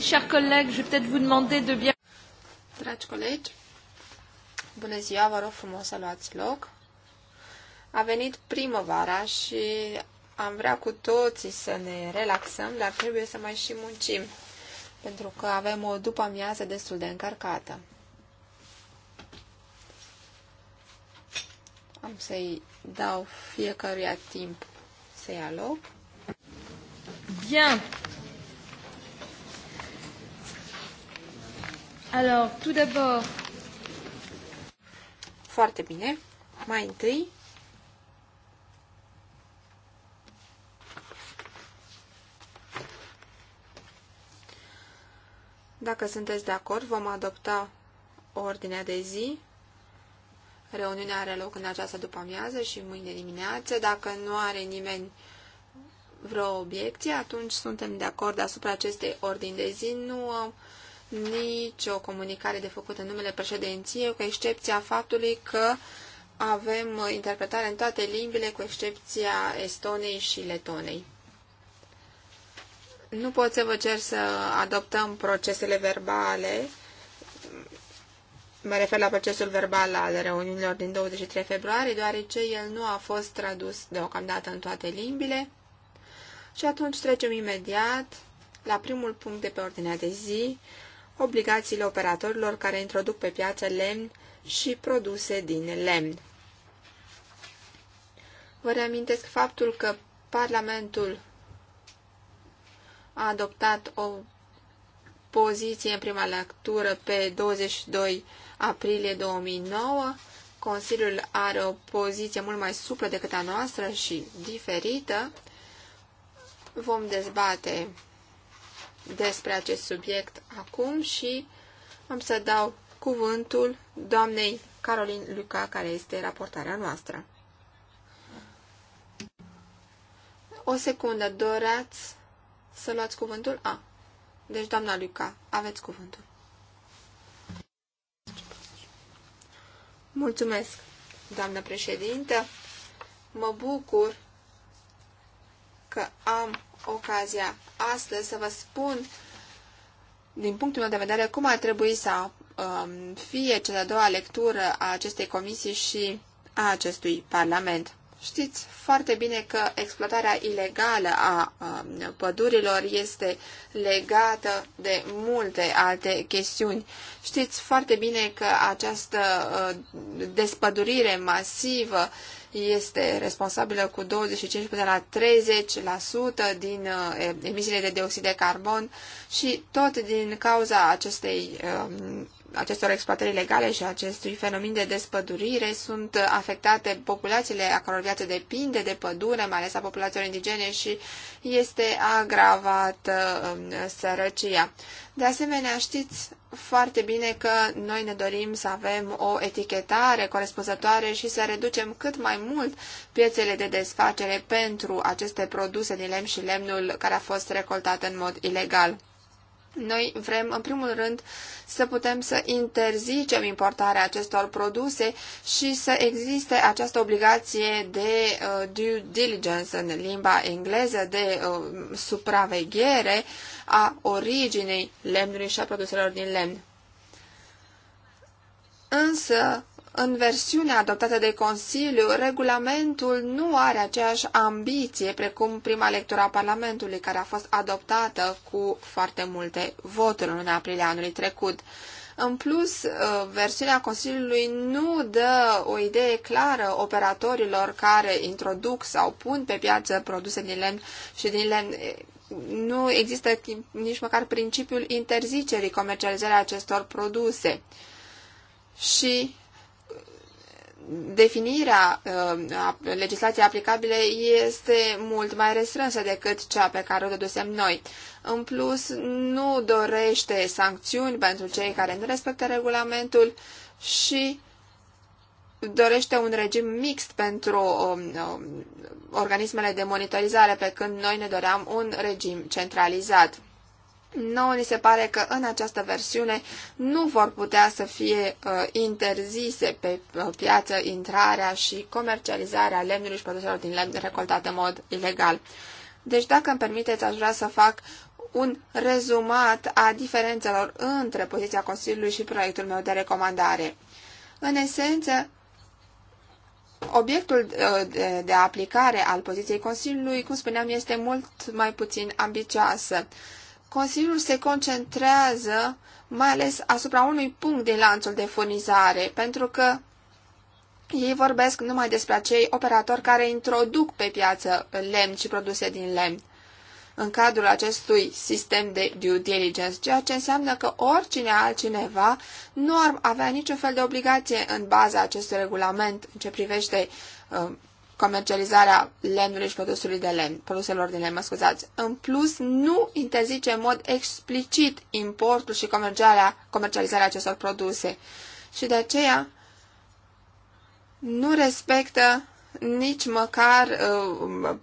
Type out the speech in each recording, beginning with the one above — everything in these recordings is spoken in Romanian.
Chers collègues, je vais peut-être vous demander de bien... Dragi colegi, bună ziua, vă rog frumos să luați loc. A venit primăvara și am vrea cu toții să ne relaxăm, dar trebuie să mai și muncim, pentru că avem o după-amiază destul de încărcată. Am să-i dau fiecăruia timp să ia loc. Bine! Alors, tout d'abord. Foarte bine. Mai întâi. Dacă sunteți de acord, vom adopta ordinea de zi. Reuniunea are loc în această după-amiază și mâine dimineață. Dacă nu are nimeni vreo obiecție, atunci suntem de acord asupra acestei ordini de zi. Nu nici o comunicare de făcut în numele președinției, cu excepția faptului că avem interpretare în toate limbile, cu excepția Estonei și Letonei. Nu pot să vă cer să adoptăm procesele verbale, mă refer la procesul verbal al reuniunilor din 23 februarie, deoarece el nu a fost tradus deocamdată în toate limbile. Și atunci trecem imediat la primul punct de pe ordinea de zi, obligațiile operatorilor care introduc pe piață lemn și produse din lemn. Vă reamintesc faptul că Parlamentul a adoptat o poziție în prima lectură pe 22 aprilie 2009. Consiliul are o poziție mult mai suplă decât a noastră și diferită. Vom dezbate despre acest subiect acum și am să dau cuvântul doamnei Caroline Luca, care este raportarea noastră. O secundă, doreați să luați cuvântul? A. Deci, doamna Luca, aveți cuvântul. Mulțumesc, doamnă președintă. Mă bucur că am ocazia astăzi să vă spun, din punctul meu de vedere, cum ar trebui să um, fie cea de-a doua lectură a acestei comisii și a acestui Parlament. Știți foarte bine că exploatarea ilegală a um, pădurilor este legată de multe alte chestiuni. Știți foarte bine că această uh, despădurire masivă este responsabilă cu 25 până la 30% din uh, emisiile de dioxid de carbon și tot din cauza acestei, um, acestor exploatări legale și acestui fenomen de despădurire sunt afectate populațiile a căror viață depinde de pădure, mai ales a populațiilor indigene și este agravată um, sărăcia. De asemenea, știți foarte bine că noi ne dorim să avem o etichetare corespunzătoare și să reducem cât mai mult piețele de desfacere pentru aceste produse din lemn și lemnul care a fost recoltat în mod ilegal. Noi vrem, în primul rând, să putem să interzicem importarea acestor produse și să existe această obligație de uh, due diligence în limba engleză, de uh, supraveghere a originei lemnului și a produselor din lemn. Însă, în versiunea adoptată de Consiliu, regulamentul nu are aceeași ambiție precum prima lectură a Parlamentului, care a fost adoptată cu foarte multe voturi în aprilie anului trecut. În plus, uh, versiunea Consiliului nu dă o idee clară operatorilor care introduc sau pun pe piață produse din lemn și din lemn. Nu există nici măcar principiul interzicerii comercializării acestor produse. Și definirea uh, a legislației aplicabile este mult mai restrânsă decât cea pe care o dedusem noi. În plus, nu dorește sancțiuni pentru cei care nu respectă regulamentul și dorește un regim mixt pentru um, um, organismele de monitorizare, pe când noi ne doream un regim centralizat. Nouă ni se pare că în această versiune nu vor putea să fie uh, interzise pe piață intrarea și comercializarea lemnului și produselor din lemn recoltate în mod ilegal. Deci, dacă îmi permiteți, aș vrea să fac un rezumat a diferențelor între poziția Consiliului și proiectul meu de recomandare. În esență, Obiectul uh, de, de aplicare al poziției Consiliului, cum spuneam, este mult mai puțin ambicioasă. Consiliul se concentrează mai ales asupra unui punct din lanțul de furnizare, pentru că ei vorbesc numai despre acei operatori care introduc pe piață lemn și produse din lemn în cadrul acestui sistem de due diligence, ceea ce înseamnă că oricine altcineva nu ar avea niciun fel de obligație în baza acestui regulament în ce privește uh, comercializarea lemnului și produsului de lemn, produselor din lemn, mă scuzați. În plus, nu interzice în mod explicit importul și comercializarea, comercializarea acestor produse. Și de aceea nu respectă nici măcar uh,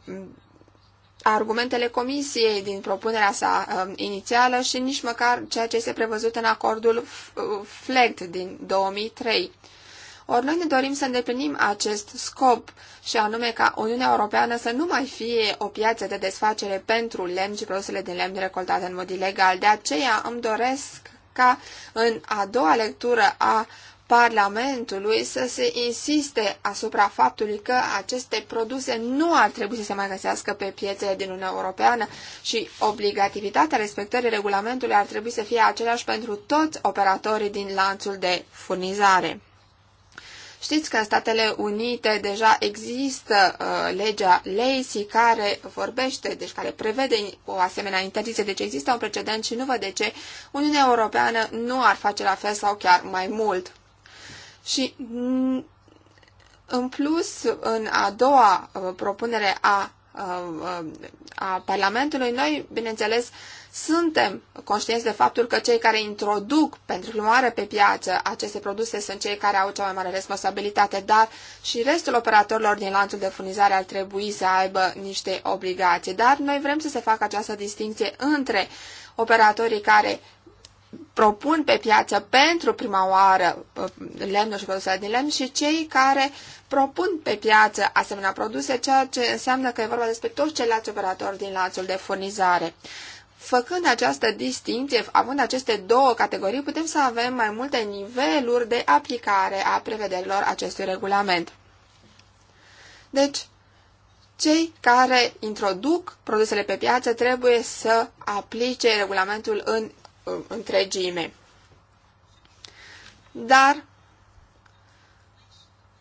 argumentele comisiei din propunerea sa uh, inițială și nici măcar ceea ce este prevăzut în acordul uh, FLEGT uh, din 2003 ori noi ne dorim să îndeplinim acest scop și anume ca Uniunea Europeană să nu mai fie o piață de desfacere pentru lemn și produsele din lemn recoltate în mod ilegal. De aceea îmi doresc ca în a doua lectură a Parlamentului să se insiste asupra faptului că aceste produse nu ar trebui să se mai găsească pe piețele din Uniunea Europeană și obligativitatea respectării regulamentului ar trebui să fie aceeași pentru toți operatorii din lanțul de furnizare. Știți că în Statele Unite deja există uh, legea Lacey care vorbește, deci care prevede o asemenea interdicție, deci există un precedent și nu văd de ce Uniunea Europeană nu ar face la fel sau chiar mai mult. Și mm, în plus, în a doua uh, propunere a, a, uh, uh, a Parlamentului, noi, bineînțeles, uh, suntem conștienți de faptul că cei care introduc pentru prima oară pe piață aceste produse sunt cei care au cea mai mare responsabilitate, dar și restul operatorilor din lanțul de furnizare ar trebui să aibă niște obligații. Dar noi vrem să se facă această distinție între operatorii care propun pe piață pentru prima oară uh, lemnul și produsele din lemn și cei care propun pe piață asemenea produse, ceea ce înseamnă că e vorba despre toți ceilalți operatori din lanțul de furnizare. Făcând această distinție, având aceste două categorii, putem să avem mai multe niveluri de aplicare a prevederilor acestui regulament. Deci, cei care introduc produsele pe piață trebuie să aplice regulamentul în întregime. Dar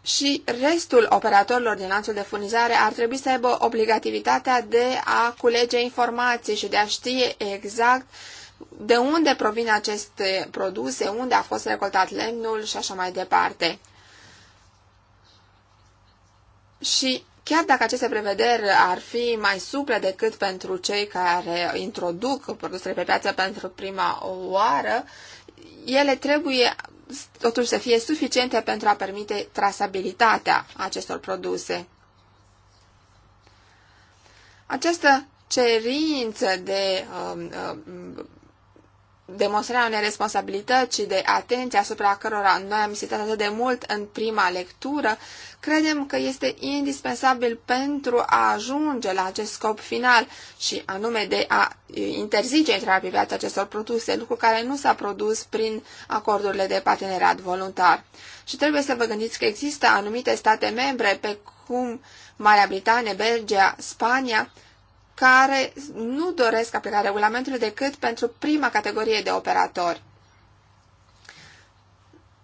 și restul operatorilor din lanțul de furnizare ar trebui să aibă obligativitatea de a culege informații și de a ști exact de unde provin aceste produse, unde a fost recoltat lemnul și așa mai departe. Și chiar dacă aceste prevederi ar fi mai suple decât pentru cei care introduc produsele pe piață pentru prima oară, ele trebuie totuși să fie suficiente pentru a permite trasabilitatea acestor produse. Această cerință de uh, um, demonstrarea unei responsabilități și de atenție asupra cărora noi am insistat atât de mult în prima lectură, Credem că este indispensabil pentru a ajunge la acest scop final și anume de a interzice intrarea pe piață acestor produse, lucru care nu s-a produs prin acordurile de parteneriat voluntar. Și trebuie să vă gândiți că există anumite state membre, pe cum Marea Britanie, Belgia, Spania, care nu doresc aplicarea regulamentului decât pentru prima categorie de operatori.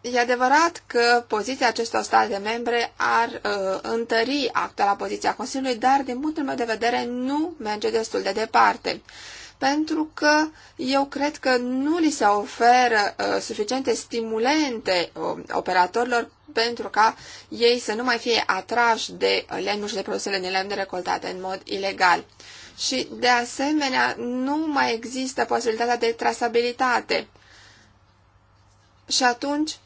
E adevărat că poziția acestor state membre ar uh, întări actuala poziția Consiliului, dar din punctul meu de vedere nu merge destul de departe. Pentru că eu cred că nu li se oferă uh, suficiente stimulente uh, operatorilor pentru ca ei să nu mai fie atrași de lemnul și de produsele din lemn recoltate în mod ilegal. Și, de asemenea, nu mai există posibilitatea de trasabilitate. Și atunci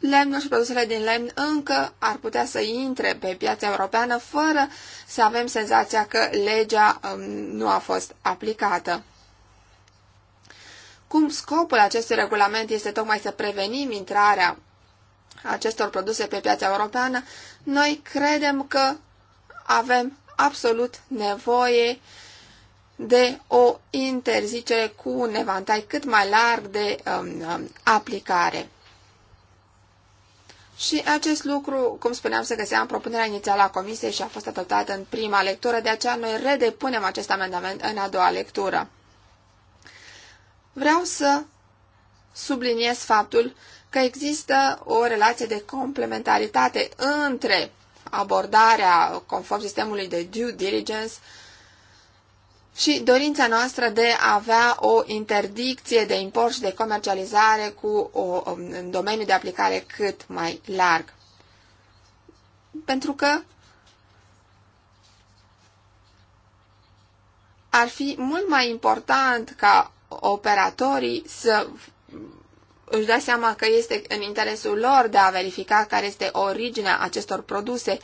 lemnul și produsele din lemn încă ar putea să intre pe piața europeană fără să avem senzația că legea um, nu a fost aplicată. Cum scopul acestui regulament este tocmai să prevenim intrarea acestor produse pe piața europeană, noi credem că avem absolut nevoie de o interzicere cu un evantai cât mai larg de um, um aplicare. Și acest lucru, cum spuneam, se găsea în propunerea inițială a Comisiei și a fost adoptată în prima lectură, de aceea noi redepunem acest amendament în a doua lectură. Vreau să subliniez faptul că există o relație de complementaritate între abordarea conform sistemului de due diligence și dorința noastră de a avea o interdicție de import și de comercializare cu o, um, în domeniul domeniu de aplicare cât mai larg. Pentru că ar fi mult mai important ca operatorii să își dea seama că este în interesul lor de a verifica care este originea acestor produse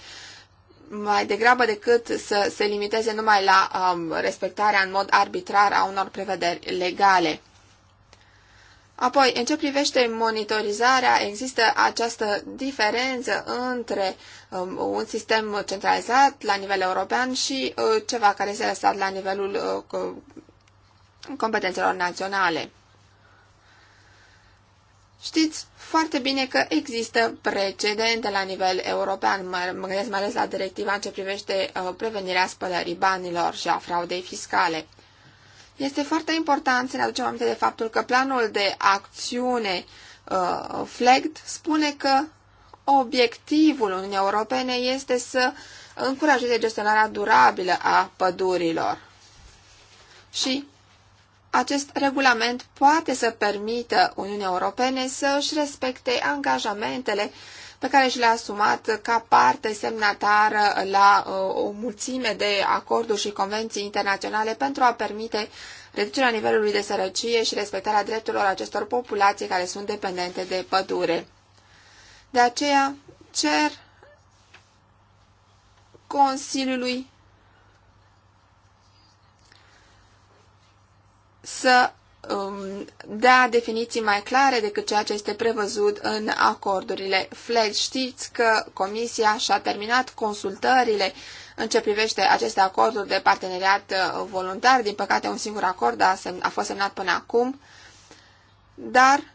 mai degrabă decât să se limiteze numai la um, respectarea în mod arbitrar a unor prevederi legale. Apoi, în ce privește monitorizarea, există această diferență între um, un sistem centralizat la nivel european și uh, ceva care este lăsat la nivelul uh, competențelor naționale. Știți foarte bine că există precedente la nivel european, mă gândesc mai ales la directiva în ce privește uh, prevenirea spălării banilor și a fraudei fiscale. Este foarte important să ne aducem aminte de faptul că planul de acțiune uh, FLEGT spune că obiectivul Uniunii Europene este să încurajeze gestionarea durabilă a pădurilor. Și acest regulament poate să permită Uniunii Europene să își respecte angajamentele pe care și le-a asumat ca parte semnatară la uh, o mulțime de acorduri și convenții internaționale pentru a permite reducerea nivelului de sărăcie și respectarea drepturilor acestor populații care sunt dependente de pădure. De aceea cer Consiliului să um, dea definiții mai clare decât ceea ce este prevăzut în acordurile FLEG. Știți că Comisia și-a terminat consultările în ce privește aceste acorduri de parteneriat uh, voluntar. Din păcate, un singur acord a, semn, a fost semnat până acum, dar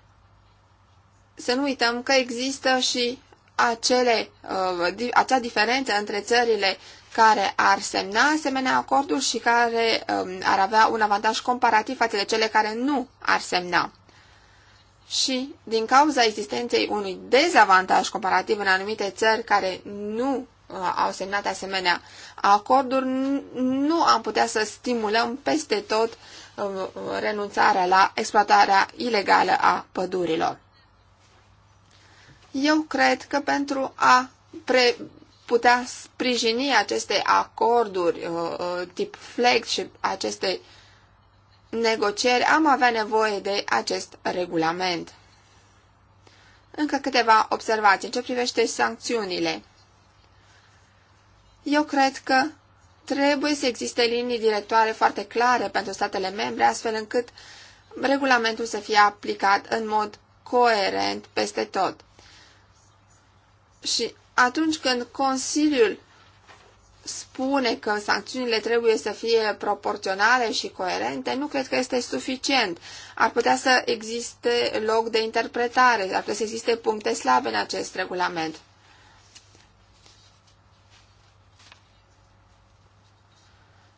să nu uităm că există și acele, uh, acea diferență între țările care ar semna asemenea acorduri și care um, ar avea un avantaj comparativ față de cele care nu ar semna. Și din cauza existenței unui dezavantaj comparativ în anumite țări care nu uh, au semnat asemenea acorduri, nu am putea să stimulăm peste tot uh, renunțarea la exploatarea ilegală a pădurilor. Eu cred că pentru a pre putea sprijini aceste acorduri uh, uh, tip flex și aceste negocieri, am avea nevoie de acest regulament. Încă câteva observații în ce privește sancțiunile. Eu cred că trebuie să existe linii directoare foarte clare pentru statele membre, astfel încât regulamentul să fie aplicat în mod coerent peste tot. Și atunci când Consiliul spune că sancțiunile trebuie să fie proporționale și coerente, nu cred că este suficient. Ar putea să existe loc de interpretare, ar putea să existe puncte slabe în acest regulament.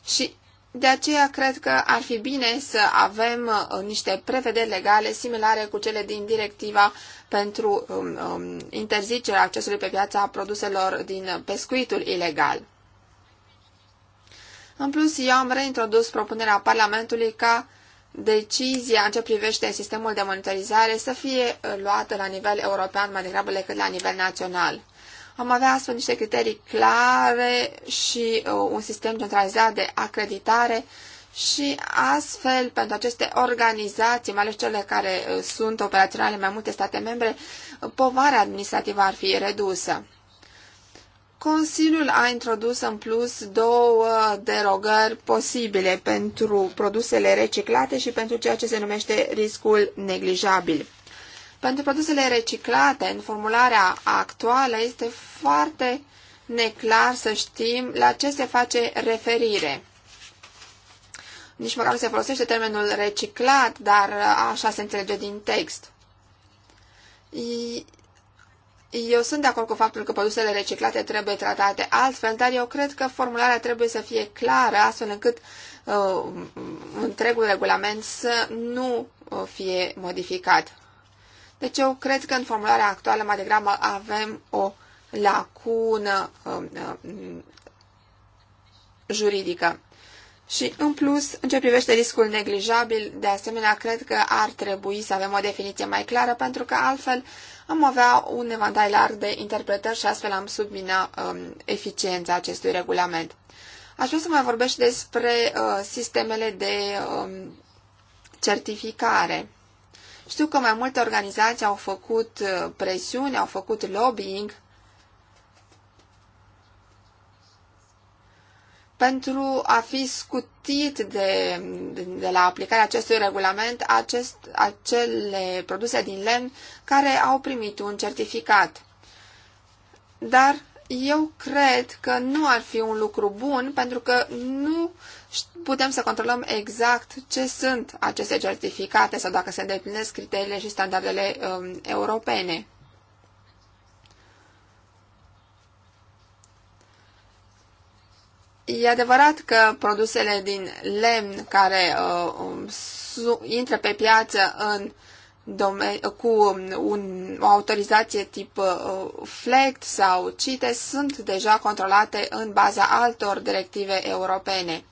Și de aceea cred că ar fi bine să avem uh, niște prevederi legale similare cu cele din directiva pentru um, um, interzicerea accesului pe piața produselor din pescuitul ilegal. În plus, eu am reintrodus propunerea Parlamentului ca decizia în ce privește sistemul de monitorizare să fie uh, luată la nivel european mai degrabă decât la nivel național. Am avea astfel niște criterii clare și uh, un sistem centralizat de acreditare și astfel pentru aceste organizații, mai ales cele care uh, sunt operaționale în mai multe state membre, povara administrativă ar fi redusă. Consiliul a introdus în plus două derogări posibile pentru produsele reciclate și pentru ceea ce se numește riscul neglijabil. Pentru produsele reciclate, în formularea actuală, este foarte neclar să știm la ce se face referire nici măcar nu se folosește termenul reciclat, dar așa se înțelege din text. Eu sunt de acord cu faptul că produsele reciclate trebuie tratate altfel, dar eu cred că formularea trebuie să fie clară, astfel încât uh, întregul regulament să nu uh, fie modificat. Deci eu cred că în formularea actuală mai degrabă avem o lacună uh, uh, juridică. Și, în plus, în ce privește riscul neglijabil, de asemenea, cred că ar trebui să avem o definiție mai clară, pentru că altfel am avea un evantai larg de interpretări și astfel am submina um, eficiența acestui regulament. Aș vrea să mai vorbesc despre uh, sistemele de um, certificare. Știu că mai multe organizații au făcut uh, presiuni, au făcut lobbying pentru a fi scutit de, de, de la aplicarea acestui regulament acest, acele produse din lemn care au primit un certificat. Dar eu cred că nu ar fi un lucru bun pentru că nu putem să controlăm exact ce sunt aceste certificate sau dacă se îndeplinesc criteriile și standardele um, europene. E adevărat că produsele din lemn care uh, um, intră pe piață în cu um, un, o autorizație tip uh, FLECT sau CITE sunt deja controlate în baza altor directive europene.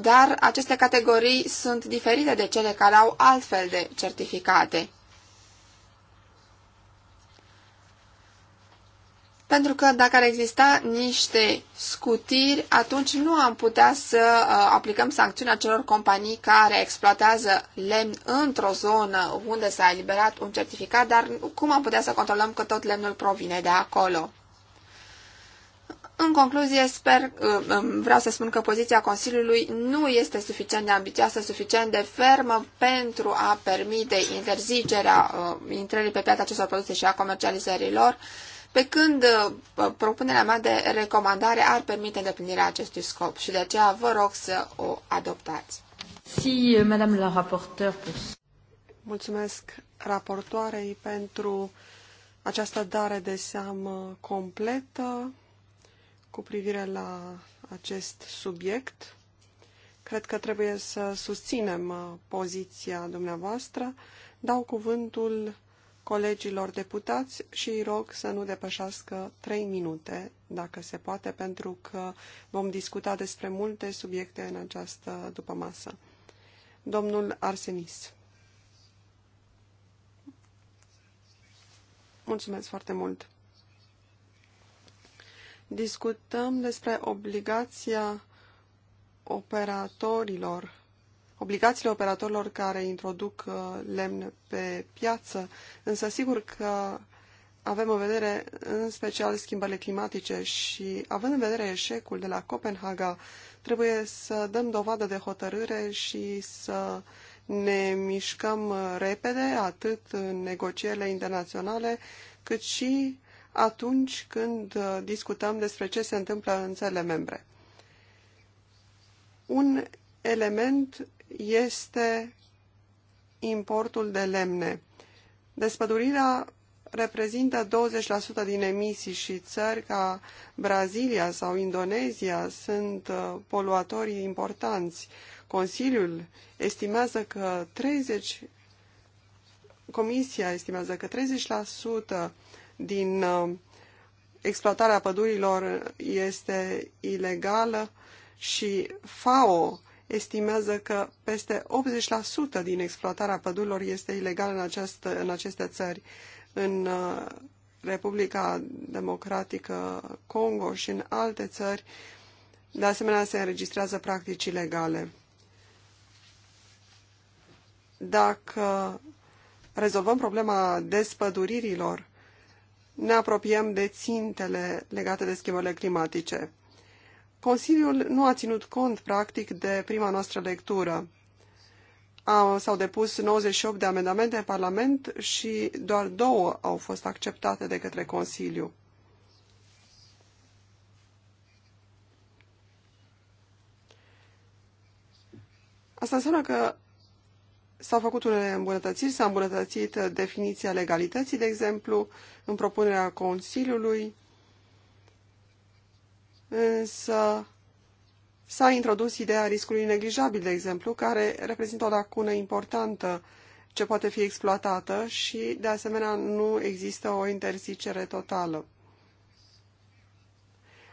Dar aceste categorii sunt diferite de cele care au altfel de certificate. pentru că dacă ar exista niște scutiri, atunci nu am putea să uh, aplicăm sancțiunea celor companii care exploatează lemn într-o zonă unde s-a eliberat un certificat, dar cum am putea să controlăm că tot lemnul provine de acolo? În concluzie, sper, uh, um, vreau să spun că poziția Consiliului nu este suficient de ambițioasă, suficient de fermă pentru a permite interzicerea uh, intrării pe piața acestor produse și a comercializărilor. lor, pe când uh, propunerea mea de recomandare ar permite îndeplinirea acestui scop și de aceea vă rog să o adoptați. Si, madame la raporteur, Mulțumesc raportoarei pentru această dare de seamă completă cu privire la acest subiect. Cred că trebuie să susținem uh, poziția dumneavoastră. Dau cuvântul colegilor deputați și îi rog să nu depășească trei minute, dacă se poate, pentru că vom discuta despre multe subiecte în această dupămasă. Domnul Arsenis. Mulțumesc foarte mult. Discutăm despre obligația operatorilor obligațiile operatorilor care introduc uh, lemn pe piață, însă sigur că avem în vedere în special schimbările climatice și având în vedere eșecul de la Copenhaga, trebuie să dăm dovadă de hotărâre și să ne mișcăm repede, atât în negocierile internaționale, cât și atunci când uh, discutăm despre ce se întâmplă în țările membre. Un element este importul de lemne. Despădurirea reprezintă 20% din emisii și țări ca Brazilia sau Indonezia sunt uh, poluatorii importanți. Consiliul estimează că 30 Comisia estimează că 30% din uh, exploatarea pădurilor este ilegală și FAO estimează că peste 80% din exploatarea pădurilor este ilegală în, această, în aceste țări. În uh, Republica Democratică Congo și în alte țări, de asemenea, se înregistrează practici ilegale. Dacă rezolvăm problema despăduririlor, ne apropiem de țintele legate de schimbările climatice. Consiliul nu a ținut cont, practic, de prima noastră lectură. S-au depus 98 de amendamente în Parlament și doar două au fost acceptate de către Consiliu. Asta înseamnă că s-au făcut unele îmbunătățiri, s-a îmbunătățit definiția legalității, de exemplu, în propunerea Consiliului, însă s-a introdus ideea riscului neglijabil, de exemplu, care reprezintă o lacună importantă ce poate fi exploatată și, de asemenea, nu există o interzicere totală.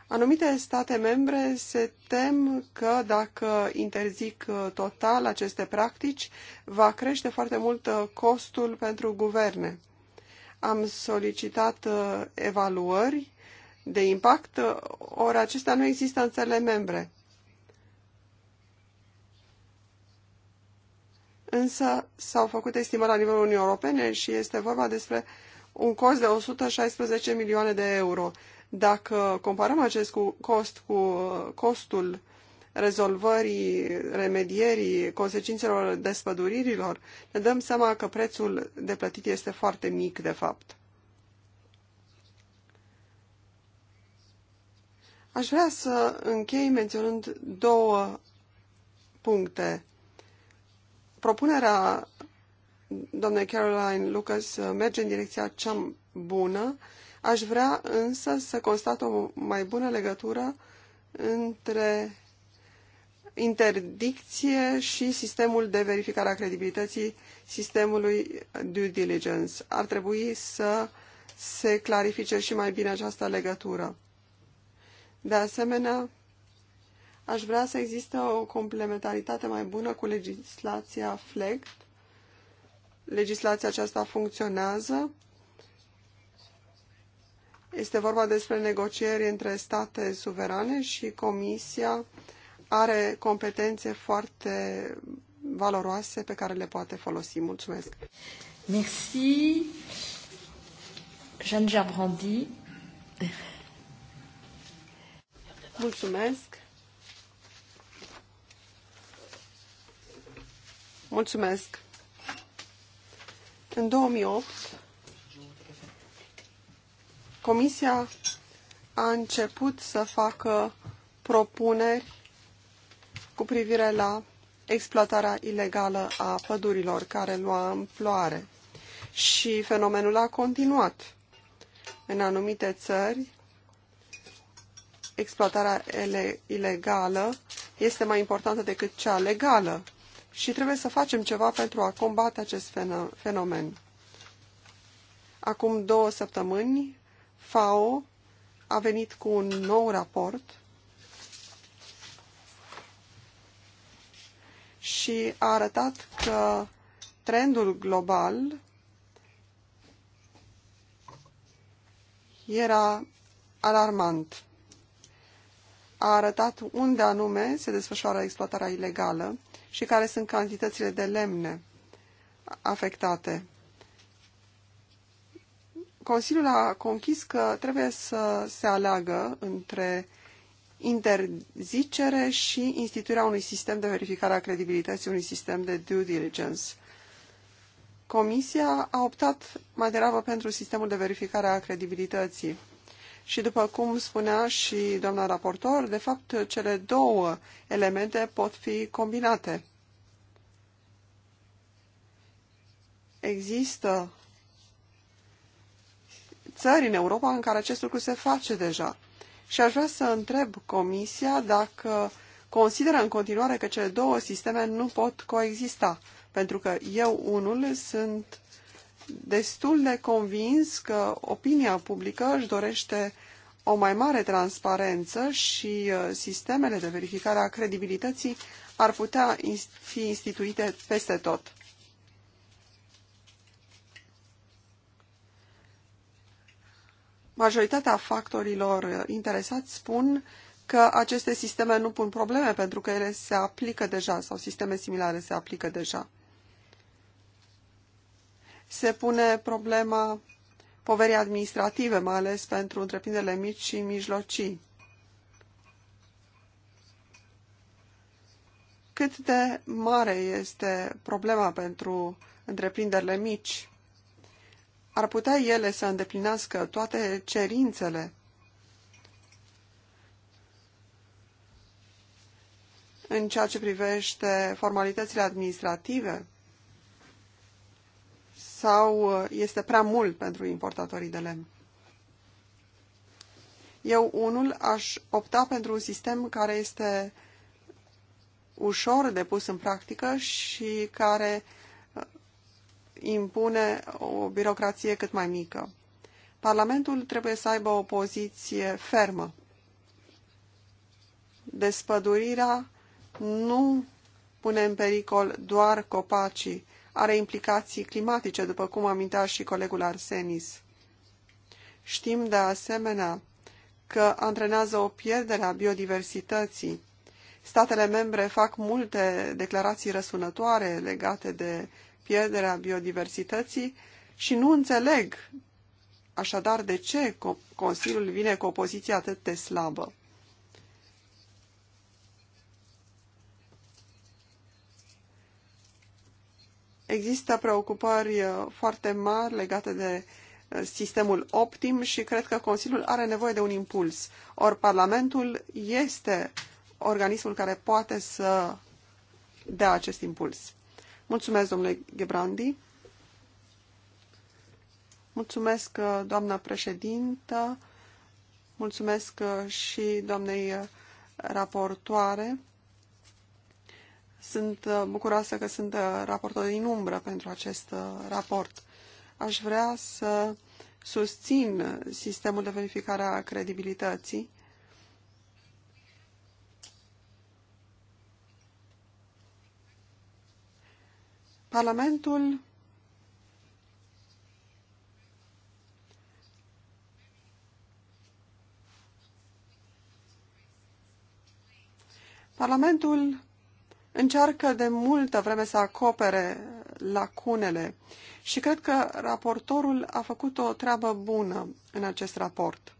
Anumite state membre se tem că dacă interzic total aceste practici, va crește foarte mult costul pentru guverne. Am solicitat uh, evaluări de impact, ori acestea nu există în țările membre. Însă s-au făcut estimări la nivelul Uniunii Europene și este vorba despre un cost de 116 milioane de euro. Dacă comparăm acest cost cu uh, costul rezolvării, remedierii consecințelor despăduririlor, ne dăm seama că prețul de plătit este foarte mic, de fapt. Aș vrea să închei menționând două puncte. Propunerea doamnei Caroline Lucas uh, merge în direcția cea bună. Aș vrea însă să constat o mai bună legătură între interdicție și sistemul de verificare a credibilității sistemului due diligence. Ar trebui să se clarifice și mai bine această legătură. De asemenea, aș vrea să există o complementaritate mai bună cu legislația FLEGT. Legislația aceasta funcționează. Este vorba despre negocieri între state suverane și Comisia are competențe foarte valoroase pe care le poate folosi. Mulțumesc! Merci! Jean-Jean Brandy. Mulțumesc. Mulțumesc. În 2008, Comisia a început să facă propuneri cu privire la exploatarea ilegală a pădurilor care lua amploare. Și fenomenul a continuat. În anumite țări, exploatarea ilegală este mai importantă decât cea legală și trebuie să facem ceva pentru a combate acest fenomen. Acum două săptămâni, FAO a venit cu un nou raport și a arătat că trendul global era alarmant a arătat unde anume se desfășoară exploatarea ilegală și care sunt cantitățile de lemne afectate. Consiliul a conchis că trebuie să se aleagă între interzicere și instituirea unui sistem de verificare a credibilității, unui sistem de due diligence. Comisia a optat mai degrabă pentru sistemul de verificare a credibilității. Și după cum spunea și doamna raportor, de fapt cele două elemente pot fi combinate. Există țări în Europa în care acest lucru se face deja. Și aș vrea să întreb Comisia dacă consideră în continuare că cele două sisteme nu pot coexista, pentru că eu unul sunt destul de convins că opinia publică își dorește o mai mare transparență și uh, sistemele de verificare a credibilității ar putea fi instituite peste tot. Majoritatea factorilor uh, interesați spun că aceste sisteme nu pun probleme pentru că ele se aplică deja sau sisteme similare se aplică deja. Se pune problema poverii administrative, mai ales pentru întreprinderile mici și mijlocii. Cât de mare este problema pentru întreprinderile mici? Ar putea ele să îndeplinească toate cerințele în ceea ce privește formalitățile administrative? sau uh, este prea mult pentru importatorii de lemn. Eu, unul, aș opta pentru un sistem care este ușor de pus în practică și care uh, impune o birocrație cât mai mică. Parlamentul trebuie să aibă o poziție fermă. Despădurirea nu pune în pericol doar copacii, are implicații climatice, după cum amintea și colegul Arsenis. Știm de asemenea că antrenează o pierdere a biodiversității. Statele membre fac multe declarații răsunătoare legate de pierderea biodiversității și nu înțeleg așadar de ce Consiliul vine cu o poziție atât de slabă. Există preocupări uh, foarte mari legate de uh, sistemul optim și cred că Consiliul are nevoie de un impuls. Ori Parlamentul este organismul care poate să dea acest impuls. Mulțumesc, domnule Gebrandi. Mulțumesc, uh, doamna președintă. Mulțumesc și doamnei raportoare. Sunt uh, bucuroasă că sunt uh, raportor din umbră pentru acest uh, raport. Aș vrea să susțin sistemul de verificare a credibilității. Parlamentul Parlamentul încearcă de multă vreme să acopere lacunele și cred că raportorul a făcut o treabă bună în acest raport.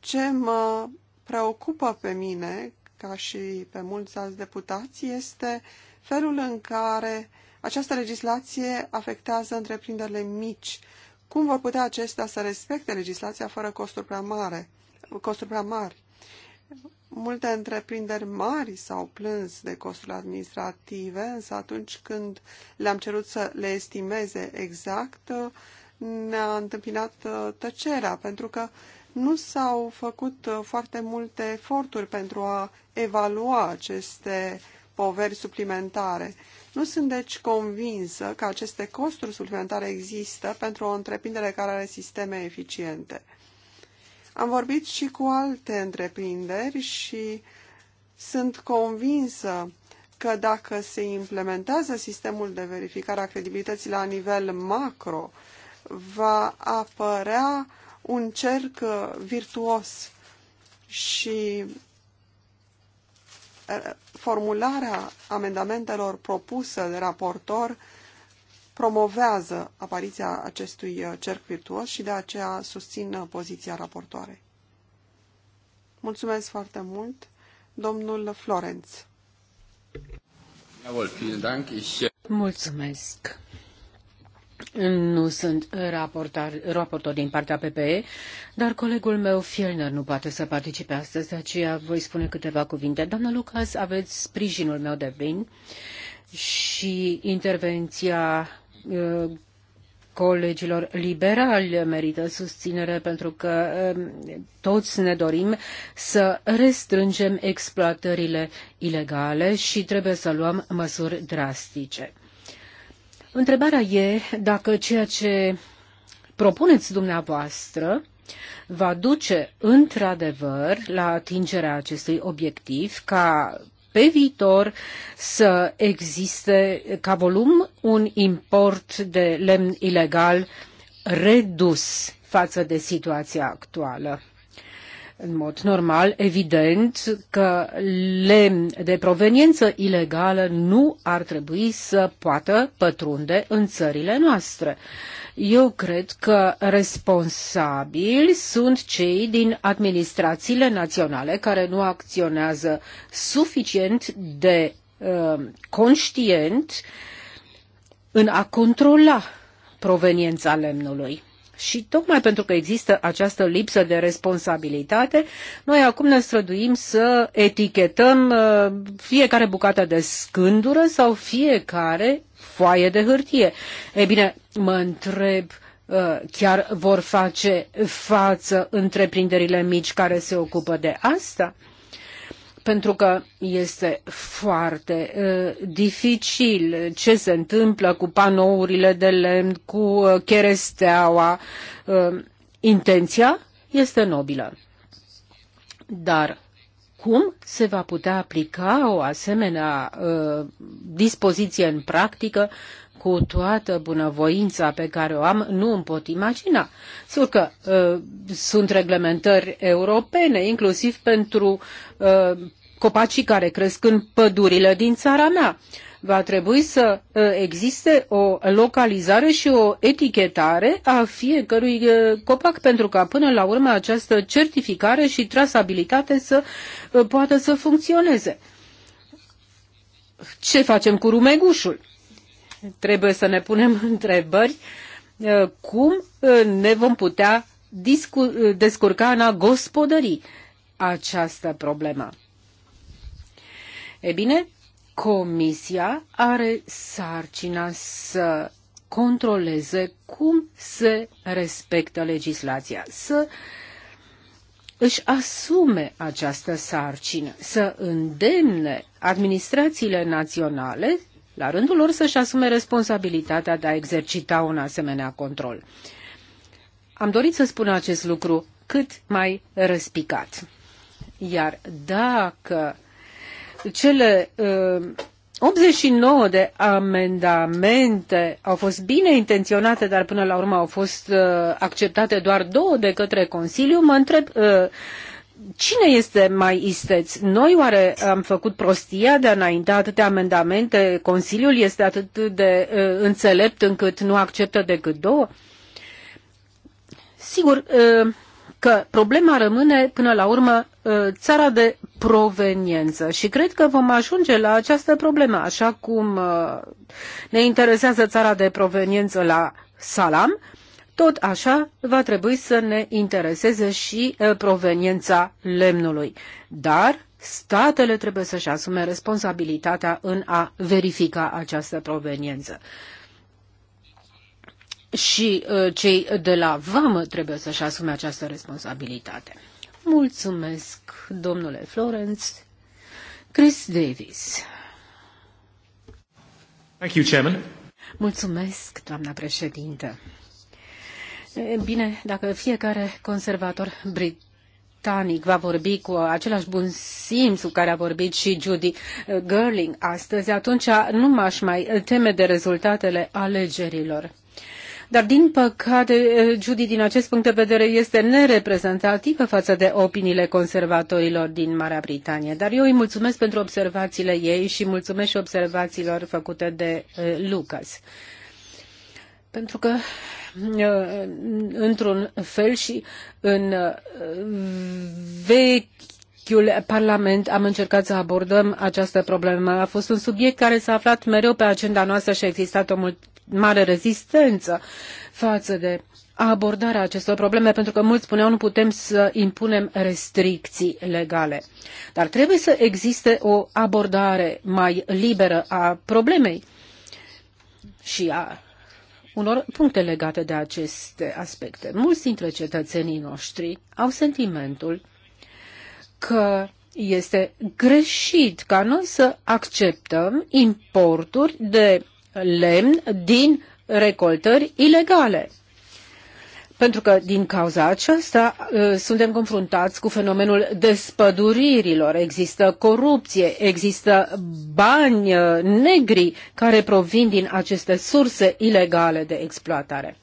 Ce mă preocupă pe mine, ca și pe mulți alți deputați, este felul în care această legislație afectează întreprinderile mici. Cum vor putea acestea să respecte legislația fără costuri prea, mare, costuri prea mari? Multe întreprinderi mari s-au plâns de costurile administrative, însă atunci când le-am cerut să le estimeze exact, ne-a întâmpinat uh, tăcerea, pentru că nu s-au făcut uh, foarte multe eforturi pentru a evalua aceste poveri suplimentare. Nu sunt deci convinsă că aceste costuri suplimentare există pentru o întreprindere care are sisteme eficiente. Am vorbit și cu alte întreprinderi și sunt convinsă că dacă se implementează sistemul de verificare a credibilității la nivel macro, va apărea un cerc virtuos și eh, formularea amendamentelor propusă de raportor promovează apariția acestui uh, cerc virtuos și de aceea susțin uh, poziția raportoare. Mulțumesc foarte mult, domnul Florenț. Äh, Mulțumesc. Nu sunt raportor, raportor din partea PPE, dar colegul meu Fielner nu poate să participe astăzi, de aceea voi spune câteva cuvinte. Doamna Lucas, aveți sprijinul meu de vin și intervenția Uh, colegilor liberali merită susținere pentru că um, toți ne dorim să restrângem exploatările ilegale și trebuie să luăm măsuri drastice. Întrebarea e dacă ceea ce propuneți dumneavoastră va duce într-adevăr la atingerea acestui obiectiv ca pe viitor să existe ca volum un import de lemn ilegal redus față de situația actuală. În mod normal, evident că lemn de proveniență ilegală nu ar trebui să poată pătrunde în țările noastre. Eu cred că responsabili sunt cei din administrațiile naționale care nu acționează suficient de uh, conștient în a controla proveniența lemnului. Și tocmai pentru că există această lipsă de responsabilitate, noi acum ne străduim să etichetăm uh, fiecare bucată de scândură sau fiecare foaie de hârtie. E bine, mă întreb uh, chiar vor face față întreprinderile mici care se ocupă de asta? pentru că este foarte uh, dificil ce se întâmplă cu panourile de lemn, cu uh, cheresteaua. Uh, intenția este nobilă. Dar cum se va putea aplica o asemenea uh, dispoziție în practică cu toată bunăvoința pe care o am, nu îmi pot imagina. Sigur că uh, sunt reglementări europene, inclusiv pentru uh, copacii care cresc în pădurile din țara mea. Va trebui să uh, existe o localizare și o etichetare a fiecărui uh, copac, pentru ca până la urmă această certificare și trasabilitate să uh, poată să funcționeze. Ce facem cu rumegușul? trebuie să ne punem întrebări uh, cum uh, ne vom putea uh, descurca în a gospodări această problemă. E bine, Comisia are sarcina să controleze cum se respectă legislația, să își asume această sarcină, să îndemne administrațiile naționale la rândul lor să-și asume responsabilitatea de a exercita un asemenea control. Am dorit să spun acest lucru cât mai răspicat. Iar dacă cele uh, 89 de amendamente au fost bine intenționate, dar până la urmă au fost uh, acceptate doar două de către Consiliu, mă întreb uh, cine este mai isteț? Noi oare am făcut prostia de a înainta atâtea amendamente? Consiliul este atât de uh, înțelept încât nu acceptă decât două? Sigur uh, că problema rămâne până la urmă uh, țara de proveniență și cred că vom ajunge la această problemă, așa cum uh, ne interesează țara de proveniență la salam, uh, tot așa va trebui să ne intereseze și uh, proveniența lemnului. Dar statele trebuie să-și asume responsabilitatea în a verifica această proveniență. Și uh, cei de la vamă trebuie să-și asume această responsabilitate. Mulțumesc, domnule Florence. Chris Davis. Thank you, Chairman. Mulțumesc, doamna președintă bine, dacă fiecare conservator britanic va vorbi cu același bun simț cu care a vorbit și Judy Girling astăzi, atunci nu m-aș mai teme de rezultatele alegerilor. Dar, din păcate, Judy, din acest punct de vedere, este nereprezentativă față de opiniile conservatorilor din Marea Britanie. Dar eu îi mulțumesc pentru observațiile ei și mulțumesc și observațiilor făcute de eh, Lucas pentru că uh, într-un fel și în uh, vechiul Parlament am încercat să abordăm această problemă. A fost un subiect care s-a aflat mereu pe agenda noastră și a existat o mult, mare rezistență față de abordarea acestor probleme, pentru că mulți spuneau nu putem să impunem restricții legale. Dar trebuie să existe o abordare mai liberă a problemei și a unor puncte legate de aceste aspecte. Mulți dintre cetățenii noștri au sentimentul că este greșit ca noi să acceptăm importuri de lemn din recoltări ilegale pentru că din cauza aceasta ă, suntem confruntați cu fenomenul despăduririlor. Există corupție, există bani ă, negri care provin din aceste surse ilegale de exploatare.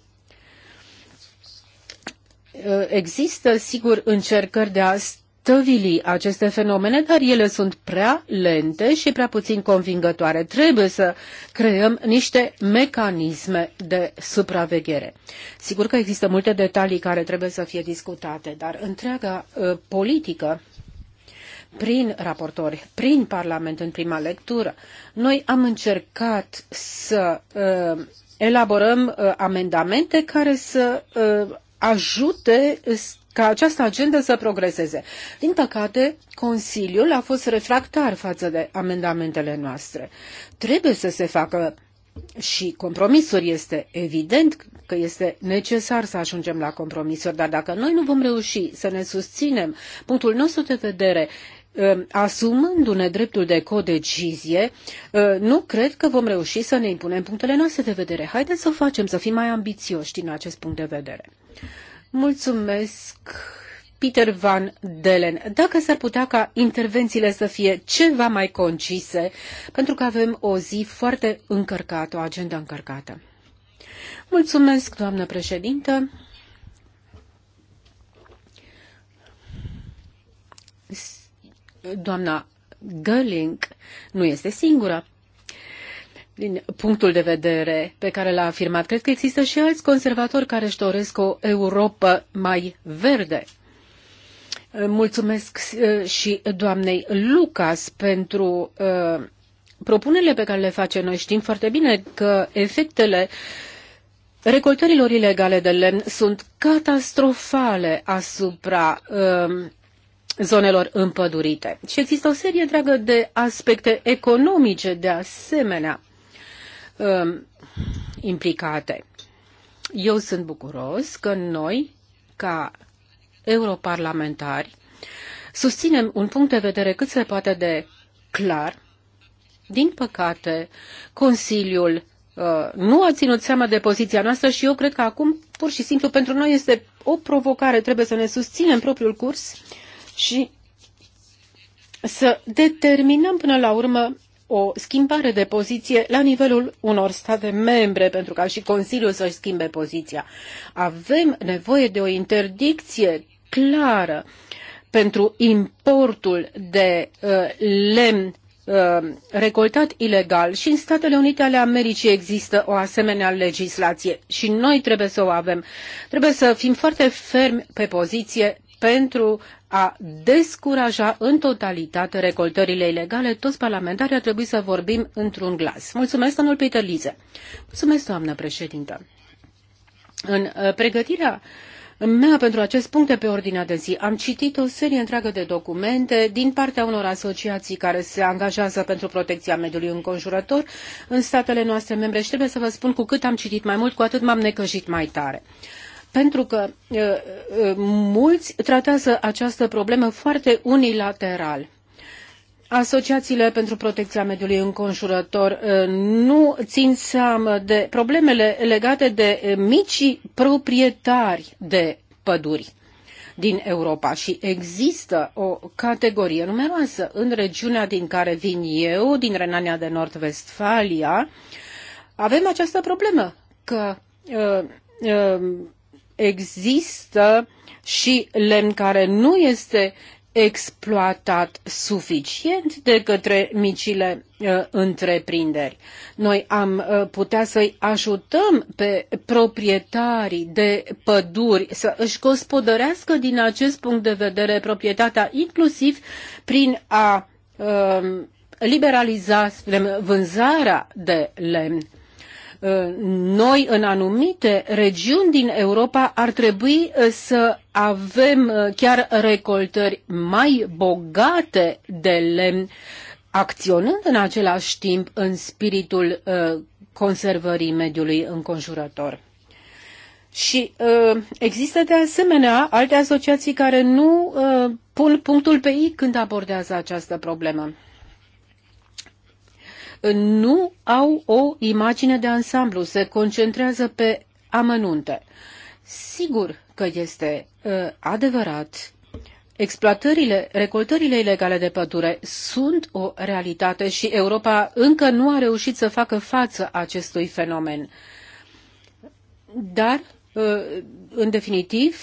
Ă, există, sigur, încercări de a stăvili aceste fenomene, dar ele sunt prea lente și prea puțin convingătoare. Trebuie să creăm niște mecanisme de supraveghere. Sigur că există multe detalii care trebuie să fie discutate, dar întreaga uh, politică prin raportori, prin Parlament în prima lectură, noi am încercat să uh, elaborăm uh, amendamente care să uh, ajute ca această agendă să progreseze. Din păcate, Consiliul a fost refractar față de amendamentele noastre. Trebuie să se facă și compromisuri. Este evident că este necesar să ajungem la compromisuri, dar dacă noi nu vom reuși să ne susținem punctul nostru de vedere um, asumându-ne dreptul de codecizie, um, nu cred că vom reuși să ne impunem punctele noastre de vedere. Haideți să o facem, să fim mai ambițioși din acest punct de vedere. Mulțumesc, Peter Van Delen. Dacă s-ar putea ca intervențiile să fie ceva mai concise, pentru că avem o zi foarte încărcată, o agenda încărcată. Mulțumesc, doamnă președintă. Doamna Gölling nu este singura din punctul de vedere pe care l-a afirmat. Cred că există și alți conservatori care își doresc o Europa mai verde. Mulțumesc uh, și doamnei Lucas pentru uh, propunerile pe care le face. Noi știm foarte bine că efectele recoltărilor ilegale de lemn sunt catastrofale asupra um, zonelor împădurite. Și există o serie întreagă de aspecte economice de asemenea Um, implicate. Eu sunt bucuros că noi, ca europarlamentari, susținem un punct de vedere cât se poate de clar. Din păcate, Consiliul uh, nu a ținut seama de poziția noastră și eu cred că acum, pur și simplu, pentru noi este o provocare. Trebuie să ne susținem propriul curs și să determinăm până la urmă o schimbare de poziție la nivelul unor state membre, pentru ca și Consiliul să-și schimbe poziția. Avem nevoie de o interdicție clară pentru importul de uh, lemn uh, recoltat ilegal și în Statele Unite ale Americii există o asemenea legislație și noi trebuie să o avem. Trebuie să fim foarte fermi pe poziție pentru a descuraja în totalitate recoltările ilegale, toți parlamentarii ar trebui să vorbim într-un glas. Mulțumesc, domnul Peter Lize. Mulțumesc, doamnă președintă. În uh, pregătirea mea pentru acest punct de pe ordinea de zi. Am citit o serie întreagă de documente din partea unor asociații care se angajează pentru protecția mediului înconjurător în statele noastre membre și trebuie să vă spun cu cât am citit mai mult, cu atât m-am necăjit mai tare. Uh, pentru că uh, uh, mulți tratează această problemă foarte unilateral. Asociațiile pentru protecția mediului înconjurător uh, nu țin seamă de problemele legate de micii proprietari de păduri din Europa și există o categorie numeroasă în regiunea din care vin eu, din Renania de Nord-Vestfalia, avem această problemă că uh, uh, există și lemn care nu este exploatat suficient de către micile uh, întreprinderi. Noi am uh, putea să-i ajutăm pe proprietarii de păduri să își gospodărească din acest punct de vedere proprietatea, inclusiv prin a uh, liberaliza vânzarea de lemn. Ă, noi în anumite regiuni din Europa ar trebui ă, să avem ă, chiar recoltări mai bogate de lemn, acționând în același timp în spiritul conservării mediului înconjurător. Și există de asemenea alte asociații care nu pun punctul pe i când abordează această problemă nu au o imagine de ansamblu, se concentrează pe amănunte. Sigur că este uh, adevărat. Exploatările, recoltările ilegale de pădure sunt o realitate și Europa încă nu a reușit să facă față acestui fenomen. Dar, uh, în definitiv,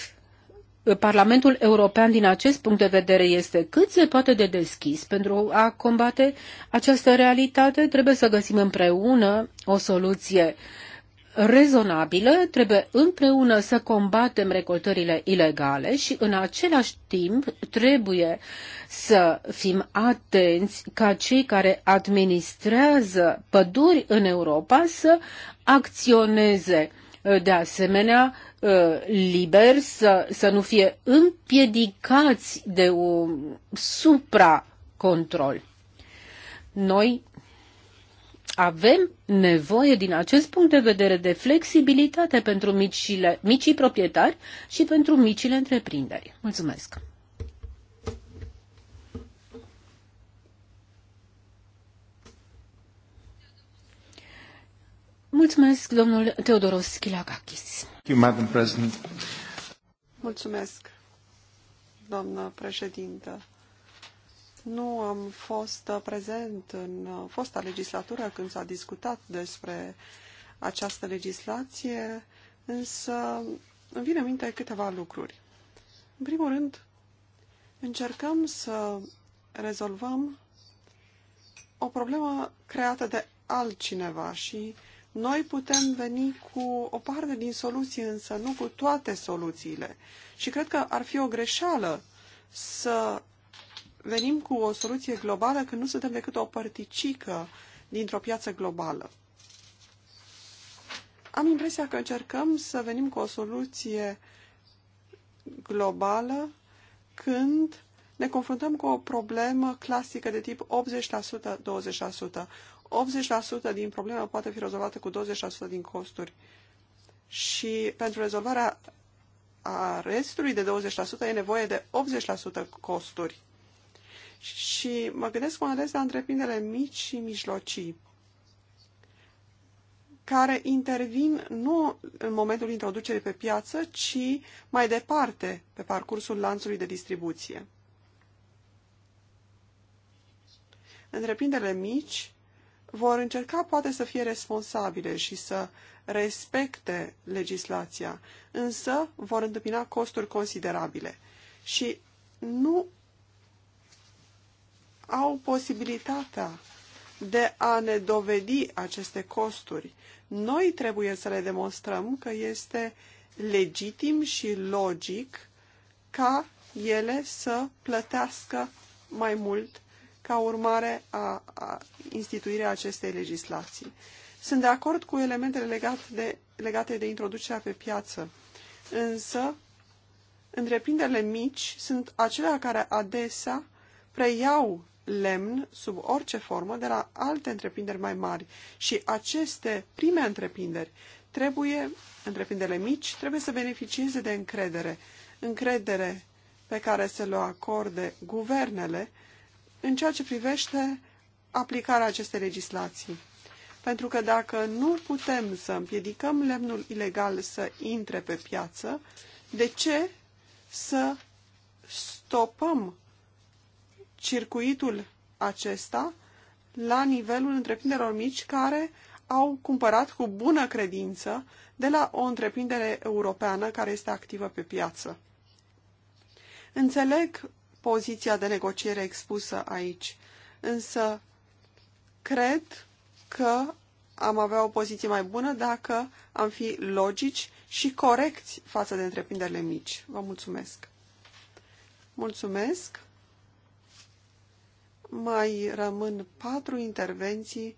Parlamentul European din acest punct de vedere este cât se poate de deschis pentru a combate această realitate. Trebuie să găsim împreună o soluție rezonabilă, trebuie împreună să combatem recoltările ilegale și în același timp trebuie să fim atenți ca cei care administrează păduri în Europa să acționeze Uh, de asemenea uh, liber să, să nu fie împiedicați de un supracontrol. Noi avem nevoie din acest punct de vedere de flexibilitate pentru micile, micii proprietari și pentru micile întreprinderi. Mulțumesc! Mulțumesc, domnul Teodoros Chilagakis. Mulțumesc, doamnă președintă. Nu am fost prezent în fosta legislatură când s-a discutat despre această legislație, însă îmi vine în minte câteva lucruri. În primul rând, încercăm să rezolvăm o problemă creată de altcineva și noi putem veni cu o parte din soluții, însă nu cu toate soluțiile. Și cred că ar fi o greșeală să venim cu o soluție globală când nu suntem decât o părticică dintr-o piață globală. Am impresia că încercăm să venim cu o soluție globală când ne confruntăm cu o problemă clasică de tip 80%-20%. 80% din problemă poate fi rezolvată cu 20% din costuri. Și pentru rezolvarea a restului de 20% e nevoie de 80% costuri. Și mă gândesc mai ales la întreprinderile mici și mijlocii, care intervin nu în momentul introducerii pe piață, ci mai departe, pe parcursul lanțului de distribuție. Întreprinderile mici vor încerca poate să fie responsabile și să respecte legislația, însă vor întâmpina costuri considerabile și nu au posibilitatea de a ne dovedi aceste costuri. Noi trebuie să le demonstrăm că este legitim și logic ca ele să plătească mai mult ca urmare a, a instituirea acestei legislații. Sunt de acord cu elementele legate de, legate de introducerea pe piață, însă întreprinderile mici sunt acelea care adesea preiau lemn sub orice formă de la alte întreprinderi mai mari și aceste prime întreprinderi trebuie, întreprinderile mici, trebuie să beneficieze de încredere, încredere pe care să le acorde guvernele în ceea ce privește aplicarea acestei legislații. Pentru că dacă nu putem să împiedicăm lemnul ilegal să intre pe piață, de ce să stopăm circuitul acesta la nivelul întreprinderilor mici care au cumpărat cu bună credință de la o întreprindere europeană care este activă pe piață. Înțeleg poziția de negociere expusă aici, însă cred că am avea o poziție mai bună dacă am fi logici și corecți față de întreprinderile mici. Vă mulțumesc! Mulțumesc! Mai rămân patru intervenții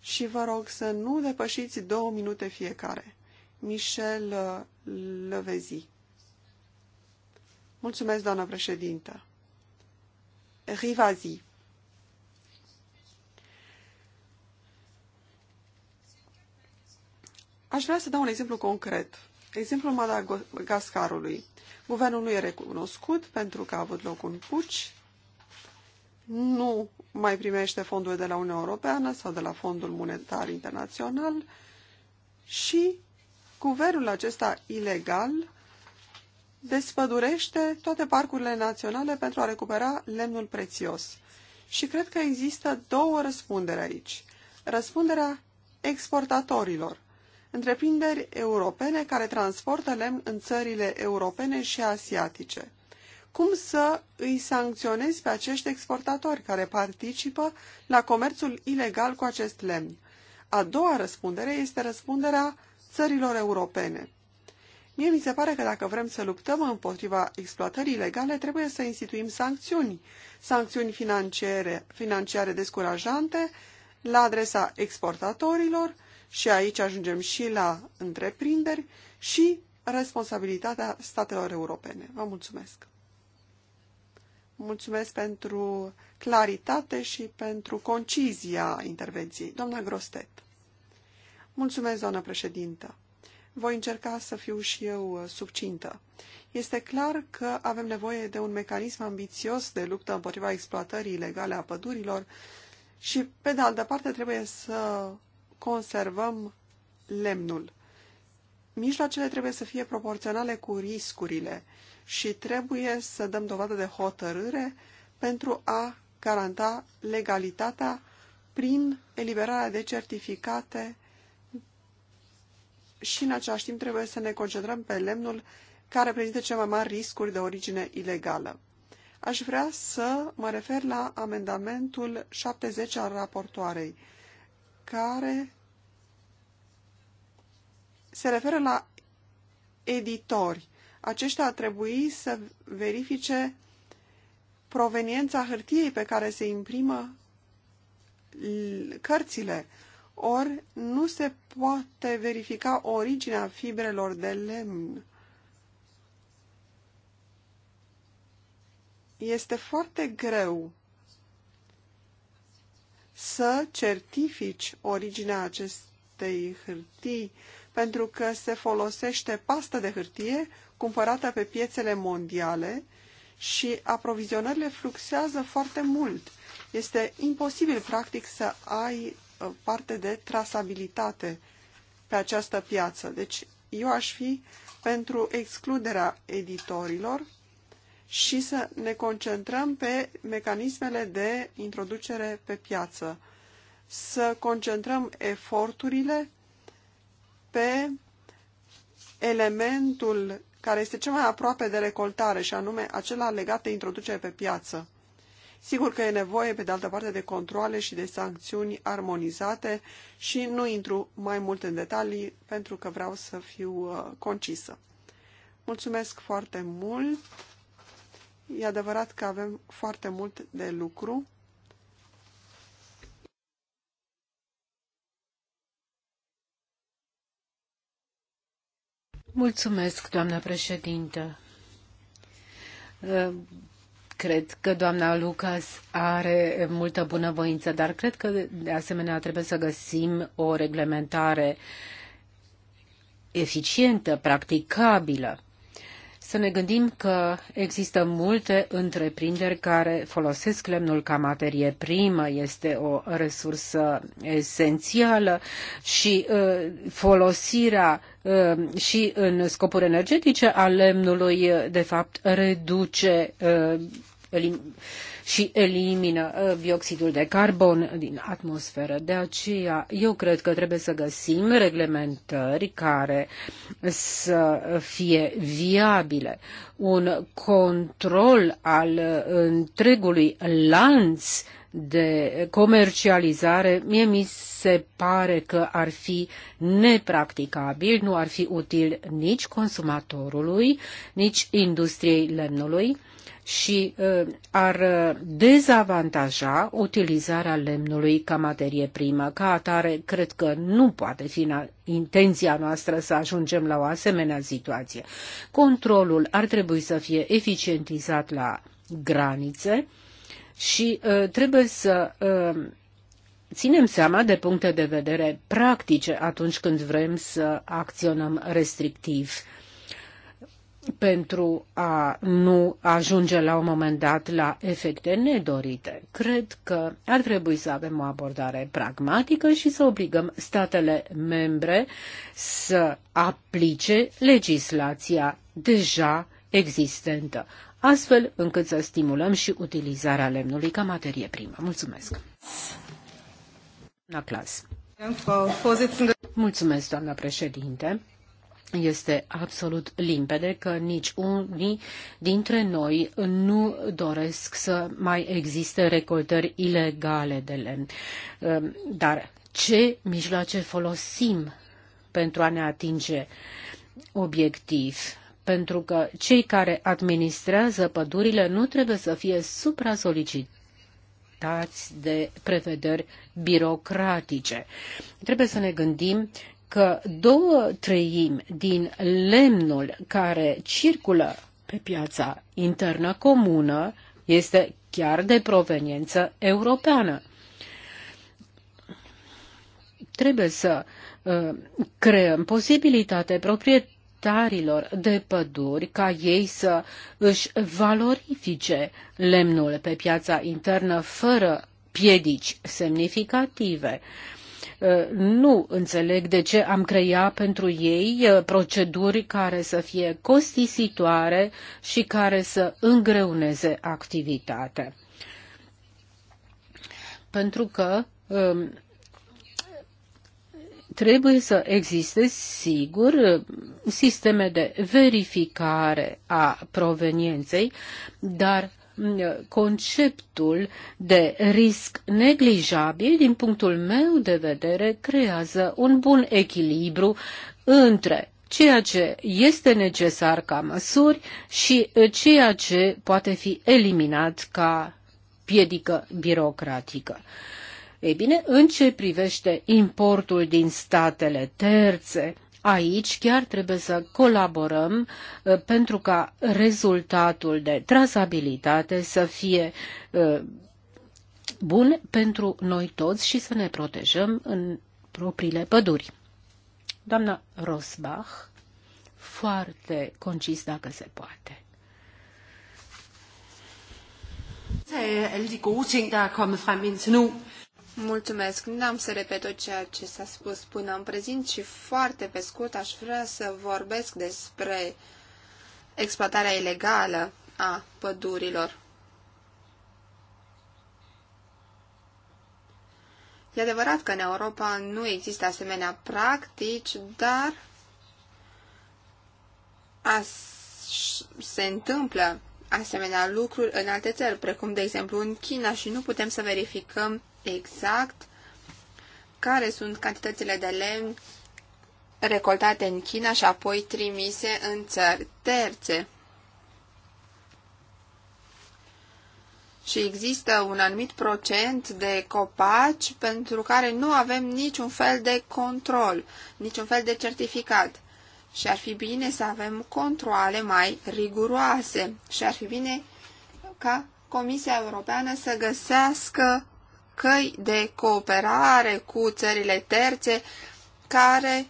și vă rog să nu depășiți două minute fiecare. Michel uh, Levezi. Mulțumesc, doamnă președintă. Rivazi. Aș vrea să dau un exemplu concret. Exemplul Madagascarului. Guvernul nu e recunoscut pentru că a avut loc un puci, nu mai primește fonduri de la Uniunea Europeană sau de la Fondul Monetar Internațional și guvernul acesta ilegal despădurește toate parcurile naționale pentru a recupera lemnul prețios. Și cred că există două răspundere aici. Răspunderea exportatorilor, întreprinderi europene care transportă lemn în țările europene și asiatice. Cum să îi sancționezi pe acești exportatori care participă la comerțul ilegal cu acest lemn? A doua răspundere este răspunderea țărilor europene. Mie mi se pare că dacă vrem să luptăm împotriva exploatării ilegale, trebuie să instituim sancțiuni. Sancțiuni financiare, financiare descurajante la adresa exportatorilor și aici ajungem și la întreprinderi și responsabilitatea statelor europene. Vă mulțumesc! Mulțumesc pentru claritate și pentru concizia intervenției. Doamna Grostet. Mulțumesc, doamnă președintă. Voi încerca să fiu și eu uh, succintă. Este clar că avem nevoie de un mecanism ambițios de luptă împotriva exploatării ilegale a pădurilor și, pe de altă parte, trebuie să conservăm lemnul. Mijloacele trebuie să fie proporționale cu riscurile și trebuie să dăm dovadă de hotărâre pentru a garanta legalitatea prin eliberarea de certificate și în același timp trebuie să ne concentrăm pe lemnul care prezintă cele mai mari riscuri de origine ilegală. Aș vrea să mă refer la amendamentul 70 al raportoarei, care se referă la editori. Aceștia ar trebui să verifice proveniența hârtiei pe care se imprimă cărțile ori nu se poate verifica originea fibrelor de lemn. Este foarte greu să certifici originea acestei hârtii, pentru că se folosește pastă de hârtie cumpărată pe piețele mondiale și aprovizionările fluxează foarte mult. Este imposibil, practic, să ai parte de trasabilitate pe această piață. Deci eu aș fi pentru excluderea editorilor și să ne concentrăm pe mecanismele de introducere pe piață. Să concentrăm eforturile pe elementul care este cel mai aproape de recoltare și anume acela legat de introducere pe piață. Sigur că e nevoie, pe de altă parte, de controle și de sancțiuni armonizate și nu intru mai mult în detalii pentru că vreau să fiu uh, concisă. Mulțumesc foarte mult! E adevărat că avem foarte mult de lucru. Mulțumesc, doamnă președintă. Cred că doamna Lucas are multă bunăvoință, dar cred că de asemenea trebuie să găsim o reglementare eficientă, practicabilă. Să ne gândim că există multe întreprinderi care folosesc lemnul ca materie primă, este o resursă esențială și uh, folosirea uh, și în scopuri energetice a lemnului, uh, de fapt, reduce uh, elim- și elimină uh, dioxidul de carbon din atmosferă. De aceea, eu cred că trebuie să găsim reglementări care să fie viabile. Un control al uh, întregului lanț de comercializare, mie mi se pare că ar fi nepracticabil, nu ar fi util nici consumatorului, nici industriei lemnului și uh, ar uh, dezavantaja utilizarea lemnului ca materie primă. Ca atare, cred că nu poate fi intenția noastră să ajungem la o asemenea situație. Controlul ar trebui să fie eficientizat la granițe, și uh, trebuie să uh, ținem seama de puncte de vedere practice atunci când vrem să acționăm restrictiv pentru a nu ajunge la un moment dat la efecte nedorite. Cred că ar trebui să avem o abordare pragmatică și să obligăm statele membre să aplice legislația deja existentă astfel încât să stimulăm și utilizarea lemnului ca materie primă. Mulțumesc! La clas. Mulțumesc, doamna președinte. Este absolut limpede că nici unii dintre noi nu doresc să mai existe recoltări ilegale de lemn. Ehm, dar ce mijloace folosim pentru a ne atinge obiectiv? pentru că cei care administrează pădurile nu trebuie să fie supra-solicitați de prevederi birocratice. Trebuie să ne gândim că două treimi din lemnul care circulă pe piața internă comună este chiar de proveniență europeană. Trebuie să uh, creăm posibilitate proprietății proprietarilor de păduri ca ei să își valorifice lemnul pe piața internă fără piedici semnificative. Nu înțeleg de ce am creat pentru ei uh, proceduri care să fie costisitoare și care să îngreuneze activitatea. Pentru că um, trebuie să existe, sigur, sisteme de verificare a provenienței, dar mm, conceptul de risc neglijabil, din punctul meu de vedere, creează un bun echilibru între ceea ce este necesar ca măsuri și uh, ceea ce poate fi eliminat ca piedică birocratică. Ei bine, în ce privește importul din statele terțe, Aici chiar trebuie să colaborăm uh, pentru ca rezultatul de trasabilitate să fie uh, bun pentru noi toți și să ne protejăm în propriile păduri. Doamna Rosbach, foarte concis dacă se poate. Alle de gode ting, der er kommet frem indtil nu. Mulțumesc. Nu am să repet tot ceea ce s-a spus până în prezent și foarte pe scurt aș vrea să vorbesc despre exploatarea ilegală a pădurilor. E adevărat că în Europa nu există asemenea practici, dar se întâmplă asemenea lucruri în alte țări, precum de exemplu în China și nu putem să verificăm exact care sunt cantitățile de lemn recoltate în China și apoi trimise în țări terțe. Și există un anumit procent de copaci pentru care nu avem niciun fel de control, niciun fel de certificat. Și ar fi bine să avem controle mai riguroase și ar fi bine ca Comisia Europeană să găsească căi de cooperare cu țările terțe care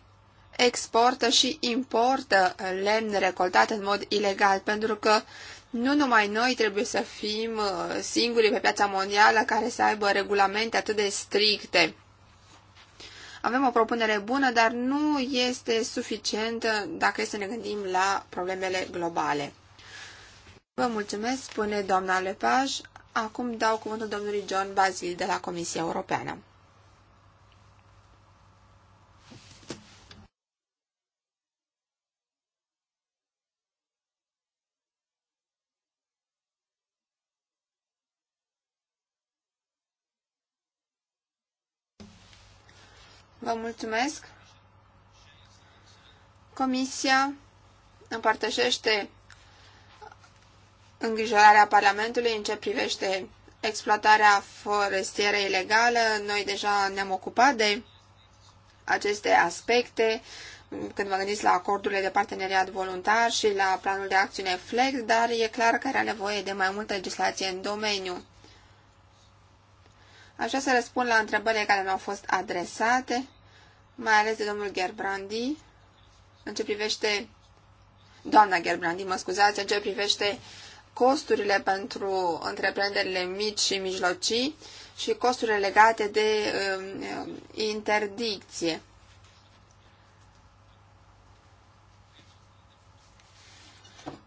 exportă și importă lemn recoltat în mod ilegal, pentru că nu numai noi trebuie să fim uh, singurii pe piața mondială care să aibă regulamente atât de stricte. Avem o propunere bună, dar nu este suficientă dacă este să ne gândim la problemele globale. Vă mulțumesc, spune doamna Lepaj. Acum dau cuvântul domnului John Bazil de la Comisia Europeană. Vă mulțumesc. Comisia împărtășește îngrijorarea Parlamentului în ce privește exploatarea forestieră ilegală. Noi deja ne-am ocupat de aceste aspecte când vă gândiți la acordurile de parteneriat voluntar și la planul de acțiune FLEX, dar e clar că era nevoie de mai multă legislație în domeniu. Așa să răspund la întrebările care mi-au fost adresate, mai ales de domnul Gerbrandi, în ce privește, doamna Gerbrandi, mă scuzați, în ce privește uh, costurile pentru întreprinderile mici și mijlocii și costurile legate de uh, interdicție.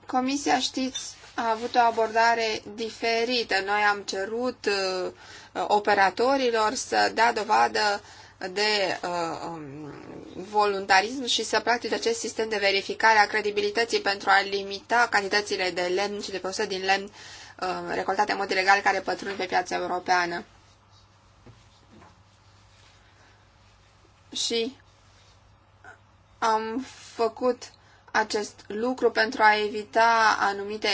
Comisia, știți, a avut o abordare diferită. Noi am cerut uh, operatorilor să dea dovadă de uh, um, voluntarism și să practice acest sistem de verificare a credibilității pentru a limita cantitățile de lemn și de produse din lemn uh, recoltate în mod ilegal care pătrund pe piața europeană. Și am făcut acest lucru pentru a evita anumite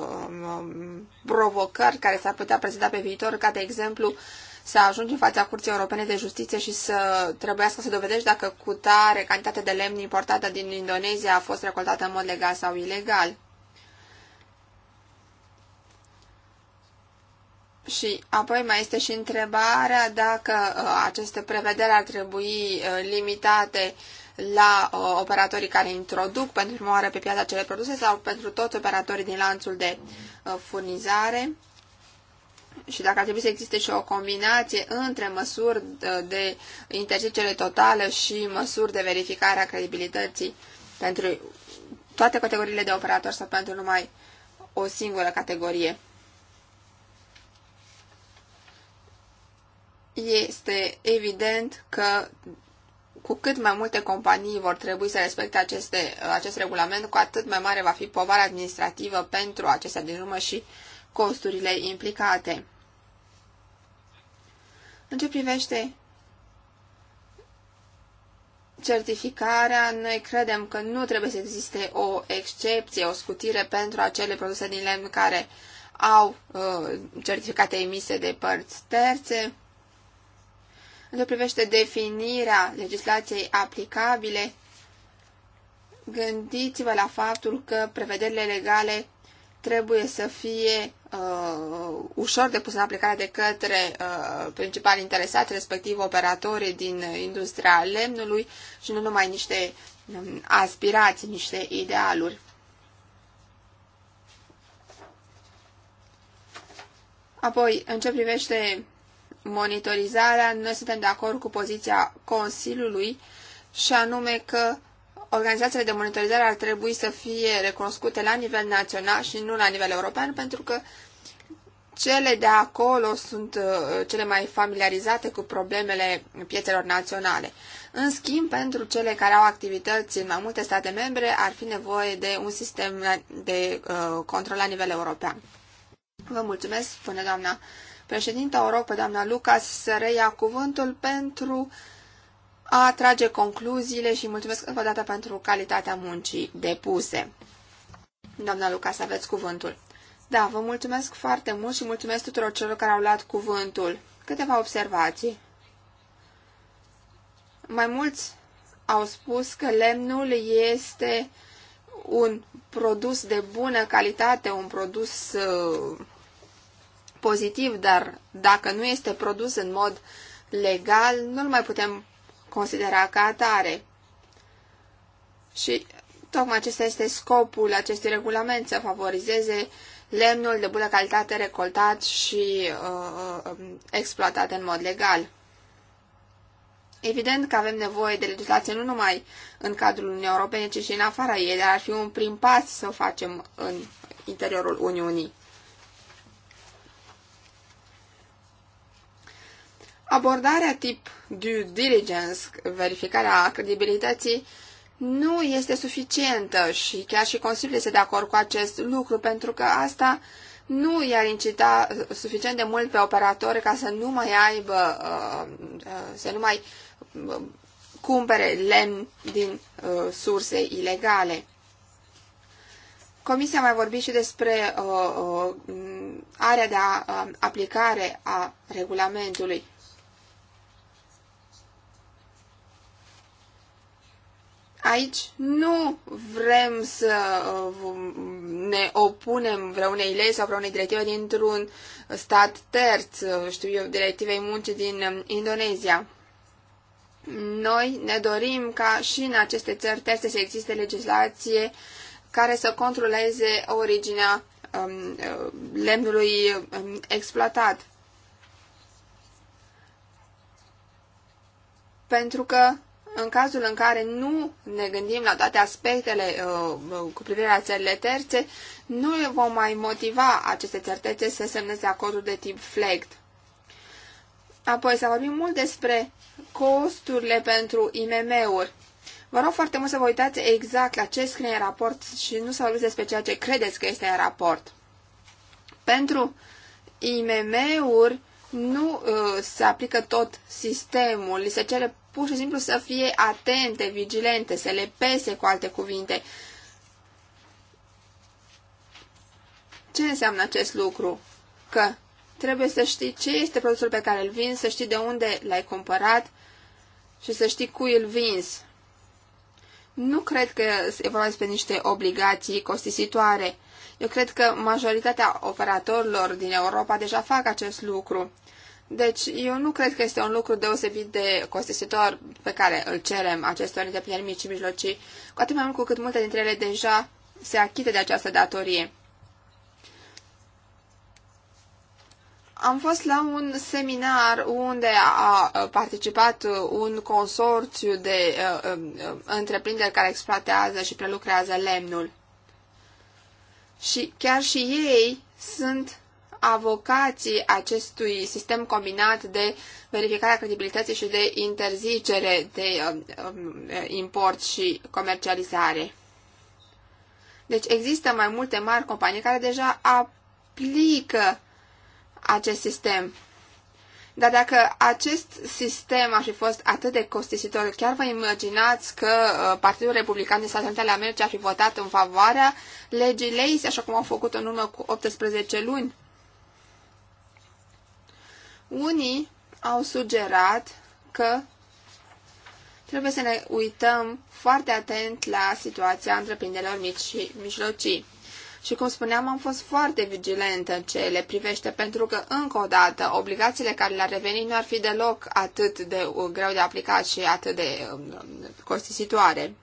uh, um, provocări care s-ar putea prezenta pe viitor, ca de exemplu uh, să ajungi în fața Curții Europene de Justiție și să trebuiască să dovedești dacă cu tare cantitate de lemn importată din Indonezia a fost recoltată în mod legal sau ilegal. Și apoi mai este și întrebarea dacă uh, aceste prevederi ar trebui uh, limitate la uh, operatorii care introduc pentru prima oară pe piața acele produse sau pentru toți operatorii din lanțul de furnizare și dacă ar trebui să existe și o combinație între măsuri de interzicere totală și măsuri de verificare a credibilității pentru toate categoriile de operatori sau pentru numai o singură categorie. Este evident că cu cât mai multe companii vor trebui să respecte aceste, acest regulament, cu atât mai mare va fi povara administrativă pentru acestea din urmă și costurile implicate. În ce privește certificarea, noi credem că nu trebuie să existe o excepție, o scutire pentru acele produse din lemn care au uh, certificate emise de părți terțe. În ce privește definirea legislației aplicabile, gândiți-vă la faptul că prevederile legale trebuie să fie uh, ușor de pus în aplicare de către uh, principalii interesați, respectiv operatorii din industria lemnului și nu numai niște um, aspirații, niște idealuri. Apoi, în ce privește monitorizarea, noi suntem de acord cu poziția Consiliului și anume că organizațiile de monitorizare ar trebui să fie recunoscute la nivel național și nu la nivel european, pentru că cele de acolo sunt uh, cele mai familiarizate cu problemele piețelor naționale. În schimb, pentru cele care au activități în mai multe state membre, ar fi nevoie de un sistem de uh, control la nivel european. Vă mulțumesc, spune doamna președintă, o rog pe doamna Lucas să reia cuvântul pentru a trage concluziile și mulțumesc încă o dată pentru calitatea muncii depuse. Doamna Lucas, aveți cuvântul. Da, vă mulțumesc foarte mult și mulțumesc tuturor celor care au luat cuvântul. Câteva observații. Mai mulți au spus că lemnul este un produs de bună calitate, un produs uh, pozitiv, dar dacă nu este produs în mod legal, nu-l mai putem considera ca atare. Și tocmai acesta este scopul acestui regulament, să favorizeze lemnul de bună calitate recoltat și uh, uh, exploatat în mod legal. Evident că avem nevoie de legislație nu numai în cadrul Uniunii Europene, ci și în afara ei, dar ar fi un prim pas să o facem în interiorul Uniunii. Abordarea tip due diligence, verificarea credibilității, nu este suficientă și chiar și Consiliul este de acord cu acest lucru, pentru că asta nu i-ar incita uh, suficient de mult pe operatori ca să nu mai aibă, uh, uh, să nu mai cumpere lemn din surse ilegale. Comisia mai vorbit și despre uh, uh, area de a, uh, aplicare a regulamentului. Aici nu vrem să uh, ne opunem vreunei lei sau vreunei directive dintr-un stat terț, uh, știu eu, directivei muncii din um, Indonezia. Noi ne dorim ca și în aceste țări terțe să existe legislație care să controleze originea um, uh, lemnului um, exploatat. Pentru că în cazul în care nu ne gândim la toate aspectele uh, uh cu privire la țările terțe, nu vom mai motiva aceste certețe terțe să semneze acordul de tip flagged. Apoi să vorbim mult despre costurile pentru IMM-uri. Vă rog foarte mult să vă uitați exact la ce scrie în raport și nu să vorbiți despre ceea ce credeți că este în raport. Pentru IMM-uri, nu uh, se aplică tot sistemul, li se cere pur și simplu să fie atente, vigilente, să le pese cu alte cuvinte. Ce înseamnă acest lucru? Că trebuie să știi ce este produsul pe care îl vinzi, să știi de unde l-ai cumpărat și să știi cui îl vinzi. Nu cred că e vorba despre niște obligații costisitoare. Eu cred că majoritatea operatorilor din Europa deja fac acest lucru. Deci, eu nu cred că este un lucru deosebit de costisitor pe care îl cerem acestor întreprinderi mici și mijlocii, cu atât mai mult cu cât multe dintre ele deja se achită de această datorie. Am fost la un seminar unde a participat un consorțiu de uh, uh, uh, întreprinderi care exploatează și prelucrează lemnul. Și chiar și ei sunt avocații acestui sistem combinat de verificarea credibilității și de interzicere de um, um, import și comercializare. Deci există mai multe mari companii care deja aplică acest sistem dar dacă acest sistem ar fi fost atât de costisitor, chiar vă imaginați că uh, Partidul Republican din Statele Unite ale Americii ar fi votat în favoarea legii Lacey, așa cum au făcut în urmă cu 18 luni? Unii au sugerat că trebuie să ne uităm foarte atent la situația întreprinderilor mici și mijlocii. Și cum spuneam, am fost foarte vigilentă în ce le privește, pentru că, încă o dată, obligațiile care le-ar reveni nu ar fi deloc atât de uh, greu de aplicat și atât de um, costisitoare.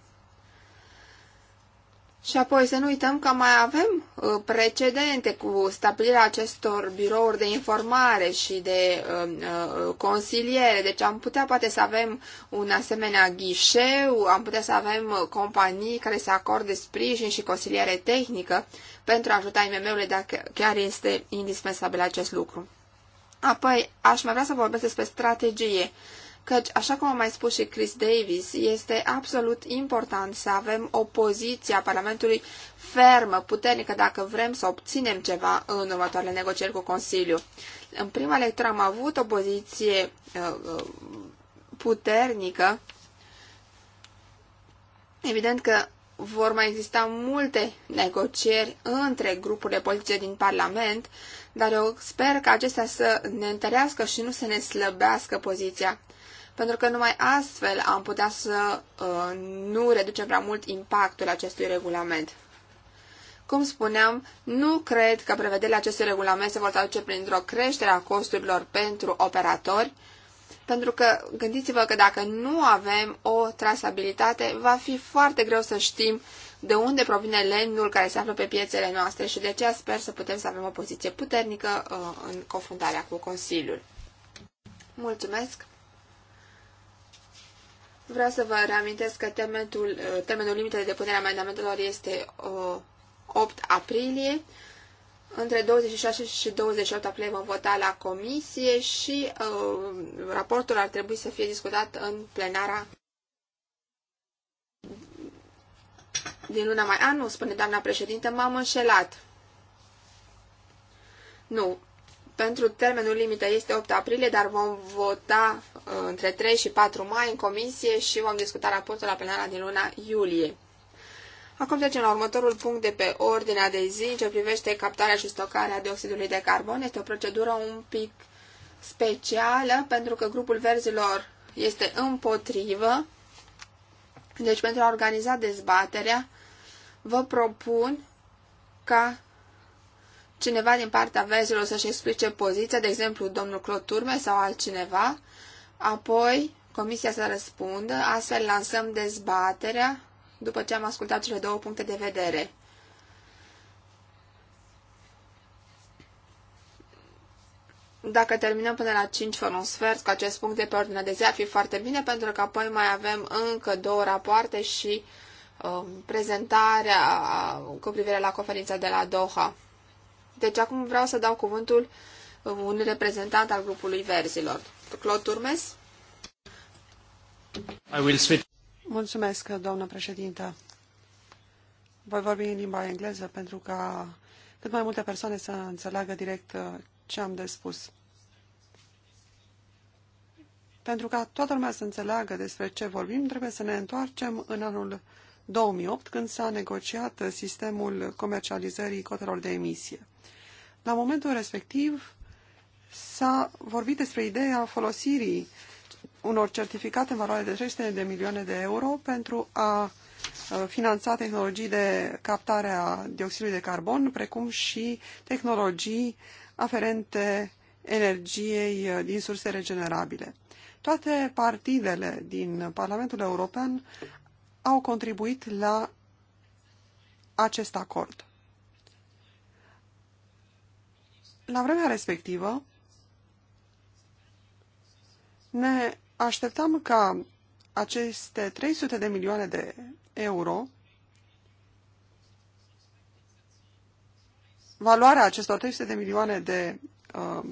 Și apoi să nu uităm că mai avem uh, precedente cu stabilirea acestor birouri de informare și de um, uh, consiliere. Deci am putea poate să avem un asemenea ghișeu, am putea să avem uh, companii care să acorde sprijin și consiliere tehnică pentru a ajuta IMM-urile dacă chiar este indispensabil acest lucru. Apoi aș mai vrea să vorbesc despre strategie căci, așa cum a mai spus și Chris Davis, este absolut important să avem o poziție a Parlamentului fermă, puternică, dacă vrem să obținem ceva în următoarele negocieri cu Consiliu. În prima lectură am avut o poziție uh, uh, puternică. Evident că vor mai exista multe negocieri între grupurile politice din Parlament, dar eu sper că acestea să ne întărească și nu să ne slăbească poziția pentru că numai astfel am putea să uh, nu reducem prea mult impactul acestui regulament. Cum spuneam, nu cred că prevederile acestui regulament se vor traduce printr-o creștere a costurilor pentru operatori, pentru că gândiți-vă că dacă nu avem o trasabilitate, va fi foarte greu să știm de unde provine lemnul care se află pe piețele noastre și de aceea sper să putem să avem o poziție puternică uh, în confruntarea cu Consiliul. Mulțumesc! Vreau să vă reamintesc că temenul, uh, termenul limită de depunere a amendamentelor este 8 uh, aprilie. Între 26 și 28 aprilie vom vota la comisie și uh, raportul ar trebui să fie discutat în plenara din luna mai anul, spune doamna președinte, m-am înșelat. Nu, pentru termenul limită este 8 aprilie, dar vom vota uh, între 3 și 4 mai în comisie și vom discuta raportul la plenara din luna iulie. Acum trecem la următorul punct de pe ordinea de zi ce privește captarea și stocarea dioxidului de carbon. Este o procedură un pic specială pentru că grupul verzilor este împotrivă. Deci pentru a organiza dezbaterea vă propun ca cineva din partea verzilor să-și explice poziția, de exemplu domnul Claude Turme sau altcineva, apoi comisia să răspundă, astfel lansăm dezbaterea după ce am ascultat cele două puncte de vedere. Dacă terminăm până la 5 fără un sfert cu acest punct de pe ordine de zi, ar fi foarte bine, pentru că apoi mai avem încă două rapoarte și uh, prezentarea cu privire la conferința de la Doha. Deci acum vreau să dau cuvântul uh, un reprezentant al grupului verzilor. Claude Turmes? I will switch. Mulțumesc, doamnă președintă. Voi vorbi în limba engleză pentru ca cât mai multe persoane să înțeleagă direct uh, ce am de spus. Pentru ca toată lumea să înțeleagă despre ce vorbim, trebuie să ne întoarcem în anul 2008, când s-a negociat sistemul comercializării cotelor de emisie. La momentul respectiv s-a vorbit despre ideea folosirii unor certificate în valoare de 300 de milioane de euro pentru a finanța tehnologii de captare a dioxidului de carbon, precum și tehnologii aferente energiei din surse regenerabile. Toate partidele din Parlamentul European au contribuit la acest acord. La vremea respectivă, ne așteptam ca aceste 300 de milioane de euro, valoarea acestor 300 de milioane de uh,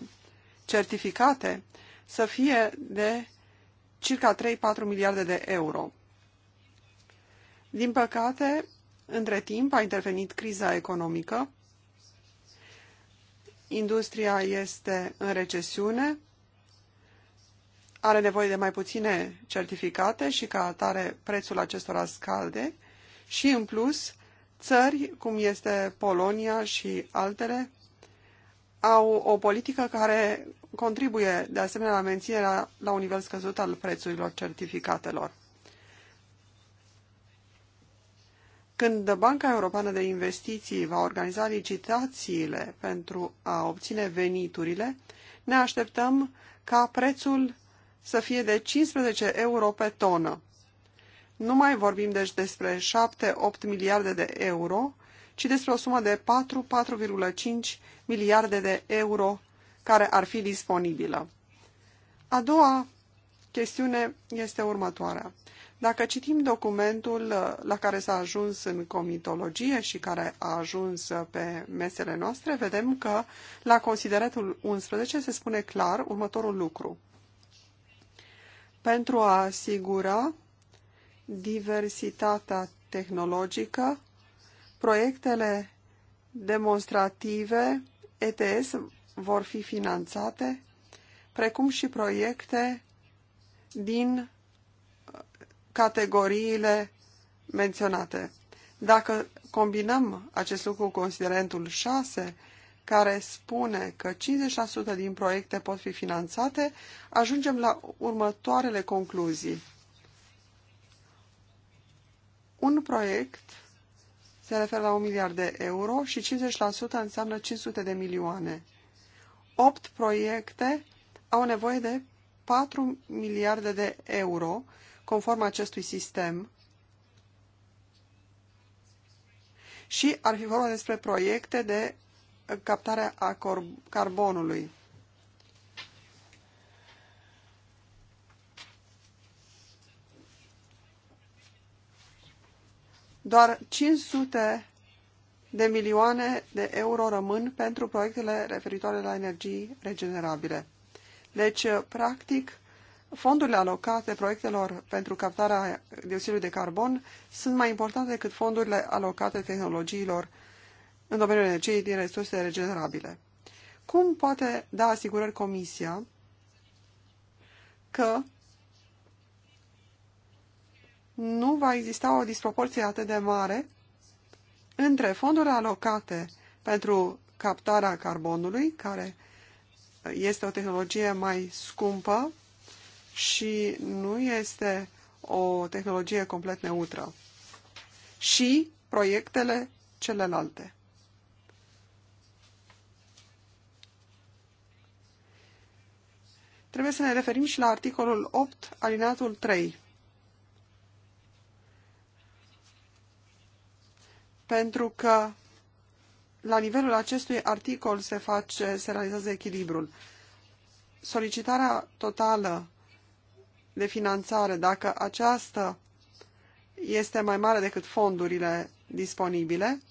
certificate, să fie de circa 3-4 miliarde de euro. Din păcate, între timp a intervenit criza economică, industria este în recesiune, are nevoie de mai puține certificate și ca atare prețul acestora scade și în plus țări cum este Polonia și altele au o politică care contribuie de asemenea la menținerea la un nivel scăzut al prețurilor certificatelor. Când Banca Europeană de Investiții va organiza licitațiile pentru a obține veniturile, ne așteptăm ca prețul să fie de 15 euro pe tonă. Nu mai vorbim deci despre 7-8 miliarde de euro, ci despre o sumă de 4-4,5 miliarde de euro care ar fi disponibilă. A doua chestiune este următoarea. Dacă citim documentul uh, la care s-a ajuns în comitologie și care a ajuns uh, pe mesele noastre, vedem că la consideratul 11 se spune clar următorul lucru. Pentru a asigura diversitatea tehnologică, proiectele demonstrative ETS vor fi finanțate, precum și proiecte din categoriile menționate. Dacă combinăm acest lucru cu considerentul 6, care spune că 50% din proiecte pot fi finanțate, ajungem la următoarele concluzii. Un proiect se referă la un miliard de euro și 50% înseamnă 500 de milioane. 8 proiecte au nevoie de 4 miliarde de euro conform acestui sistem și ar fi vorba despre proiecte de captare a carbonului. Doar 500 de milioane de euro rămân pentru proiectele referitoare la energii regenerabile. Deci, practic, fondurile alocate proiectelor pentru captarea dioxidului de carbon sunt mai importante decât fondurile alocate tehnologiilor în domeniul energiei din resurse regenerabile. Cum poate da asigurări Comisia că nu va exista o disproporție atât de mare între fondurile alocate pentru captarea carbonului, care este o tehnologie mai scumpă și nu este o tehnologie complet neutră. Și proiectele celelalte. Trebuie să ne referim și la articolul 8, alineatul 3. Pentru că la nivelul acestui articol se face, se realizează echilibrul. Solicitarea totală de finanțare, dacă aceasta este mai mare decât fondurile disponibile,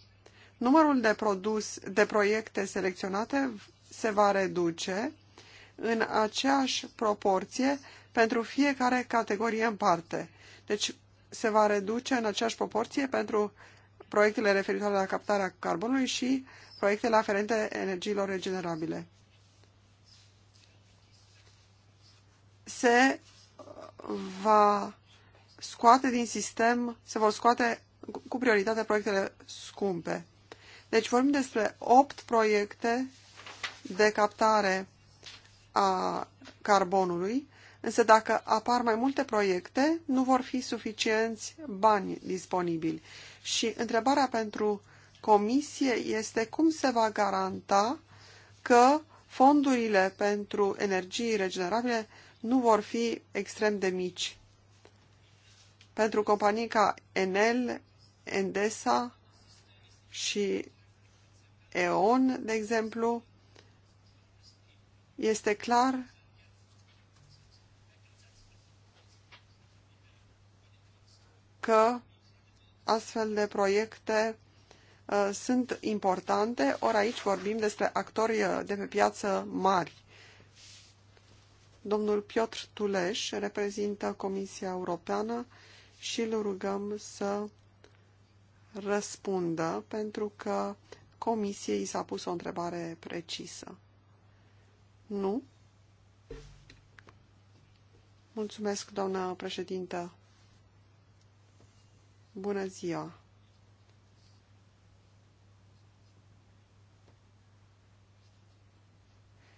numărul de, produs, de proiecte selecționate se va reduce în aceeași proporție pentru fiecare categorie în parte. Deci se va reduce în aceeași proporție pentru proiectele referitoare la captarea carbonului și proiectele aferente energiilor regenerabile. Se va scoate din sistem, se vor scoate cu prioritate proiectele scumpe. Deci vorbim despre 8 proiecte de captare a carbonului, însă dacă apar mai multe proiecte, nu vor fi suficienți bani disponibili. Și întrebarea pentru comisie este cum se va garanta că fondurile pentru energii regenerabile nu vor fi extrem de mici. Pentru companii ca Enel, Endesa și E.ON, de exemplu, este clar că astfel de proiecte uh, sunt importante, ori aici vorbim despre actori uh, de pe piață mari. Domnul Piotr Tuleș reprezintă Comisia Europeană și îl rugăm să răspundă pentru că Comisiei s-a pus o întrebare precisă. Nu? Mulțumesc, doamnă președintă. Bună ziua!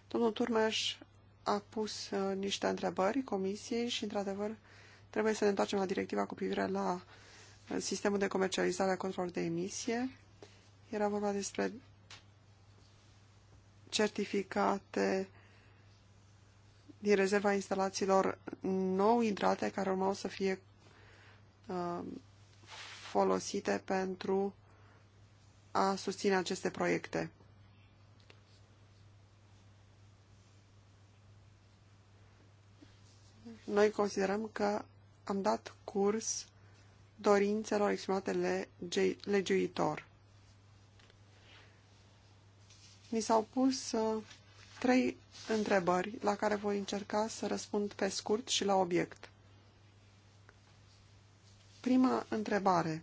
Domnul Turmeș a pus uh, niște întrebări comisiei și, într-adevăr, trebuie să ne întoarcem la directiva cu privire la uh, sistemul de comercializare a controlului de emisie. Era vorba despre certificate din rezerva instalațiilor nou intrate care urmau să fie uh, folosite pentru a susține aceste proiecte. noi considerăm că am dat curs dorințelor exprimate legiuitor. Mi s-au pus uh, trei întrebări la care voi încerca să răspund pe scurt și la obiect. Prima întrebare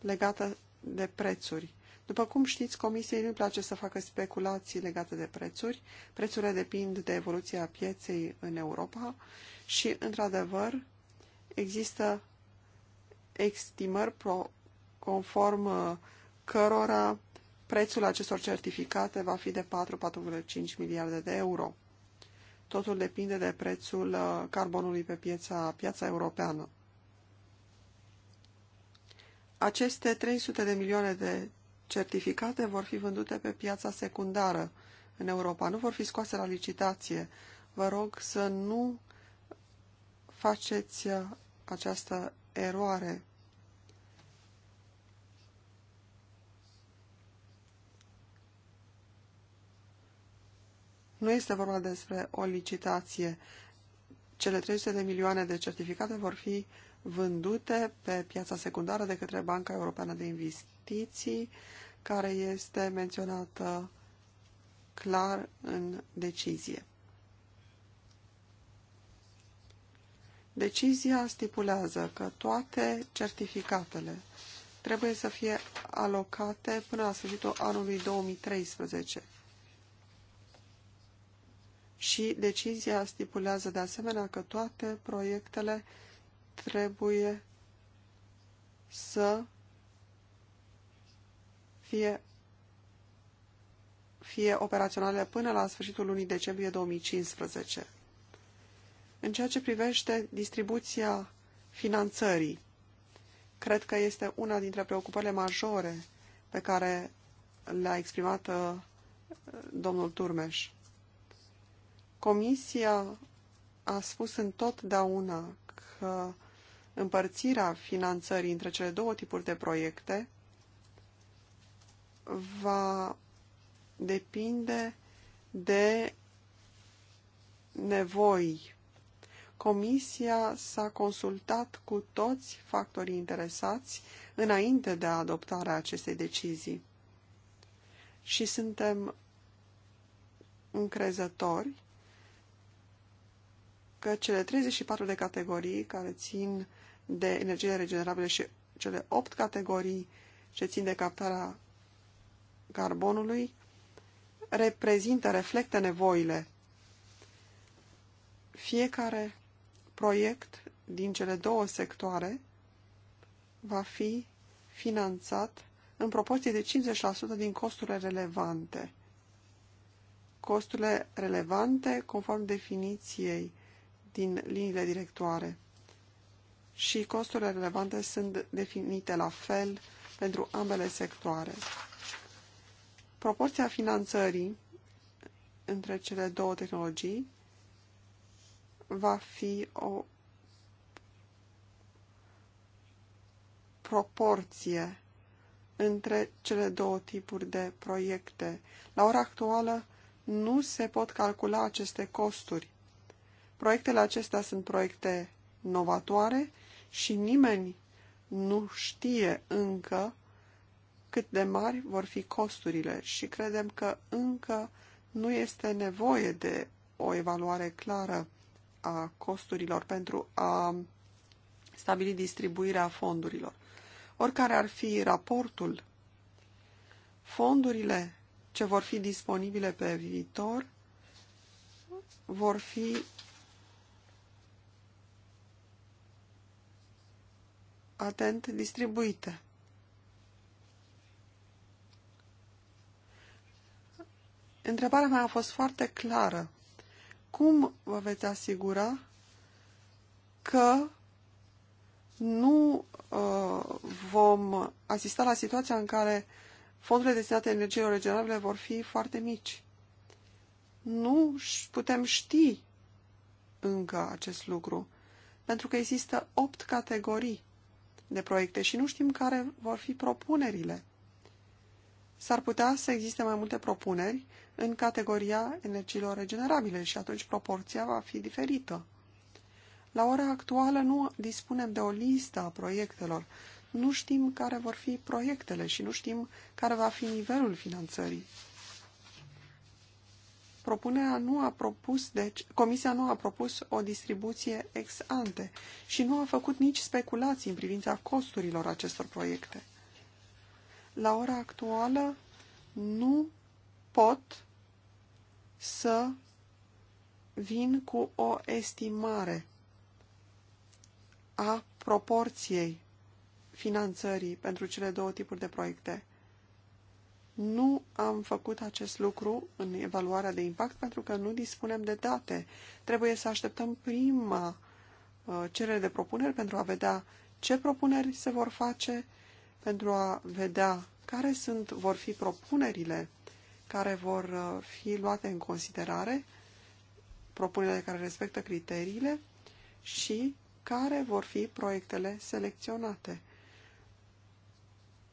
legată de prețuri. După cum știți, Comisiei nu-i place să facă speculații legate de prețuri. Prețurile depind de evoluția pieței în Europa și, într-adevăr, există estimări conform uh, cărora prețul acestor certificate va fi de 4-4,5 miliarde de euro. Totul depinde de prețul uh, carbonului pe piața, piața europeană. Aceste 300 de milioane de certificate vor fi vândute pe piața secundară în Europa, nu vor fi scoase la licitație. Vă rog să nu faceți uh, această eroare. Nu este vorba despre o licitație. Cele 300 de milioane de certificate vor fi vândute pe piața secundară de către Banca Europeană de Investiții petiții care este menționată clar în decizie. Decizia stipulează că toate certificatele trebuie să fie alocate până la sfârșitul anului 2013. Și decizia stipulează de asemenea că toate proiectele trebuie să fie, fie operaționale până la sfârșitul lunii decembrie 2015. În ceea ce privește distribuția finanțării, cred că este una dintre preocupările majore pe care le-a exprimat uh, domnul Turmeș. Comisia a spus întotdeauna că împărțirea finanțării între cele două tipuri de proiecte va depinde de nevoi. Comisia s-a consultat cu toți factorii interesați înainte de adoptarea acestei decizii și suntem încrezători că cele 34 de categorii care țin de energie regenerabile și cele 8 categorii ce țin de captarea carbonului reprezintă, reflectă nevoile. Fiecare proiect din cele două sectoare va fi finanțat în proporție de 50% din costurile relevante. Costurile relevante conform definiției din liniile directoare. Și costurile relevante sunt definite la fel pentru ambele sectoare proporția finanțării între cele două tehnologii va fi o proporție între cele două tipuri de proiecte. La ora actuală nu se pot calcula aceste costuri. Proiectele acestea sunt proiecte novatoare și nimeni nu știe încă cât de mari vor fi costurile și credem că încă nu este nevoie de o evaluare clară a costurilor pentru a stabili distribuirea fondurilor. Oricare ar fi raportul, fondurile ce vor fi disponibile pe viitor vor fi atent distribuite. Întrebarea mea a fost foarte clară. Cum vă veți asigura că nu uh, vom asista la situația în care fondurile destinate energiilor regenerabile vor fi foarte mici? Nu putem ști încă acest lucru, pentru că există opt categorii de proiecte și nu știm care vor fi propunerile. S-ar putea să existe mai multe propuneri în categoria energiilor regenerabile și atunci proporția va fi diferită. La ora actuală nu dispunem de o listă a proiectelor. Nu știm care vor fi proiectele și nu știm care va fi nivelul finanțării. Propunerea nu a propus, deci, comisia nu a propus o distribuție ex ante și nu a făcut nici speculații în privința costurilor acestor proiecte. La ora actuală nu pot să vin cu o estimare a proporției finanțării pentru cele două tipuri de proiecte. Nu am făcut acest lucru în evaluarea de impact pentru că nu dispunem de date. Trebuie să așteptăm prima uh, cerere de propuneri pentru a vedea ce propuneri se vor face, pentru a vedea care sunt, vor fi propunerile care vor uh, fi luate în considerare, propunerile care respectă criteriile și care vor fi proiectele selecționate.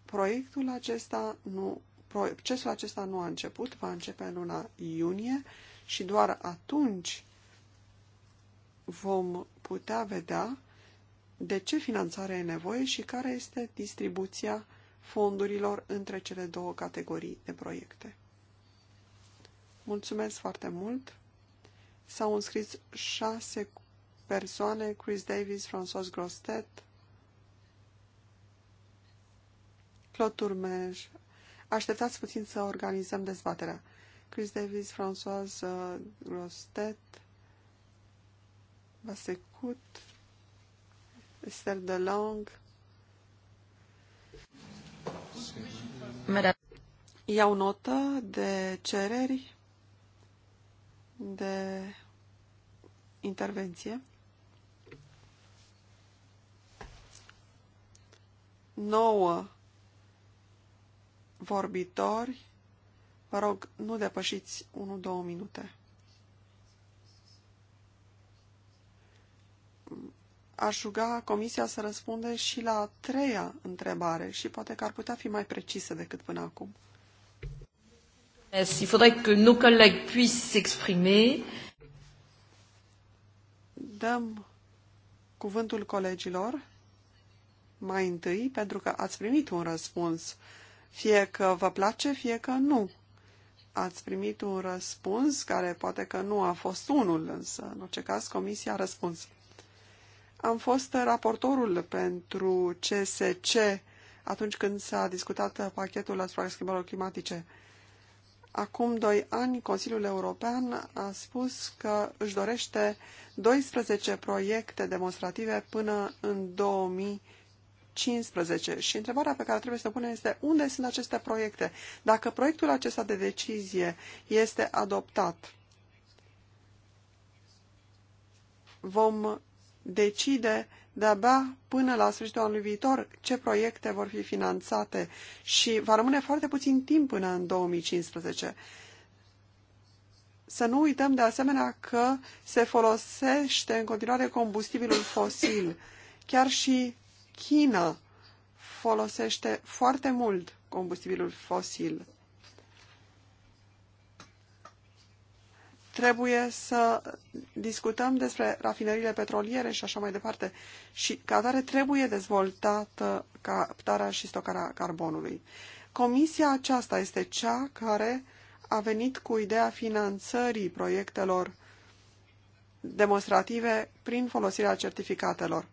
Proiectul acesta nu, procesul acesta nu a început, va începe în luna iunie și doar atunci vom putea vedea de ce finanțare e nevoie și care este distribuția fondurilor între cele două categorii de proiecte. Mulțumesc foarte mult. S-au înscris șase persoane, Chris Davis, François Grostet, Claude Turmej. Așteptați puțin să organizăm dezbaterea. Chris Davis, François uh, Grostet, Vasecut, Esther DeLong. Iau notă de cereri de intervenție. Nouă vorbitori. Vă rog, nu depășiți 1-2 minute. Aș ruga Comisia să răspunde și la a treia întrebare și poate că ar putea fi mai precisă decât până acum. Il faudrait que nos collègues puissent s'exprimer. Dăm cuvântul colegilor mai întâi, pentru că ați primit un răspuns, fie că vă place, fie că nu. Ați primit un răspuns care poate că nu a fost unul, însă, în orice caz, comisia a răspuns. Am fost raportorul pentru CSC atunci când s-a discutat pachetul asupra schimbărilor climatice. Acum doi ani, Consiliul European a spus că își dorește 12 proiecte demonstrative până în 2015. Și întrebarea pe care trebuie să o punem este unde sunt aceste proiecte? Dacă proiectul acesta de decizie este adoptat, vom decide de-abia până la sfârșitul anului viitor ce proiecte vor fi finanțate și va rămâne foarte puțin timp până în 2015. Să nu uităm de asemenea că se folosește în continuare combustibilul fosil. Chiar și China folosește foarte mult combustibilul fosil. trebuie să discutăm despre rafinările petroliere și așa mai departe. Și ca atare trebuie dezvoltată captarea și stocarea carbonului. Comisia aceasta este cea care a venit cu ideea finanțării proiectelor demonstrative prin folosirea certificatelor.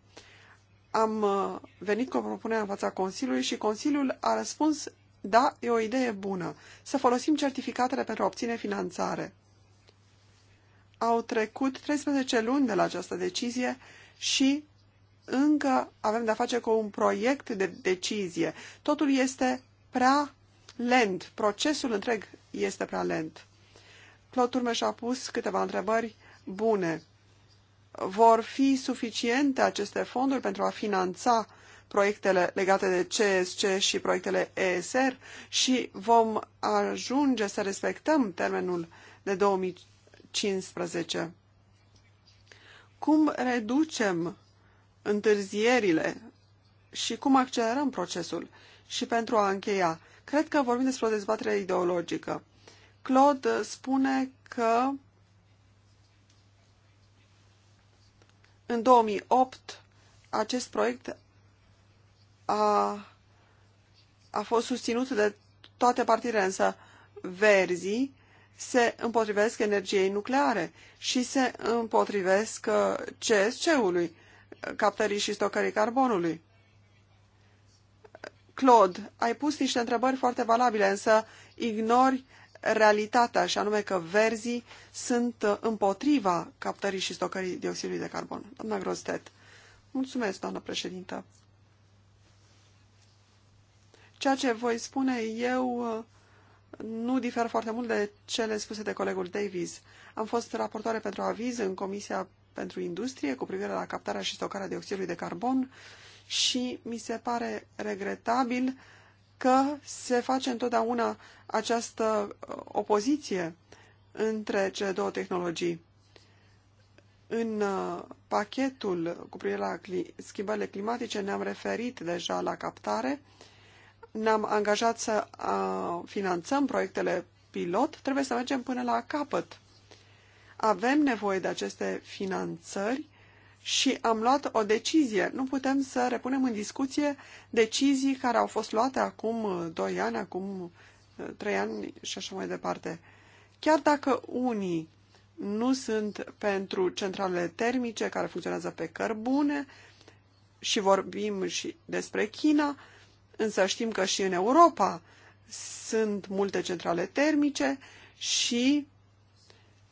Am uh, venit cu o propunere în fața Consiliului și Consiliul a răspuns da, e o idee bună, să folosim certificatele pentru a obține finanțare au trecut 13 luni de la această decizie și încă avem de-a face cu un proiect de decizie. Totul este prea lent, procesul întreg este prea lent. Claude Turmes a pus câteva întrebări bune. Vor fi suficiente aceste fonduri pentru a finanța proiectele legate de CSC și proiectele ESR și vom ajunge să respectăm termenul de 2000 2015. Cum reducem întârzierile și cum accelerăm procesul? Și pentru a încheia, cred că vorbim despre o dezbatere ideologică. Claude spune că în 2008 acest proiect a, a fost susținut de toate partidele, însă verzii se împotrivesc energiei nucleare și se împotrivesc uh, CSC-ului, captării și stocării carbonului. Claude, ai pus niște întrebări foarte valabile, însă ignori realitatea, și anume că verzii sunt uh, împotriva captării și stocării dioxidului de carbon. Doamna Grostet. Mulțumesc, doamnă președintă. Ceea ce voi spune eu uh, nu diferă foarte mult de cele spuse de colegul Davies. Am fost raportoare pentru aviz în Comisia pentru Industrie cu privire la captarea și stocarea dioxidului de carbon și mi se pare regretabil că se face întotdeauna această uh, opoziție între cele două tehnologii. În uh, pachetul cu privire la schimbările climatice ne-am referit deja la captare, ne-am angajat să finanțăm proiectele pilot, trebuie să mergem până la capăt. Avem nevoie de aceste finanțări și am luat o decizie. Nu putem să repunem în discuție decizii care au fost luate acum 2 uh, ani, acum 3 uh, ani și așa mai departe. Chiar dacă unii nu sunt pentru centralele termice care funcționează pe cărbune și vorbim și despre China, Însă știm că și în Europa sunt multe centrale termice și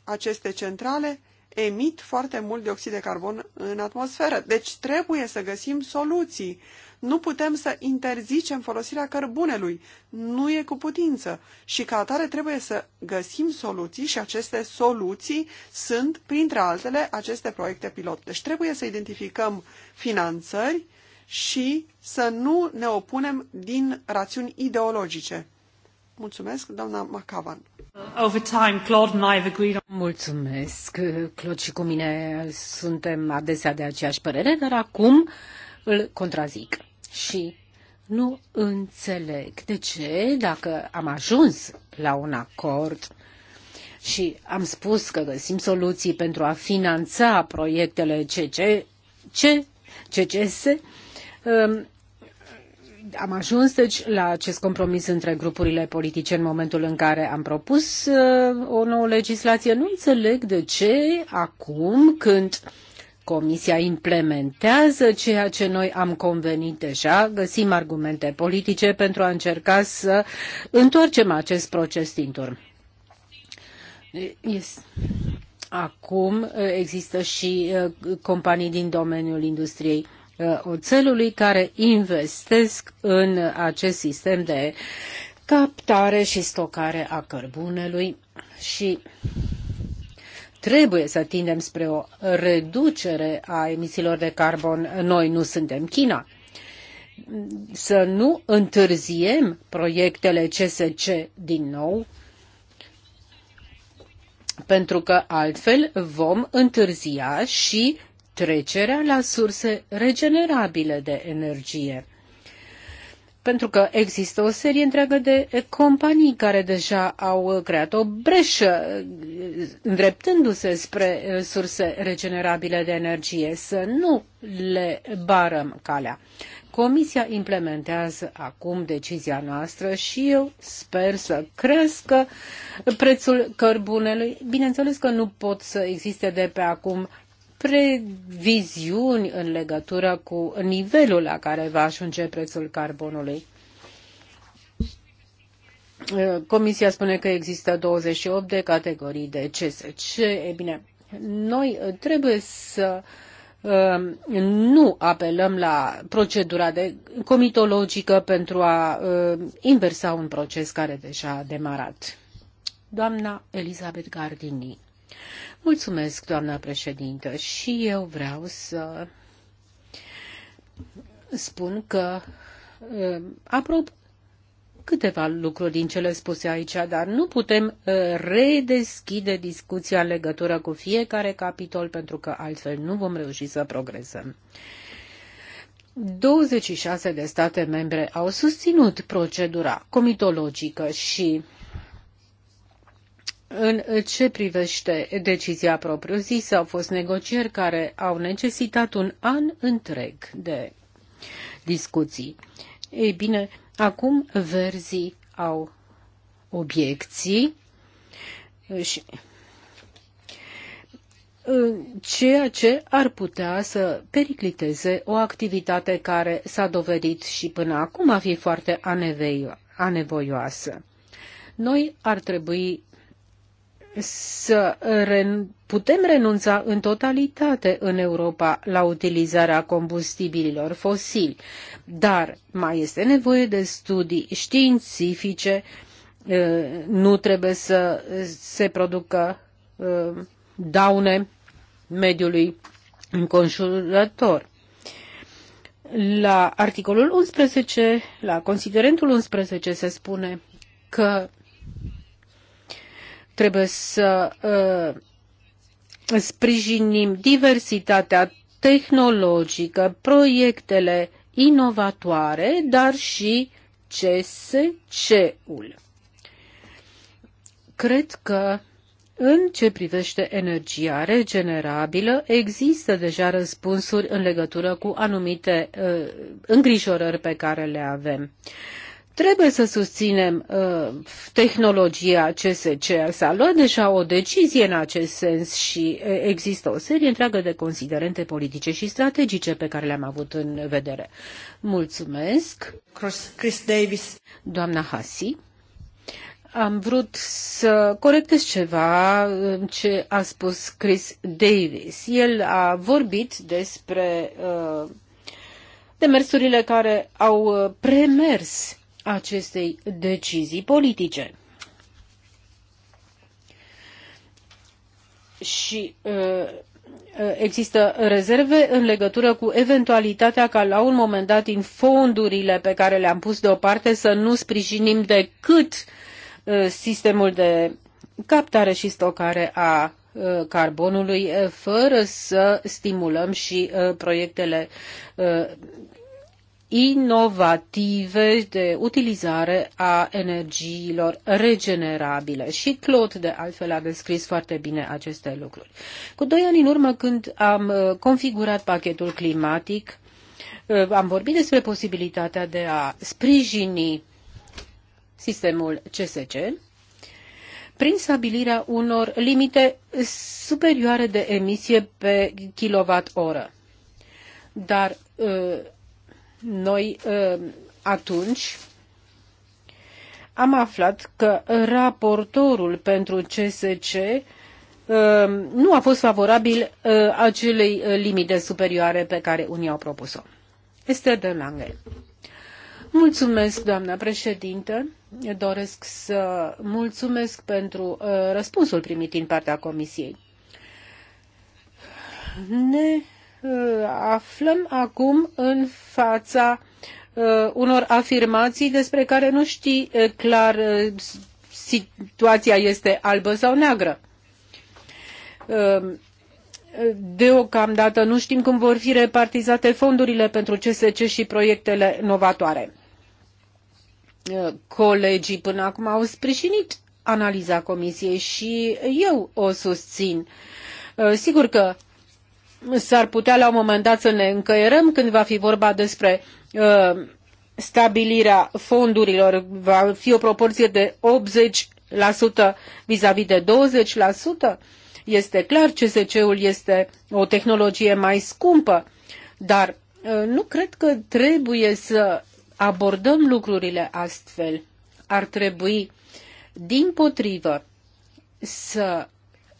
aceste centrale emit foarte mult dioxid de carbon în atmosferă. Deci trebuie să găsim soluții. Nu putem să interzicem folosirea cărbunelui. Nu e cu putință. Și ca atare trebuie să găsim soluții și aceste soluții sunt, printre altele, aceste proiecte pilot. Deci trebuie să identificăm finanțări și să nu ne opunem din rațiuni ideologice. Mulțumesc, doamna Macavan. Over time, Claude and I have agreed on... Mulțumesc, Claude și cu mine suntem adesea de aceeași părere, dar acum îl contrazic. Și nu înțeleg de ce, dacă am ajuns la un acord și am spus că găsim soluții pentru a finanța proiectele CC, ce, CCS, am ajuns deci la acest compromis între grupurile politice în momentul în care am propus uh, o nouă legislație. Nu înțeleg de ce acum când Comisia implementează ceea ce noi am convenit deja, găsim argumente politice pentru a încerca să întoarcem acest proces din turn. Yes. Acum uh, există și uh, companii din domeniul industriei Uh, oțelului care investesc în acest sistem de captare și stocare a cărbunelui și trebuie să tindem spre o reducere a emisiilor de carbon. Noi nu suntem China. Să nu întârziem proiectele CSC din nou, pentru că altfel vom întârzia și trecerea la surse regenerabile de energie. Pentru că există o serie întreagă de companii care deja au creat o breșă îndreptându-se spre surse regenerabile de energie, să nu le barăm calea. Comisia implementează acum decizia noastră și eu sper să crească prețul cărbunelui. Bineînțeles că nu pot să existe de pe acum previziuni în legătură cu nivelul la care va ajunge prețul carbonului. Comisia spune că există 28 de categorii de CSC. E bine, noi trebuie să um, nu apelăm la procedura de comitologică pentru a um, inversa un proces care deja a demarat. Doamna Elizabeth Gardini. Mulțumesc, doamna președintă, și eu vreau să spun că uh, aprob câteva lucruri din cele spuse aici, dar nu putem uh, redeschide discuția în legătură cu fiecare capitol, pentru că altfel nu vom reuși să progresăm. 26 de state membre au susținut procedura comitologică și în ce privește decizia propriu-zisă, au fost negocieri care au necesitat un an întreg de discuții. Ei bine, acum verzii au obiecții și uh, ceea ce ar putea să pericliteze o activitate care s-a dovedit și până acum a fi foarte anevoioasă. Noi ar trebui să putem renunța în totalitate în Europa la utilizarea combustibililor fosili, dar mai este nevoie de studii științifice, uh, nu trebuie să se producă uh, daune mediului înconjurător. La articolul 11, la considerentul 11 se spune că Trebuie să uh, sprijinim diversitatea tehnologică, proiectele inovatoare, dar și CSC-ul. Cred că în ce privește energia regenerabilă, există deja răspunsuri în legătură cu anumite uh, îngrijorări pe care le avem. Uh, Trebuie să susținem uh, tehnologia CSC. S-a luat deja o decizie în acest sens și uh, există o serie întreagă de considerente politice și strategice pe care le-am avut în vedere. Mulțumesc. Chris Davis. Doamna Hasi. Am vrut să corectez ceva ce a spus Chris Davis. El a vorbit despre uh, demersurile care au uh, premers acestei decizii politice. Și uh, uh, există rezerve în legătură cu eventualitatea ca la un moment dat din fondurile pe care le-am pus deoparte să nu sprijinim decât uh, sistemul de captare și stocare a carbonului fără să stimulăm și proiectele inovative de utilizare a energiilor regenerabile. Și Claude, de altfel, a descris foarte bine aceste lucruri. Cu doi ani în urmă, când am uh, configurat pachetul climatic, uh, am vorbit despre posibilitatea de a sprijini sistemul CSC prin stabilirea unor limite superioare de emisie pe kilowatt oră. Dar uh, noi ă, atunci am aflat că raportorul pentru CSC ă, nu a fost favorabil ă, acelei limite superioare pe care unii au propus-o. Este de Lange. Mulțumesc, doamna președintă. Doresc să mulțumesc pentru răspunsul primit din partea Comisiei. Ne Uh, aflăm acum în fața uh, unor afirmații despre care nu știi uh, clar situația este albă sau neagră. Deocamdată nu știm cum vor fi repartizate fondurile pentru CSC și proiectele novatoare. Colegii până acum au sprijinit analiza comisiei și eu o susțin. Sigur că s-ar putea la un moment dat să ne încăierăm când va fi vorba despre uh, stabilirea fondurilor. Va fi o proporție de 80% vis-a-vis -vis de 20%. Este clar, CSC-ul este o tehnologie mai scumpă, dar uh, nu cred că trebuie să abordăm lucrurile astfel. Ar trebui, din potrivă, să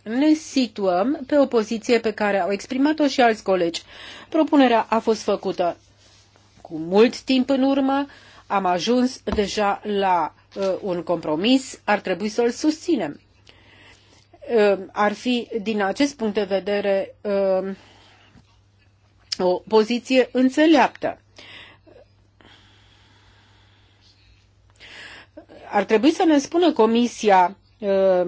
ne situăm pe o poziție pe care au exprimat-o și alți colegi. Propunerea a fost făcută cu mult timp în urmă, am ajuns deja la uh, un compromis, ar trebui să-l susținem. Uh, ar fi, din acest punct de vedere, uh, o poziție înțeleaptă. Ar trebui să ne spună Comisia uh,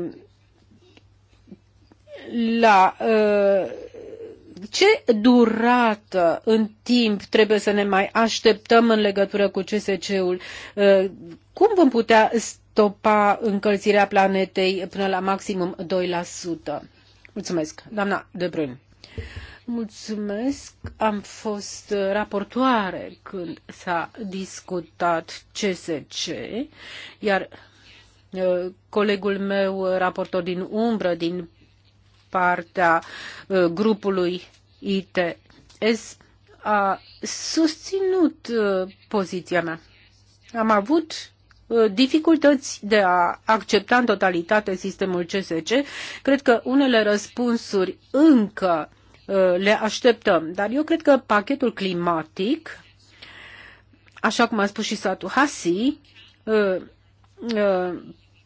la uh, ce durată în timp trebuie să ne mai așteptăm în legătură cu CSC-ul? Uh, cum vom putea stopa încălzirea planetei până la maximum 2%? Mulțumesc, doamna De Brun. Mulțumesc. Am fost raportoare când s-a discutat CSC, iar uh, colegul meu, raportor din umbră, din partea uh, grupului ITS a susținut uh, poziția mea. Am avut uh, dificultăți de a accepta în totalitate sistemul CSC. Cred că unele răspunsuri încă le așteptăm, dar eu cred că pachetul climatic, așa cum a spus și Satu Hasi,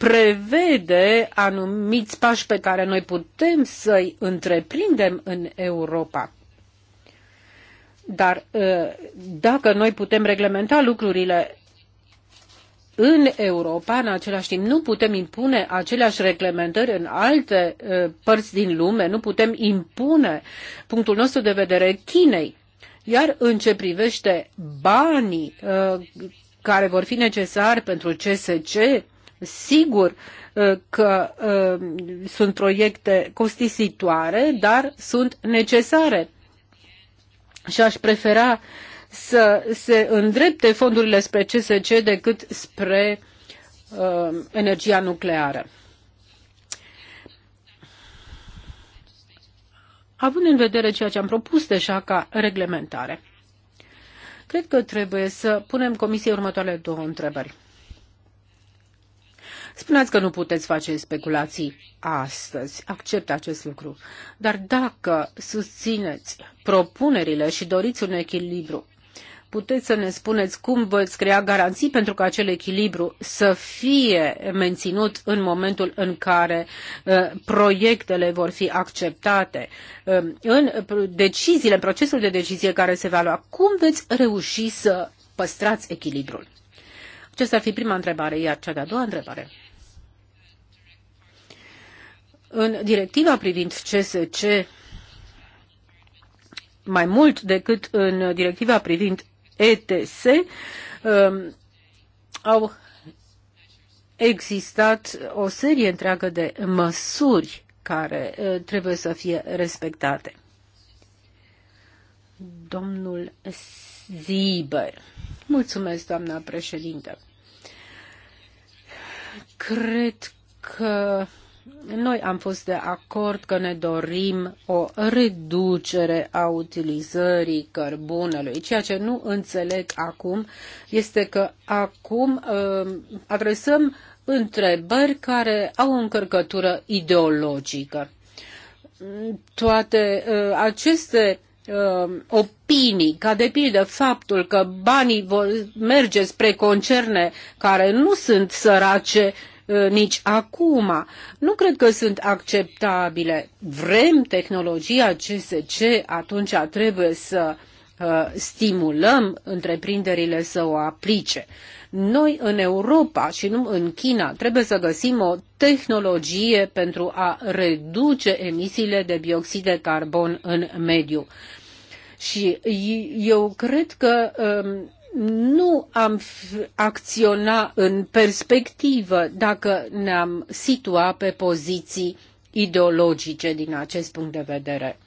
prevede anumiți pași pe care noi putem să-i întreprindem în Europa. Dar ă, dacă noi putem reglementa lucrurile în Europa, în același timp, nu putem impune aceleași reglementări în alte ă, părți din lume, nu putem impune punctul nostru de vedere Chinei. Iar în ce privește banii ă, care vor fi necesari pentru CSC, Sigur uh, că uh, sunt proiecte costisitoare, dar sunt necesare. Și aș prefera să se îndrepte fondurile spre CSC decât spre uh, energia nucleară. Având în vedere ceea ce am propus deja ca reglementare, cred că trebuie să punem Comisiei următoarele două întrebări. Spuneți că nu puteți face speculații astăzi, accept acest lucru, dar dacă susțineți propunerile și doriți un echilibru, puteți să ne spuneți cum veți crea garanții pentru ca acel echilibru să fie menținut în momentul în care uh, proiectele vor fi acceptate uh, în deciziile, în procesul de decizie care se va lua. Cum veți reuși să păstrați echilibrul? Acesta ar fi prima întrebare, iar cea de-a doua întrebare. În directiva privind CSC, mai mult decât în directiva privind ETS, um, au existat o serie întreagă de măsuri care uh, trebuie să fie respectate. Domnul Ziber. Mulțumesc, doamna președintă. Cred că noi am fost de acord că ne dorim o reducere a utilizării cărbunelui. Ceea ce nu înțeleg acum este că acum um, adresăm întrebări care au o încărcătură ideologică. Toate uh, aceste um, opinii, ca de pildă faptul că banii vor merge spre concerne care nu sunt sărace, Eh, nici acum. Nu cred că sunt acceptabile. Vrem tehnologia CSC, atunci trebuie să eh, stimulăm întreprinderile să o aplice. Noi în Europa și nu în China trebuie să găsim o tehnologie pentru a reduce emisiile de bioxid de carbon în mediu. Și eu cred că ehm, nu am acționa în perspectivă dacă ne-am situa pe poziții ideologice din acest punct de vedere.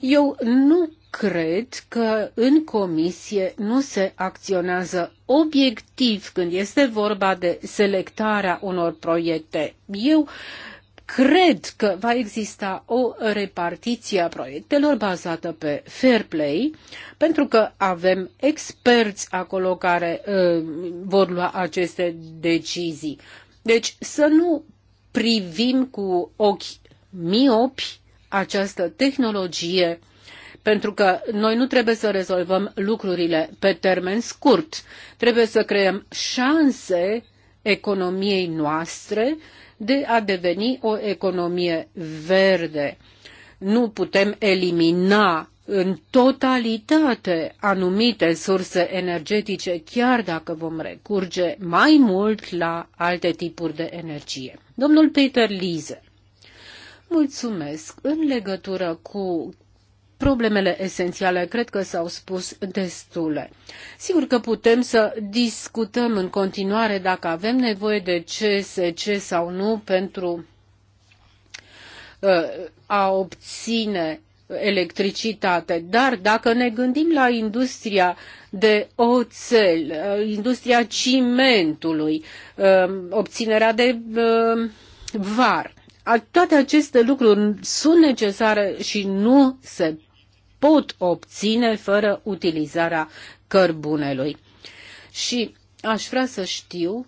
Eu nu cred că în comisie nu se acționează obiectiv când este vorba de selectarea unor proiecte. Eu uh, cred că va exista o repartiție a proiectelor bazată pe fair play, pentru că avem experți acolo care uh, vor lua aceste decizii. Deci să nu privim cu ochi miopi această tehnologie, pentru că noi nu trebuie să rezolvăm lucrurile pe termen scurt. Trebuie să creăm șanse economiei noastre de a deveni o economie verde. Nu putem elimina în totalitate anumite surse energetice, chiar dacă vom recurge mai mult la alte tipuri de energie. Domnul Peter Lise. Mulțumesc. În legătură cu problemele esențiale cred că s-au spus destule. Sigur că putem să discutăm în continuare dacă avem nevoie de CSC sau nu pentru uh, a obține electricitate, dar dacă ne gândim la industria de oțel, uh, industria cimentului, uh, obținerea de var, toate aceste lucruri sunt necesare și nu se pot obține fără utilizarea cărbunelui. Și aș vrea să știu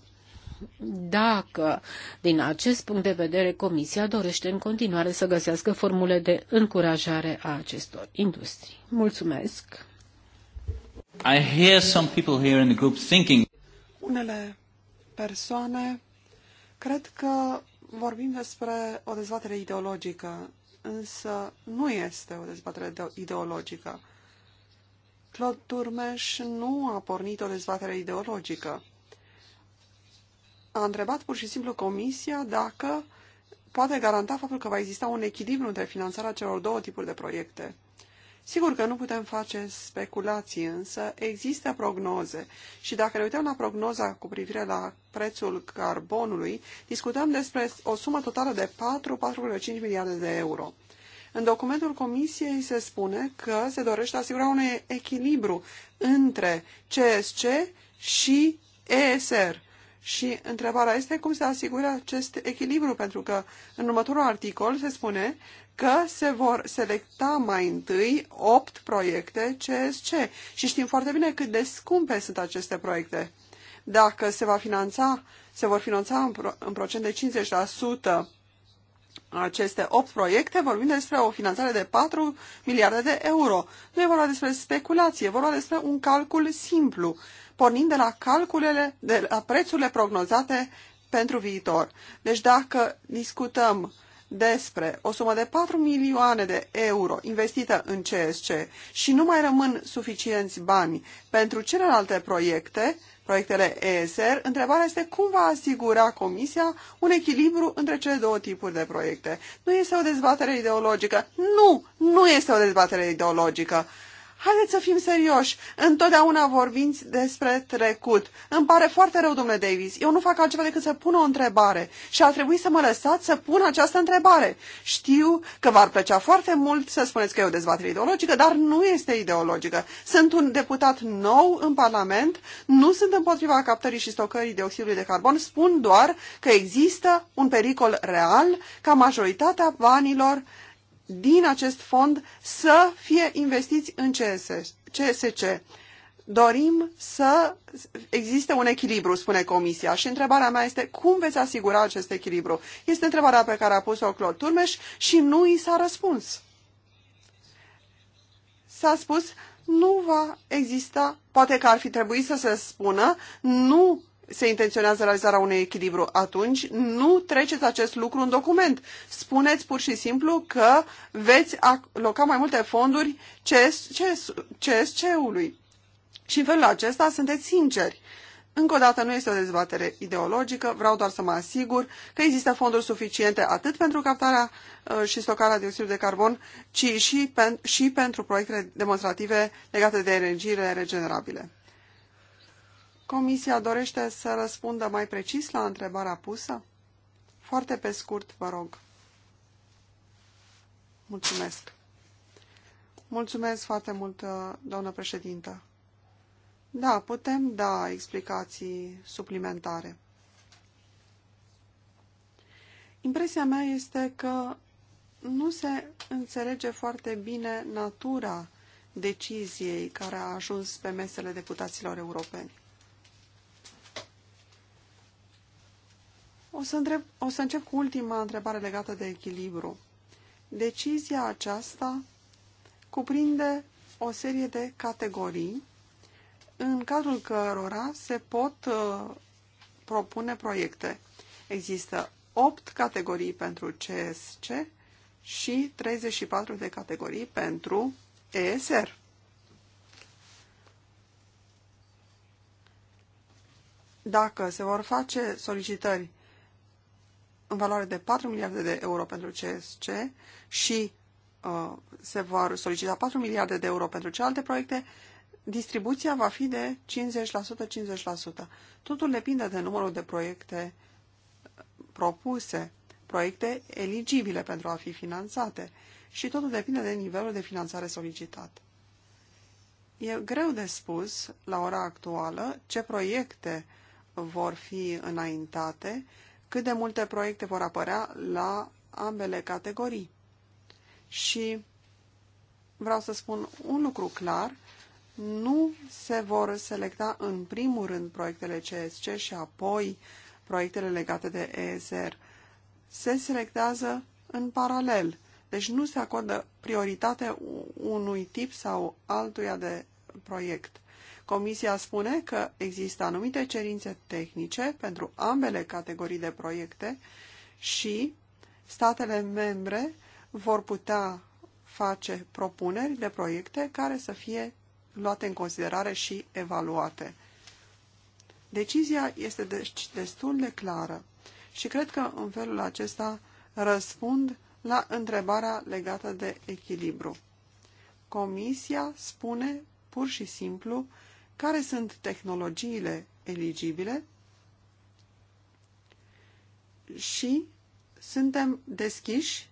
dacă, din acest punct de vedere, Comisia dorește în continuare să găsească formule de încurajare a acestor industrii. Mulțumesc! I hear some people here in the group thinking... Unele persoane cred că vorbim despre o dezbatere ideologică însă nu este o dezbatere ideologică. Claude Turmes nu a pornit o dezbatere ideologică. A întrebat pur și simplu Comisia dacă poate garanta faptul că va exista un echilibru între finanțarea celor două tipuri de proiecte. Sigur că nu putem face speculații, însă există prognoze și dacă ne uităm la prognoza cu privire la prețul carbonului, discutăm despre o sumă totală de 4-4,5 miliarde de euro. În documentul Comisiei se spune că se dorește asigura un echilibru între CSC și ESR. Și întrebarea este cum se asigură acest echilibru, pentru că în următorul articol se spune că se vor selecta mai întâi 8 proiecte CSC și știm foarte bine cât de scumpe sunt aceste proiecte. Dacă se, va finanța, se vor finanța în, pro, în procent de 50% aceste 8 proiecte, vorbim despre o finanțare de 4 miliarde de euro. Nu e vorba despre speculație, e vorba despre un calcul simplu, pornind de la calculele, de la prețurile prognozate pentru viitor. Deci dacă discutăm uh, despre o sumă de 4 milioane de euro investită în CSC și nu mai rămân suficienți bani pentru celelalte proiecte, proiectele ESR, întrebarea este cum va asigura Comisia un echilibru între cele două tipuri de proiecte. Nu este o dezbatere ideologică. Nu! Nu este o dezbatere ideologică. Haideți să fim serioși. Întotdeauna vorbim despre trecut. Îmi pare foarte rău, domnule Davis. Eu nu fac altceva decât să pun o întrebare și ar trebui să mă lăsați să pun această întrebare. Știu că v-ar plăcea foarte mult să spuneți că e o dezbatere ideologică, dar nu este ideologică. Sunt un deputat nou în Parlament, nu sunt împotriva captării și stocării dioxidului de carbon, spun doar că există un pericol real ca majoritatea banilor din acest fond să fie investiți în CSC. Dorim să existe un echilibru, spune Comisia. Și întrebarea mea este cum veți asigura acest echilibru? Este întrebarea pe care a pus-o Claude Turmeș și nu i s-a răspuns. S-a spus, nu va exista, poate că ar fi trebuit să se spună, nu se intenționează realizarea unui echilibru, atunci nu treceți acest lucru în document. Spuneți pur și simplu că veți aloca mai multe fonduri CS, CS, CSC-ului. Și în felul acesta sunteți sinceri. Încă o dată, nu este o dezbatere ideologică, vreau doar să mă asigur că există fonduri suficiente atât pentru captarea uh, și stocarea dioxidului de carbon, ci și, pen- și pentru proiectele demonstrative legate de energiile regenerabile. Comisia dorește să răspundă mai precis la întrebarea pusă? Foarte pe scurt, vă rog. Mulțumesc. Mulțumesc foarte mult, uh, doamnă președintă. Da, putem da explicații suplimentare. Impresia mea este că nu se înțelege foarte bine natura deciziei care a ajuns pe mesele deputaților europeni. O să, întreb, o să încep cu ultima întrebare legată de echilibru. Decizia aceasta cuprinde o serie de categorii în cadrul cărora se pot uh, propune proiecte. Există 8 categorii pentru CSC și 34 de categorii pentru ESR. Dacă se vor face solicitări în valoare de 4 miliarde de euro pentru CSC și uh, se vor solicita 4 miliarde de euro pentru celelalte proiecte, distribuția va fi de 50%-50%. Totul depinde de numărul de proiecte uh, propuse, proiecte eligibile pentru a fi finanțate și totul depinde de nivelul de finanțare solicitat. E greu de spus, la ora actuală, ce proiecte vor fi înaintate, cât de multe proiecte vor apărea la ambele categorii. Și vreau să spun un lucru clar, nu se vor selecta în primul rând proiectele CSC și apoi proiectele legate de ESR. Se selectează în paralel, deci nu se acordă prioritate unui tip sau altuia de proiect. Comisia spune că există anumite cerințe tehnice pentru ambele categorii de proiecte și statele membre vor putea face propuneri de proiecte care să fie luate în considerare și evaluate. Decizia este deci destul de clară și cred că în felul acesta răspund la întrebarea legată de echilibru. Comisia spune pur și simplu care sunt tehnologiile eligibile și suntem deschiși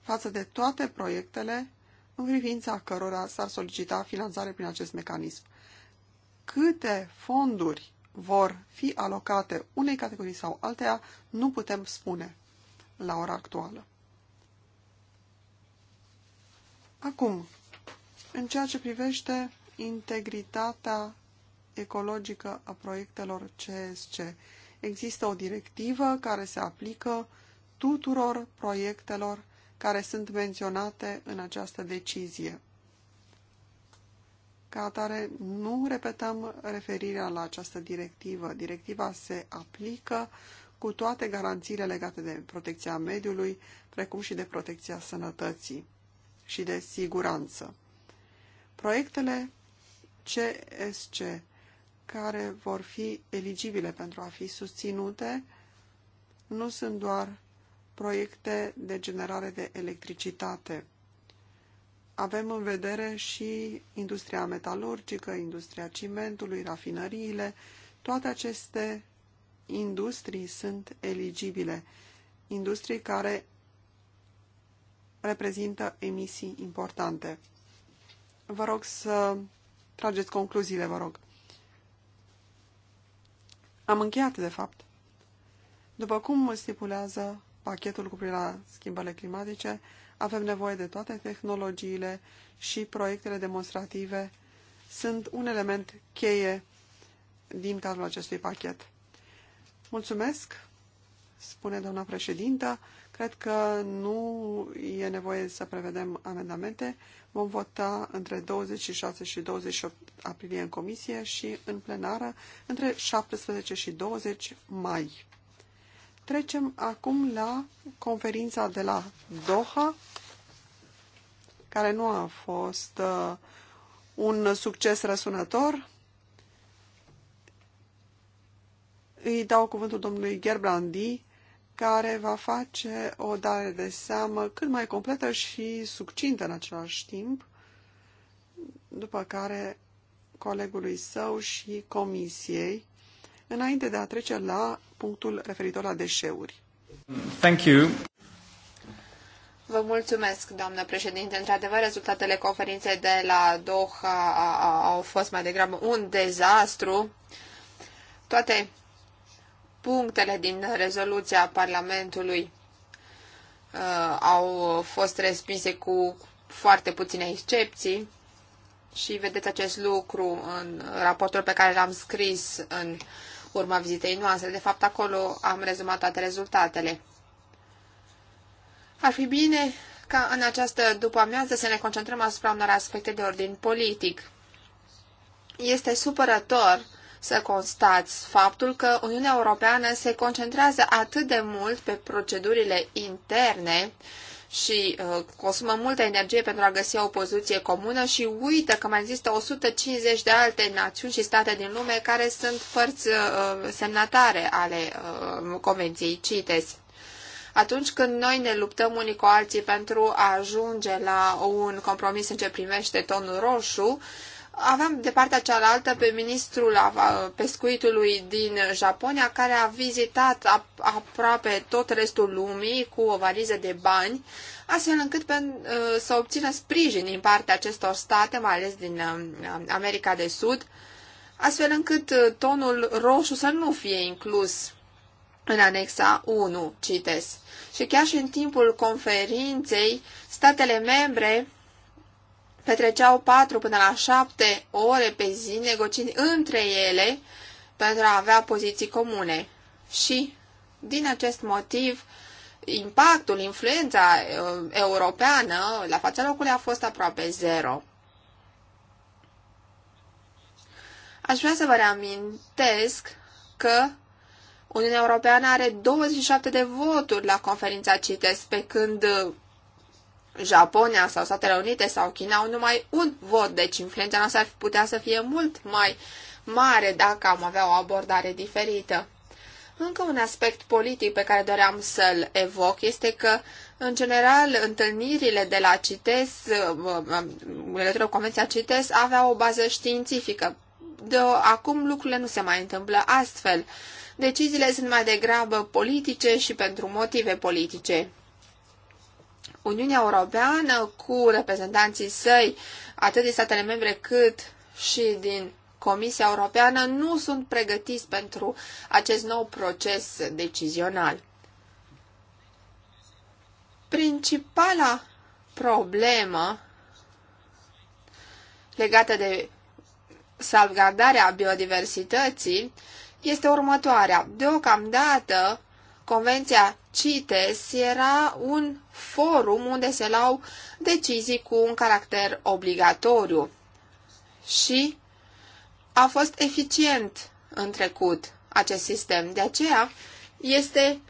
față de toate proiectele în privința cărora s-ar solicita finanțare prin acest mecanism. Câte fonduri vor fi alocate unei categorii sau alteia, nu putem spune la ora actuală. Acum, în ceea ce privește integritatea ecologică a proiectelor CSC, există o directivă care se aplică tuturor proiectelor care sunt menționate în această decizie. Ca atare, nu repetăm referirea la această directivă. Directiva se aplică cu toate garanțiile legate de protecția mediului, precum și de protecția sănătății și de siguranță. Proiectele CSC care vor fi eligibile pentru a fi susținute nu sunt doar proiecte de generare de electricitate. Avem în vedere și industria metalurgică, industria cimentului, rafinăriile. Toate aceste industrii sunt eligibile. Industrii care reprezintă emisii importante. Vă rog să trageți concluziile, vă rog. Am încheiat, de fapt. După cum stipulează pachetul cu privire la schimbările climatice, avem nevoie de toate tehnologiile și proiectele demonstrative sunt un element cheie din cadrul acestui pachet. Mulțumesc, spune doamna președintă. Cred că nu e nevoie să prevedem amendamente. Vom vota între 26 și 28 aprilie în comisie și în plenară între 17 și 20 mai. Trecem acum la conferința de la Doha, care nu a fost uh, un succes răsunător. Îi dau cuvântul domnului Gerbrandi care va face o dare de seamă cât mai completă și succintă în același timp, după care colegului său și comisiei, înainte de a trece la punctul referitor la deșeuri. Thank you. Vă mulțumesc, doamnă președinte. Într-adevăr, rezultatele conferinței de la Doha au fost mai degrabă un dezastru. Toate punctele din rezoluția Parlamentului uh, au fost respinse cu foarte puține excepții și vedeți acest lucru în raportul pe care l-am scris în urma vizitei noastre. De fapt, acolo am rezumat toate rezultatele. Ar fi bine ca în această după-amiază să ne concentrăm asupra unor aspecte de ordin politic. Este supărător să constați faptul că Uniunea Europeană se concentrează atât de mult pe procedurile interne și uh, consumă multă energie pentru a găsi o poziție comună și uită că mai există 150 de alte națiuni și state din lume care sunt părți uh, semnatare ale uh, Convenției CITES. Atunci când noi ne luptăm unii cu alții pentru a ajunge la un compromis în ce primește tonul roșu, aveam de partea cealaltă pe ministrul pescuitului din Japonia, care a vizitat aproape tot restul lumii cu o valiză de bani, astfel încât ă, să obțină sprijin din partea acestor state, mai ales din ă, America de Sud, astfel încât ă, tonul roșu să nu fie inclus în anexa 1, CITES. Și chiar și în timpul conferinței, statele membre petreceau patru până la șapte ore pe zi negociind între ele pentru a avea poziții comune. Și din acest motiv, impactul, influența uh, europeană la fața locului a fost aproape zero. Aș vrea să vă reamintesc că Uniunea Europeană are 27 de voturi la conferința CITES, pe când Japonia sau Statele Unite sau China au numai un vot, deci influența noastră ar putea să fie mult mai mare dacă am avea o abordare diferită. Încă un aspect politic pe care doream să-l evoc este că, în general, întâlnirile de la CITES, în legătură cu Convenția CITES, aveau o bază științifică. De acum lucrurile nu se mai întâmplă astfel. Deciziile sunt mai degrabă politice și pentru motive politice. Uniunea Europeană cu reprezentanții săi, atât din statele membre cât și din Comisia Europeană, nu sunt pregătiți pentru acest nou proces decizional. Principala problemă legată de salvgardarea biodiversității este următoarea. Deocamdată, Convenția CITES era un forum unde se luau decizii cu un caracter obligatoriu și a fost eficient în trecut acest sistem. De aceea este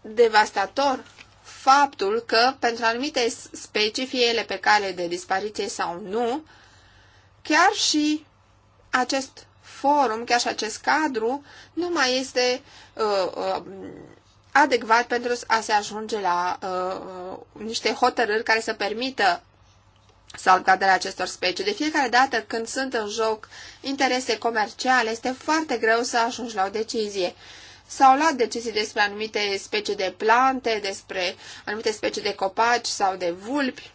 devastator faptul că pentru anumite specii, fie ele pe cale de dispariție sau nu, chiar și acest forum, chiar și acest cadru, nu mai este uh, uh, adecvat pentru a se ajunge la uh, niște hotărâri care să permită salvgardarea acestor specii. De fiecare dată când sunt în joc interese comerciale, este foarte greu să ajungi la o decizie. S-au luat decizii despre anumite specii de plante, despre anumite specii de copaci sau de vulpi,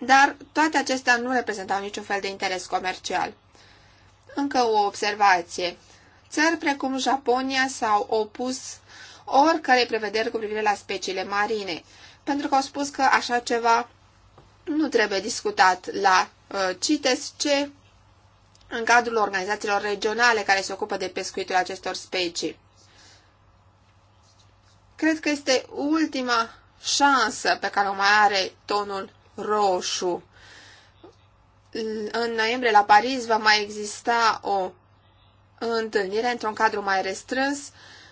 dar toate acestea nu reprezentau niciun fel de interes comercial. Încă o observație. Țări precum Japonia s-au opus oricărei prevederi cu privire la speciile marine, pentru că au spus că așa ceva nu trebuie discutat la uh, CITES, ce în cadrul organizațiilor regionale care se ocupă de pescuitul acestor specii. Cred că este ultima șansă pe care o mai are tonul roșu în noiembrie la Paris va mai exista o întâlnire într-un cadru mai restrâns.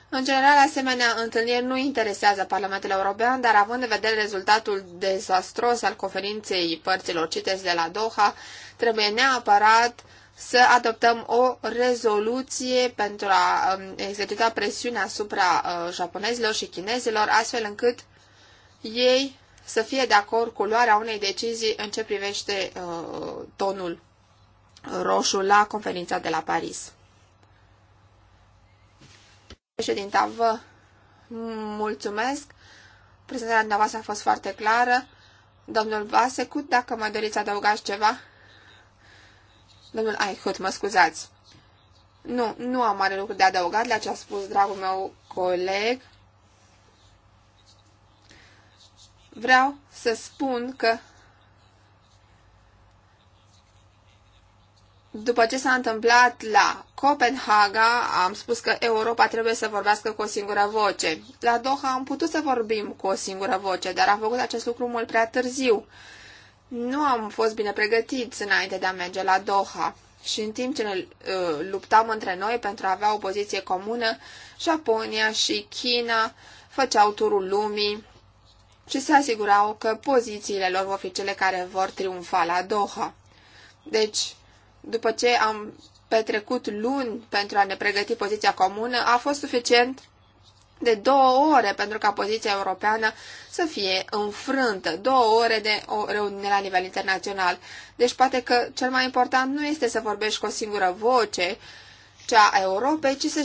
În general, asemenea întâlniri nu interesează Parlamentul European, dar având în vedere rezultatul dezastros al conferinței părților CITES de la Doha, trebuie neapărat să adoptăm o rezoluție pentru a um, exercita presiunea asupra uh, japonezilor și chinezilor, astfel încât ei să fie de acord cu luarea unei decizii în ce privește uh, tonul roșu la conferința de la Paris. Președinta, vă mulțumesc. Prezentarea dumneavoastră a fost foarte clară. Domnul Vasecut, dacă mai doriți adăugați ceva? Domnul Aichut, mă scuzați. Nu, nu am mare lucru de adăugat la ce a spus dragul meu coleg. vreau să spun că după ce s-a întâmplat la Copenhaga, am spus că Europa trebuie să vorbească cu o singură voce. La Doha am putut să vorbim cu o singură voce, dar am făcut acest lucru mult prea târziu. Nu am fost bine pregătiți înainte de a merge la Doha și în timp ce ne uh, luptam între noi pentru a avea o poziție comună, Japonia și China făceau turul lumii și se asigurau că pozițiile lor vor fi cele care vor triumfa la Doha. Deci, după ce am petrecut luni pentru a ne pregăti poziția comună, a fost suficient de două ore pentru ca poziția europeană să fie înfrântă, două ore de o reuniune la nivel internațional. Deci poate că cel mai important nu este să vorbești cu o singură voce, cea a Europei, ci să,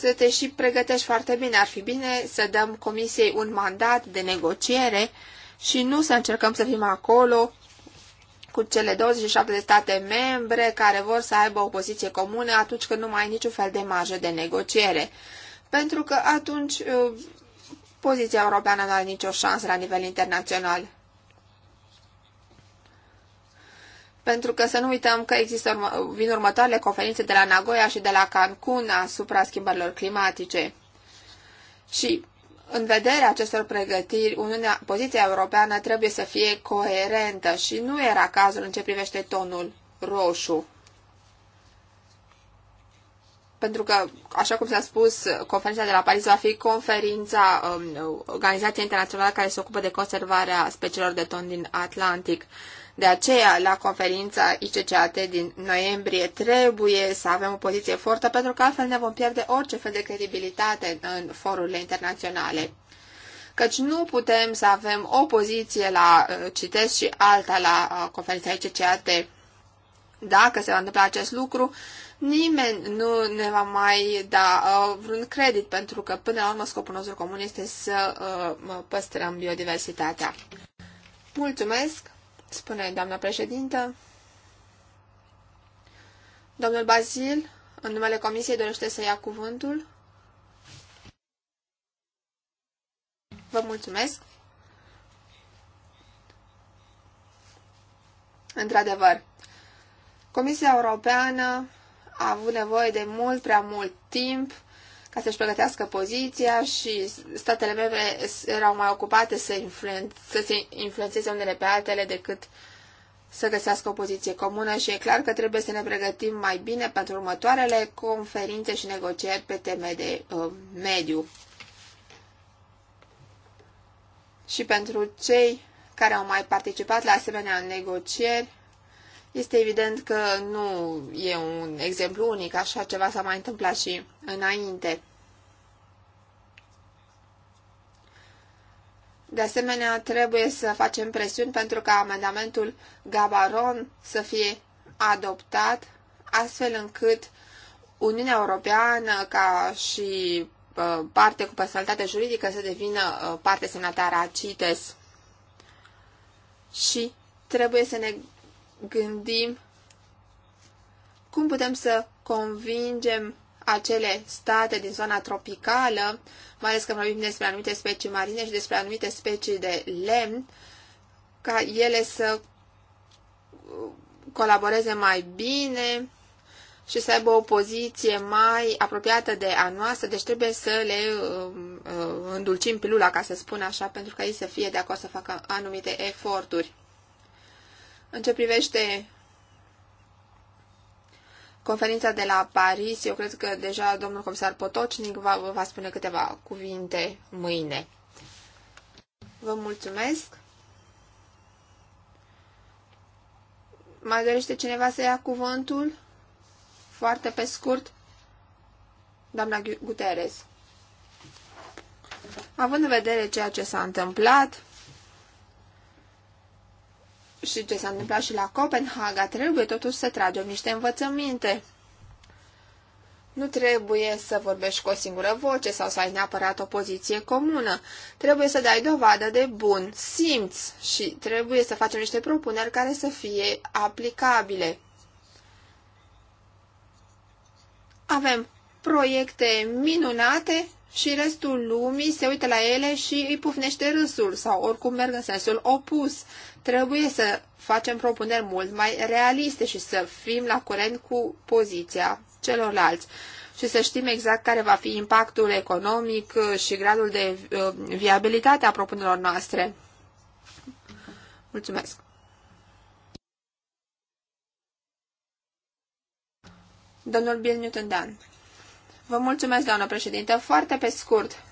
să te și pregătești foarte bine. Ar fi bine să dăm Comisiei un mandat de negociere și nu să încercăm să fim acolo cu cele 27 de state membre care vor să aibă o poziție comună atunci când nu mai ai niciun fel de marjă de negociere. Pentru că atunci uh, poziția europeană nu are nicio șansă la nivel internațional. pentru că să nu uităm că există urmă, vin următoarele conferințe de la Nagoya și de la Cancun asupra schimbărilor climatice. Și în vederea acestor pregătiri, Uniunea, poziția europeană trebuie să fie coerentă și nu era cazul în ce privește tonul roșu. Pentru că, așa cum s-a spus, conferința de la Paris va fi conferința um, Organizației Internaționale care se ocupă de conservarea speciilor de ton din Atlantic. Uh, de aceea, la conferința ICCAT din noiembrie, trebuie să avem o poziție fortă, pentru că altfel ne vom pierde orice fel de credibilitate în forurile internaționale. Căci nu putem să avem o poziție la uh, CITES și alta la uh, conferința ICCAT. Dacă se va întâmpla acest lucru, nimeni nu ne va mai da uh, vreun credit, pentru că până la urmă scopul nostru comun este să păstrăm biodiversitatea. Mulțumesc! spune doamna președintă. Domnul Bazil, în numele comisiei, dorește să ia cuvântul. Vă mulțumesc. Într-adevăr, Comisia Europeană a avut nevoie de mult prea mult timp ca să-și pregătească poziția și statele membre erau mai ocupate să, influen- să se influențeze unele pe altele decât să găsească o poziție comună și e clar că trebuie să ne pregătim mai bine pentru următoarele conferințe și negocieri pe teme de uh, mediu. Și pentru cei care au mai participat la asemenea negocieri, este evident că nu e un exemplu unic, așa ceva s-a mai întâmplat și înainte. De asemenea, trebuie să facem presiuni pentru ca amendamentul Gabaron să fie adoptat, astfel încât Uniunea Europeană, ca și uh, parte cu personalitate juridică, să devină uh, parte semnatară a CITES. Și trebuie să ne gândim cum putem să convingem acele state din zona tropicală, mai ales că vorbim despre anumite specii marine și despre anumite specii de lemn, ca ele să uh, colaboreze mai bine și să aibă o poziție mai apropiată de a noastră, deci trebuie să le uh, uh, îndulcim pilula, ca să spun așa, pentru că ei să fie de acolo să facă anumite eforturi. În ce privește conferința de la Paris, eu cred că deja domnul comisar Potocnic va, va spune câteva cuvinte mâine. Vă mulțumesc. Mai dorește cineva să ia cuvântul? Foarte pe scurt. Doamna Guterres. Având în vedere ceea ce s-a întâmplat, și ce s-a întâmplat și la Copenhaga, trebuie totuși să tragem niște învățăminte. Nu trebuie să vorbești cu o singură voce sau să ai neapărat o poziție comună. Trebuie să dai dovadă de bun simț și trebuie să facem niște propuneri care să fie aplicabile. Avem proiecte minunate și restul lumii se uită la ele și îi pufnește râsul sau oricum merg în sensul opus. Trebuie să facem propuneri mult mai realiste și să fim la curent cu poziția celorlalți și să știm exact care va fi impactul economic și gradul de uh, viabilitate a propunerilor noastre. Mulțumesc! Domnul Bill Newton Dan Vă mulțumesc, doamnă președinte. Foarte pe scurt.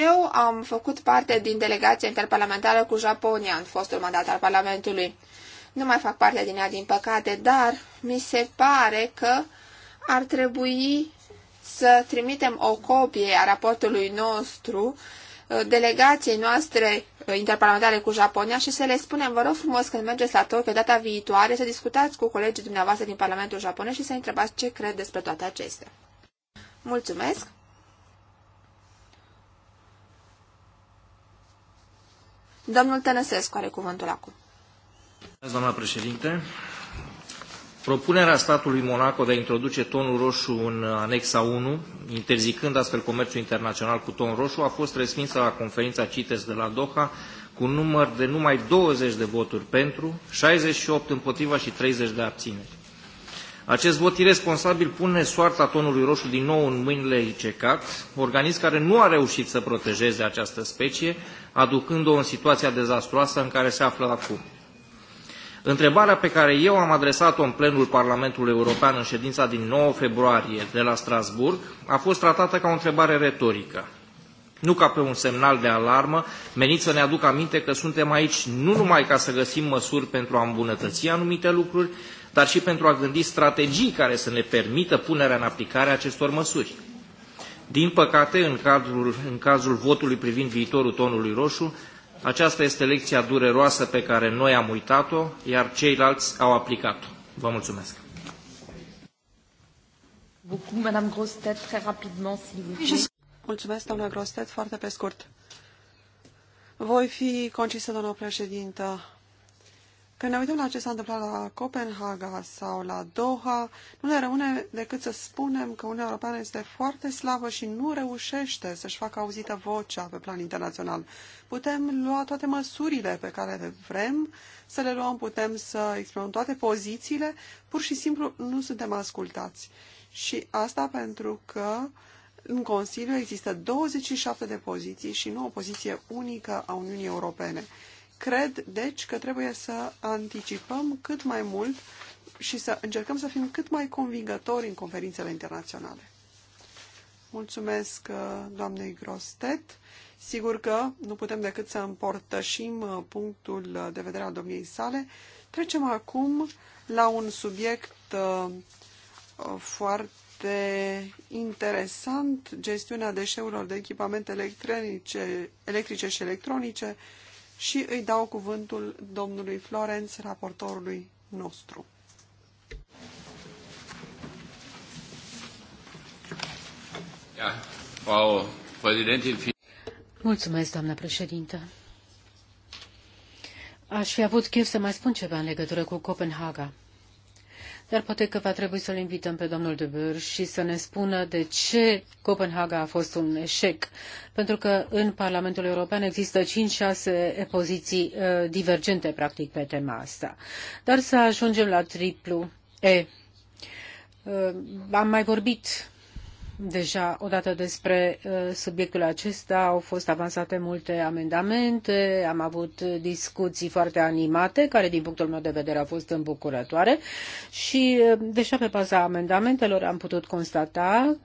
Eu am făcut parte din delegația interparlamentară cu Japonia în fostul mandat al Parlamentului. Nu mai fac parte din ea, din păcate, dar mi se pare că ar trebui să trimitem o copie a raportului nostru uh, delegației noastre Uh, interparlamentare cu Japonia și să le spunem, vă rog frumos, când mergeți la Tokyo data viitoare, să discutați cu colegii dumneavoastră din Parlamentul Japonez și să întrebați ce cred despre toate acestea. Mulțumesc! Domnul Tănăsescu are cuvântul acum. Doamna președinte, Propunerea statului Monaco de a introduce tonul roșu în anexa 1, interzicând astfel comerțul internațional cu ton roșu, a fost respinsă la conferința CITES de la Doha cu un număr de numai 20 de voturi pentru, 68 împotriva și 30 de abțineri. Acest vot irresponsabil pune soarta tonului roșu din nou în mâinile ICECAT, organism care nu a reușit să protejeze această specie, aducând-o în situația dezastroasă în care se află acum. Întrebarea pe care eu am adresat-o în plenul Parlamentului European în ședința din 9 februarie de la Strasburg a fost tratată ca o întrebare retorică, nu ca pe un semnal de alarmă menit să ne aducă aminte că suntem aici nu numai ca să găsim măsuri pentru a îmbunătăți anumite lucruri, dar și pentru a gândi strategii care să ne permită punerea în aplicare a acestor măsuri. Din păcate, în, cadrul, în cazul votului privind viitorul tonului roșu, aceasta este lecția dureroasă pe care noi am uitat-o, iar ceilalți au aplicat-o. Vă mulțumesc! Mulțumesc, doamna Grostet, foarte pe scurt. Voi fi concisă, doamna președintă. Când ne uităm la ce s-a întâmplat la Copenhaga sau la Doha, nu ne rămâne decât să spunem că Uniunea Europeană este foarte slabă și nu reușește să-și facă auzită vocea pe plan internațional. Putem lua toate măsurile pe care le vrem să le luăm, putem să exprimăm toate pozițiile, pur și simplu nu suntem ascultați. Și asta pentru că în Consiliu există 27 de poziții și nu o poziție unică a Uniunii Europene. Cred, deci, că trebuie să anticipăm cât mai mult și să încercăm să fim cât mai convingători în conferințele internaționale. Mulțumesc uh, doamnei Grostet. Sigur că nu putem decât să împărtășim uh, punctul uh, de vedere al domniei sale. Trecem acum la un subiect foarte interesant, gestiunea deșeurilor de echipamente electrice și electronice și îi dau cuvântul domnului Florenț, raportorului nostru. Mulțumesc, doamnă președintă. Aș fi avut chef să mai spun ceva în legătură cu Copenhaga. Dar poate că va trebui să-l invităm pe domnul de Bur și să ne spună de ce Copenhaga a fost un eșec. Pentru că în Parlamentul European există 5-6 poziții uh, divergente, practic, pe tema asta. Dar să ajungem la triplu E. Uh, am mai vorbit deja odată despre uh, subiectul acesta au fost avansate multe amendamente, am avut discuții foarte animate, care din punctul meu de vedere au fost îmbucurătoare și uh, deja pe baza amendamentelor am putut constata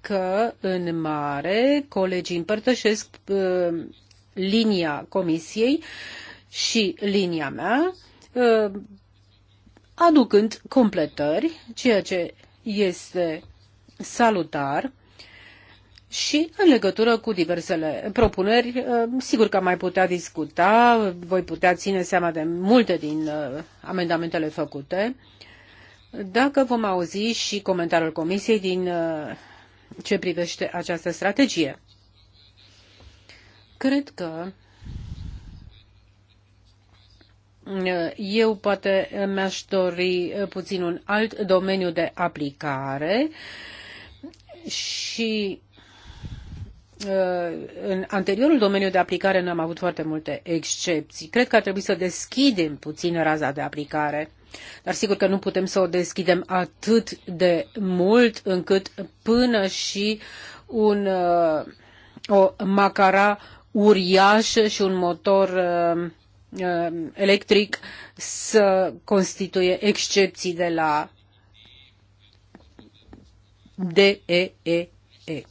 că în mare colegii împărtășesc uh, linia comisiei și linia mea, aducând completări, ceea ce este salutar și în legătură cu diversele propuneri, uh, sigur că am mai putea discuta, voi putea ține seama de multe din uh, amendamentele făcute, dacă vom auzi și comentariul Comisiei din uh, ce privește această strategie. Cred că eu poate mi-aș dori puțin un alt domeniu de aplicare uh, și uh, în anteriorul domeniu de aplicare n-am avut foarte multe excepții. Cred că ar trebui să deschidem puțin raza de aplicare, dar sigur că nu putem să o deschidem atât de mult încât până și un, uh, o macara uriașă și un motor uh, electric să constituie excepții de la DEEE. -E.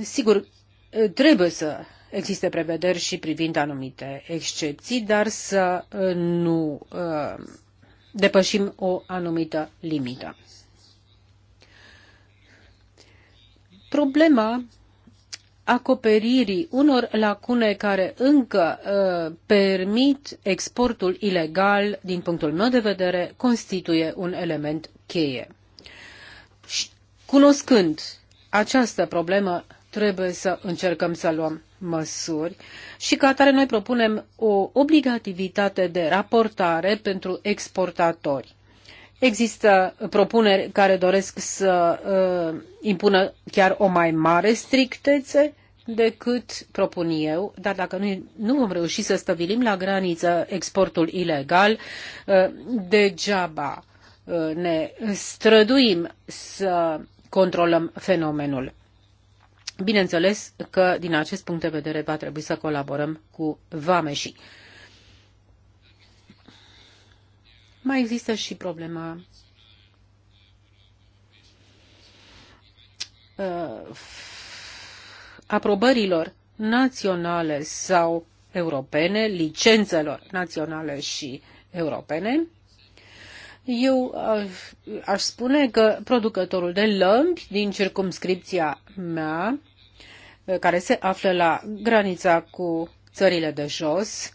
Sigur, trebuie să existe prevederi și privind anumite excepții, dar să uh, nu uh, depășim o anumită limită. Problema acoperirii unor lacune care încă uh, permit exportul ilegal, din punctul meu de vedere, constituie un element cheie. Cunoscând această problemă, trebuie să încercăm să luăm măsuri și ca atare noi propunem o obligativitate de raportare pentru exportatori. Există propuneri care doresc să uh, impună chiar o mai mare strictețe decât propun eu, dar dacă noi nu vom reuși să stabilim la graniță exportul ilegal, uh, degeaba uh, ne străduim să controlăm fenomenul. Bineînțeles că din acest punct de vedere va trebui să colaborăm cu vameșii. Mai există și problema uh, aprobărilor naționale sau europene, licențelor naționale și europene. Eu aș spune că producătorul de lămpi din circumscripția mea, care se află la granița cu țările de jos,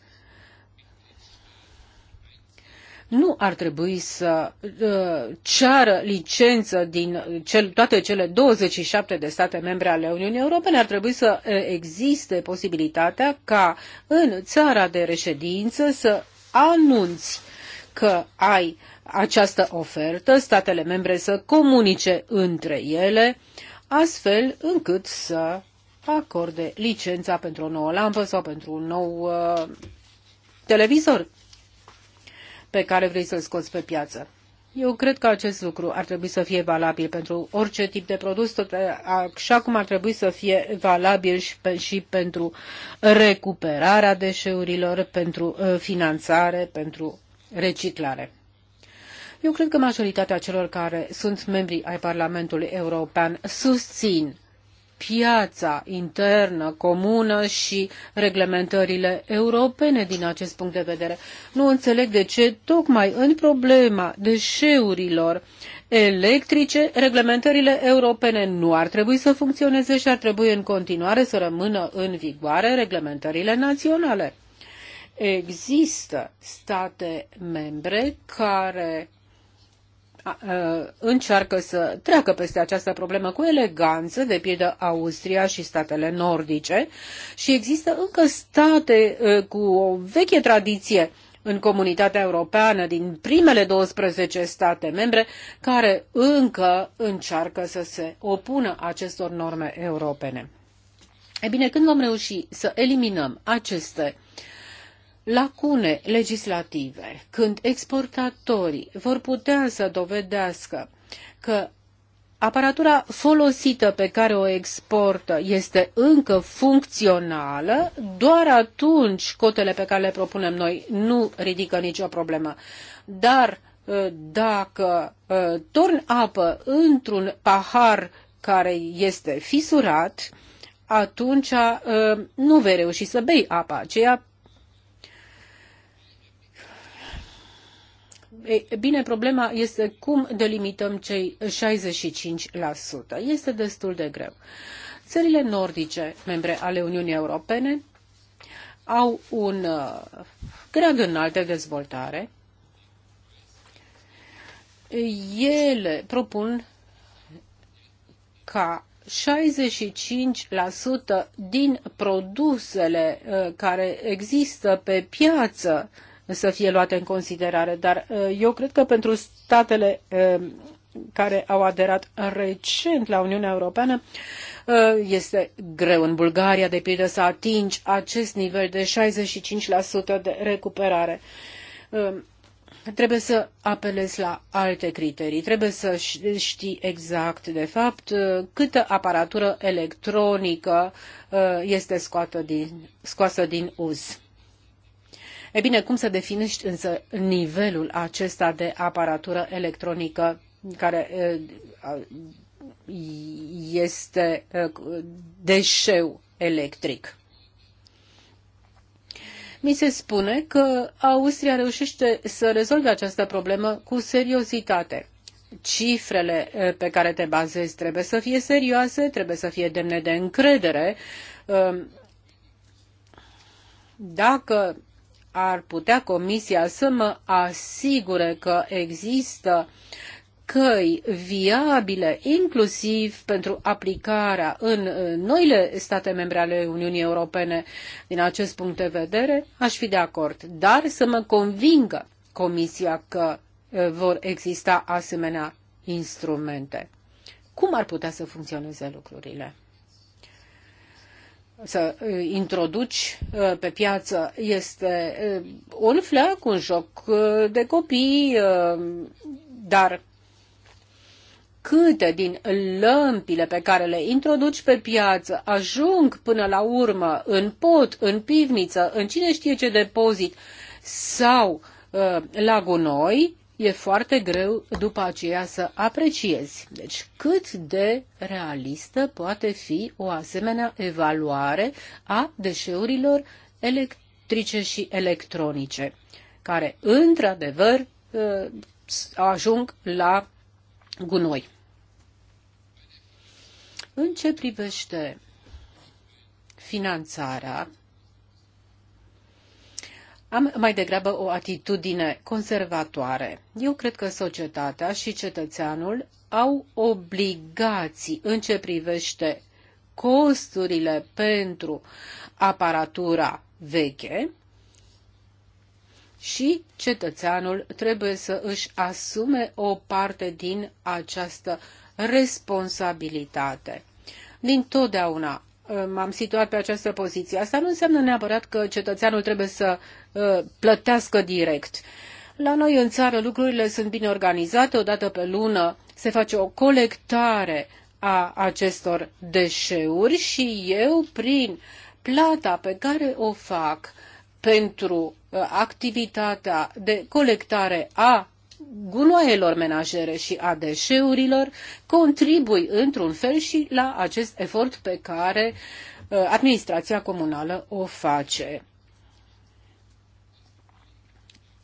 nu ar trebui să uh, ceară licență din cel, toate cele 27 de state membre ale Uniunii Europene. Ar trebui să uh, existe posibilitatea ca în țara de reședință să anunți că ai această ofertă, statele membre să comunice între ele, astfel încât să acorde licența pentru o nouă lampă sau pentru un nou uh, televizor pe care vrei să-l scoți pe piață. Eu cred că acest lucru ar trebui să fie valabil pentru orice tip de produs, tot uh, așa cum ar trebui să fie valabil și, pe, și pentru recuperarea deșeurilor, pentru uh, finanțare, pentru reciclare. Eu cred că majoritatea celor care sunt membri ai Parlamentului European susțin piața internă comună și reglementările europene din acest punct de vedere. Nu înțeleg de ce tocmai în problema deșeurilor electrice, reglementările europene nu ar trebui să funcționeze și ar trebui în continuare să rămână în vigoare reglementările naționale. Există state membre care încearcă să treacă peste această problemă cu eleganță, de pildă Austria și statele nordice, și există încă state cu o veche tradiție în comunitatea europeană din primele 12 state membre care încă încearcă să se opună acestor norme europene. E bine, când vom reuși să eliminăm aceste lacune legislative, când exportatorii vor putea să dovedească că aparatura folosită pe care o exportă este încă funcțională, doar atunci cotele pe care le propunem noi nu ridică nicio problemă. Dar ă, dacă ă, torn apă într-un pahar care este fisurat, atunci ă, nu vei reuși să bei apa aceea bine, problema este cum delimităm cei 65%. Este destul de greu. Țările nordice, membre ale Uniunii Europene, au un uh, grad înalt de dezvoltare. Ele propun ca 65% din produsele uh, care există pe piață să fie luate în considerare. Dar uh, eu cred că pentru statele uh, care au aderat recent la Uniunea Europeană, uh, este greu în Bulgaria, de pildă, să atingi acest nivel de 65% de recuperare. Trebuie să apelezi la alte criterii, trebuie să știi exact, de fapt, câtă aparatură electronică este scoată din, scoasă din uz. E bine, cum să definești însă nivelul acesta de aparatură electronică care este deșeu electric? Mi se spune că Austria reușește să rezolve această problemă cu seriozitate cifrele pe care te bazezi trebuie să fie serioase, trebuie să fie demne de încredere. Dacă ar putea Comisia să mă asigure că există căi viabile, inclusiv pentru aplicarea în noile state membre ale Uniunii Europene din acest punct de vedere, aș fi de acord. Dar să mă convingă Comisia că vor exista asemenea instrumente. Cum ar putea să funcționeze lucrurile? să uh, introduci uh, pe piață este uh, un flac, un joc de copii, dar câte din lămpile pe care le introduci pe piață ajung până la urmă în pot, în pivniță, în cine știe ce depozit sau la gunoi, e foarte greu după aceea să apreciezi. Deci cât de realistă poate fi o asemenea evaluare a deșeurilor electrice și electronice, care într-adevăr ă, ajung la gunoi. În ce privește finanțarea am mai degrabă o atitudine conservatoare. Eu cred că societatea și cetățeanul au obligații în ce privește costurile pentru aparatura veche și cetățeanul trebuie să își asume o parte din această responsabilitate. Din totdeauna m-am situat pe această poziție. Asta nu înseamnă neapărat că cetățeanul trebuie să uh, plătească direct. La noi în țară lucrurile sunt bine organizate, Odată pe lună se face o colectare a acestor deșeuri și eu, prin plata pe care o fac pentru uh, activitatea de colectare a gunoaielor menajere și a deșeurilor contribui într-un fel și la acest efort pe care uh, administrația comunală o face.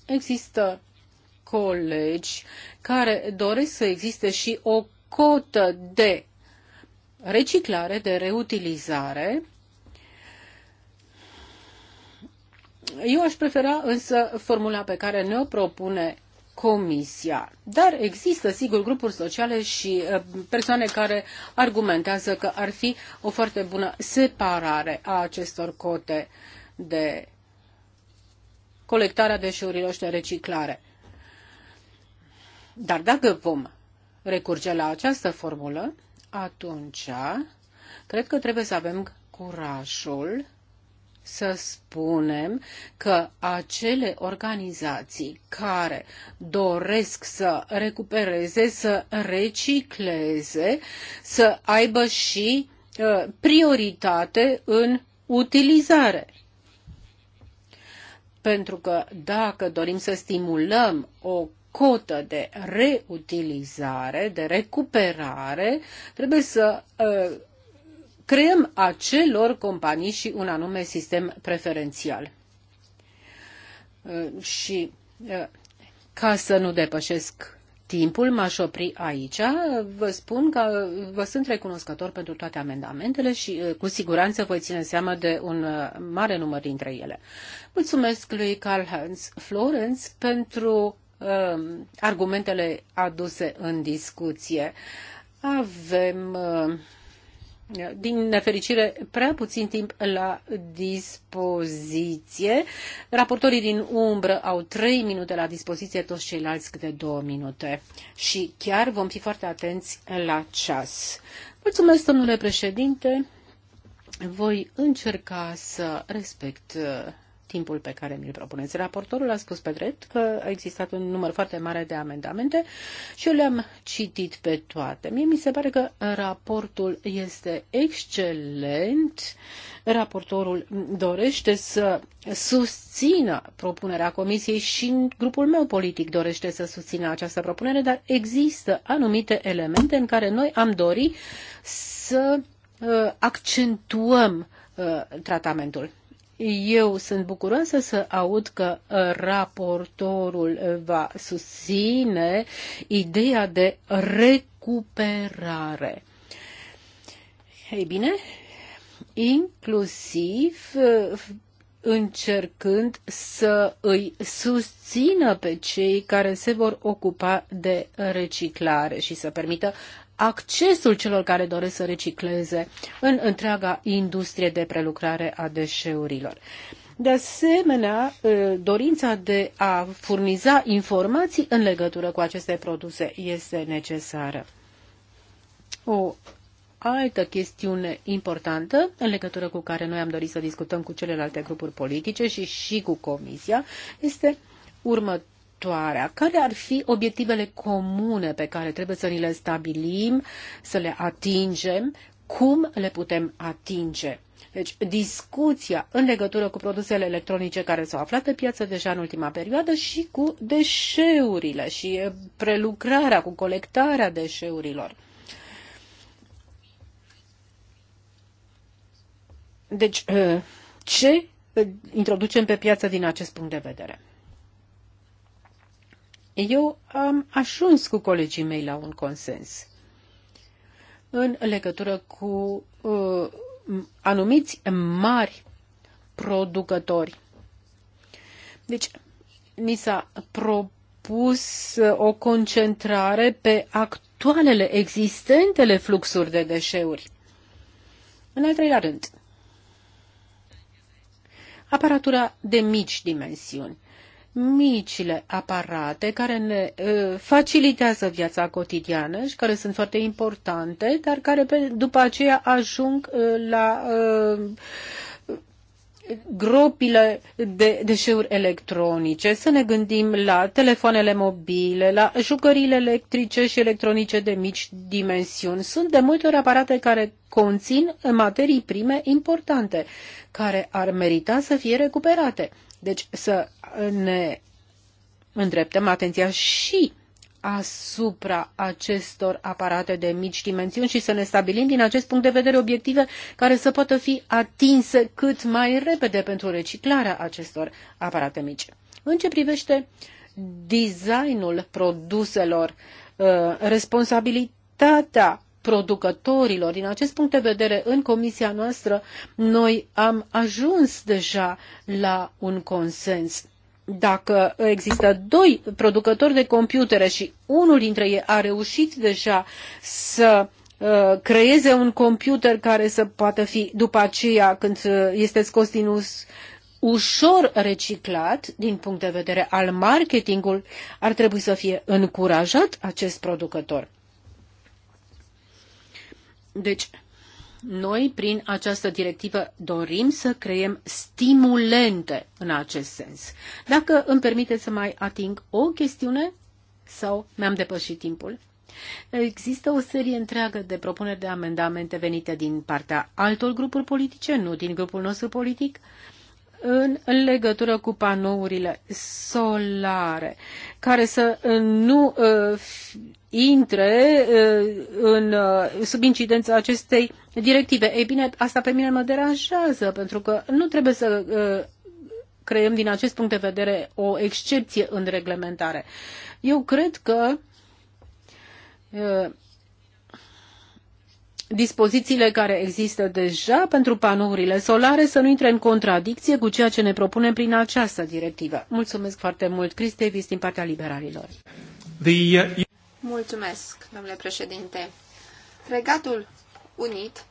Există colegi care doresc să existe și o cotă de reciclare, de reutilizare. Eu aș prefera însă formula pe care ne-o propune Comisia. Dar există, sigur, grupuri sociale și uh, persoane care argumentează că ar fi o foarte bună separare a acestor cote de colectarea deșeurilor și de reciclare. Dar dacă vom recurge la această formulă, atunci cred că trebuie să avem curajul să spunem că acele organizații care doresc să recupereze, să recicleze, să aibă și uh, prioritate în utilizare. Pentru că dacă dorim să stimulăm o cotă de reutilizare, de recuperare, trebuie să uh, creăm acelor companii și un anume sistem preferențial. Uh, și uh, ca să nu depășesc timpul, m-aș opri aici. Vă spun că vă sunt recunoscător pentru toate amendamentele și uh, cu siguranță voi ține seama de un mare număr dintre ele. Mulțumesc lui Carl Hans Florenz pentru um, argumentele aduse în discuție. Avem uh, din nefericire, prea puțin timp la dispoziție. Raportorii din umbră au trei minute la dispoziție, toți ceilalți câte două minute. Și chiar vom fi foarte atenți la ceas. Mulțumesc, domnule președinte. Voi încerca să respect timpul pe care mi-l propuneți. Raportorul a spus pe drept că a existat un număr foarte mare de amendamente și eu le-am citit pe toate. Mie mi se pare că raportul este excelent. Raportorul dorește să susțină propunerea Comisiei și grupul meu politic dorește să susțină această propunere, dar există anumite elemente în care noi am dori să uh, accentuăm uh, tratamentul. Eu sunt bucuroasă să aud că uh, raportorul uh, va susține ideea de recuperare. Ei bine, inclusiv uh, încercând să îi susțină pe cei care se vor ocupa de reciclare și să permită accesul celor care doresc să recicleze în întreaga industrie de prelucrare a deșeurilor. De asemenea, dorința de a furniza informații în legătură cu aceste produse este necesară. O altă chestiune importantă în legătură cu care noi am dorit să discutăm cu celelalte grupuri politice și și cu Comisia este următoarea următoarea. Care ar fi obiectivele comune pe care trebuie să ni le stabilim, să le atingem? Cum le putem atinge? Deci, discuția în legătură cu produsele electronice care s-au aflat pe piață deja în ultima perioadă și cu deșeurile și prelucrarea, cu colectarea deșeurilor. Deci, ce introducem pe piață din acest punct de vedere? eu am ajuns cu colegii mei la un consens în legătură cu uh, anumiți mari producători. Deci, ni s-a propus uh, o concentrare pe actualele existentele fluxuri de deșeuri. În al treilea rând, aparatura de mici dimensiuni micile aparate care ne facilitează viața cotidiană și care sunt foarte importante, dar care după aceea ajung la gropile de deșeuri electronice, să ne gândim la telefoanele mobile, la jucăriile electrice și electronice de mici dimensiuni. Sunt de multe ori aparate care conțin materii prime importante, care ar merita să fie recuperate. Deci să ne îndreptăm atenția și asupra acestor aparate de mici dimensiuni și să ne stabilim din acest punct de vedere obiective care să poată fi atinse cât mai repede pentru reciclarea acestor aparate mici. În ce privește designul produselor, uh, responsabilitatea producătorilor. Din acest punct de vedere, în comisia noastră, noi am ajuns deja la un consens. Dacă există doi producători de computere și unul dintre ei a reușit deja să uh, creeze un computer care să poată fi după aceea când uh, este scos din us ușor reciclat din punct de vedere al marketingului, ar trebui să fie încurajat acest producător. Deci, noi, prin această directivă, dorim să creăm stimulente în acest sens. Dacă îmi permite să mai ating o chestiune sau mi-am depășit timpul. Există o serie întreagă de propuneri de amendamente venite din partea altor grupuri politice, nu din grupul nostru politic. Uh, în legătură cu panourile solare, care să uh, nu uh, intre uh, în, uh, sub incidența acestei directive. Ei bine, asta pe mine mă deranjează, pentru că nu trebuie să uh, creăm din acest punct de vedere o excepție în reglementare. Eu cred că uh, dispozițiile care există deja pentru panourile solare să nu intre în contradicție cu ceea ce ne propunem prin această directivă. Mulțumesc foarte mult, Chris Davis, din partea liberalilor. The, uh... Mulțumesc, domnule președinte. Regatul Unit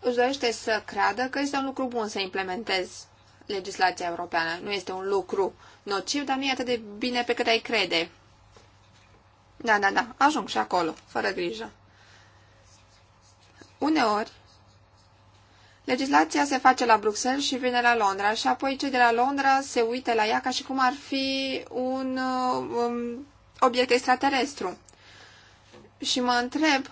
își dorește să creadă că este un lucru bun să implementezi legislația europeană. Nu este un lucru nociv, dar nu e atât de bine pe cât ai crede. Da, da, da, ajung și acolo, fără grijă. Uneori, legislația se face la Bruxelles și vine la Londra și apoi cei de la Londra se uită la ea ca și cum ar fi un uh, um, obiect extraterestru. Și mă întreb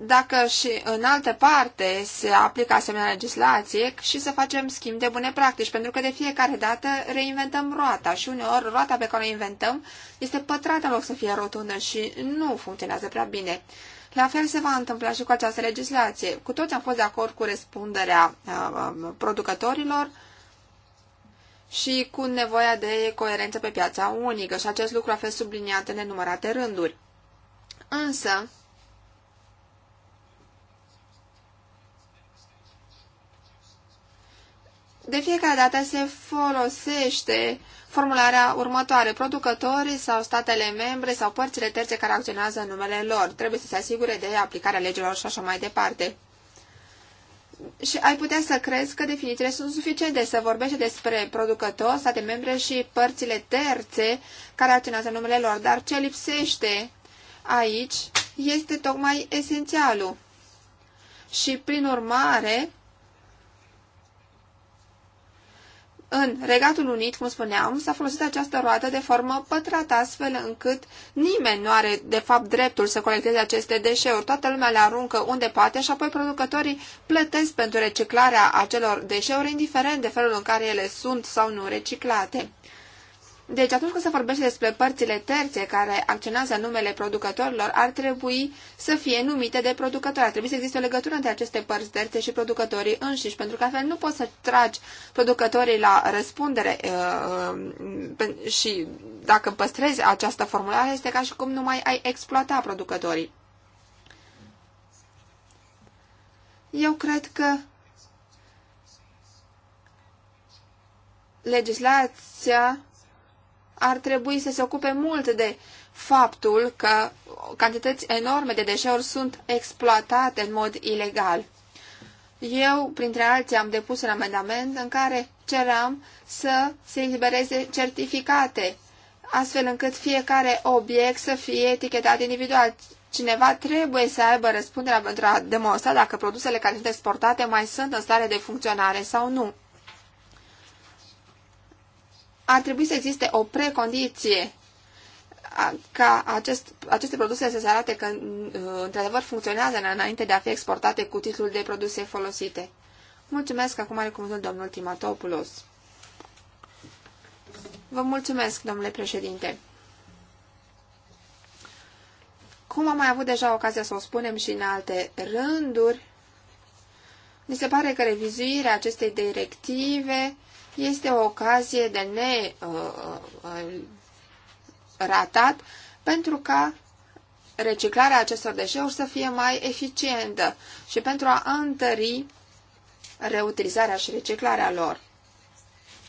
dacă și în altă parte se aplică asemenea legislație și să facem schimb de bune practici, pentru că de fiecare dată reinventăm roata și uneori roata pe care o inventăm este pătrată în loc să fie rotundă și nu funcționează prea bine. La fel se va întâmpla și cu această legislație. Cu toți am fost de acord cu răspunderea uh, producătorilor și cu nevoia de coerență pe piața unică și acest lucru a fost subliniat în nenumărate rânduri. Însă, de fiecare dată se folosește formularea următoare. Producătorii sau statele membre sau părțile terțe care acționează în numele lor trebuie să se asigure de aplicarea legilor și așa mai departe. Și ai putea să crezi că definițiile sunt suficiente să vorbește despre producător, state membre și părțile terțe care acționează în numele lor, dar ce lipsește aici este tocmai esențialul. Și prin urmare, În Regatul Unit, cum spuneam, s-a folosit această roată de formă pătrată, astfel încât nimeni nu are, de fapt, dreptul să colecteze aceste deșeuri. Toată lumea le aruncă unde poate și apoi producătorii plătesc pentru reciclarea acelor deșeuri, indiferent de felul în care ele sunt sau nu reciclate. Deci atunci când se vorbește despre părțile terțe care acționează numele producătorilor, ar trebui să fie numite de producători. Ar trebui să existe o legătură între aceste părți terțe și producătorii înșiși, pentru că altfel nu poți să tragi producătorii la răspundere uh, uh, și dacă păstrezi această formulare, este ca și cum nu mai ai exploata producătorii. Eu cred că legislația ar trebui să se ocupe mult de faptul că cantități enorme de deșeuri sunt exploatate în mod ilegal. Eu, printre alții, am depus un amendament în care ceram să se elibereze certificate, astfel încât fiecare obiect să fie etichetat individual. Cineva trebuie să aibă răspunderea pentru a demonstra dacă produsele care sunt exportate mai sunt în stare de funcționare sau nu ar trebui să existe o precondiție ca acest, aceste produse să se arate că uh, într-adevăr funcționează înainte de a fi exportate cu titlul de produse folosite. Mulțumesc, acum are cuvântul domnul Timatopoulos. Vă mulțumesc, domnule președinte. Cum am mai avut deja ocazia să o spunem și în alte rânduri, mi se pare că revizuirea acestei directive este o ocazie de ne uh, uh, ratat pentru ca reciclarea acestor deșeuri să fie mai eficientă și pentru a întări reutilizarea și reciclarea lor.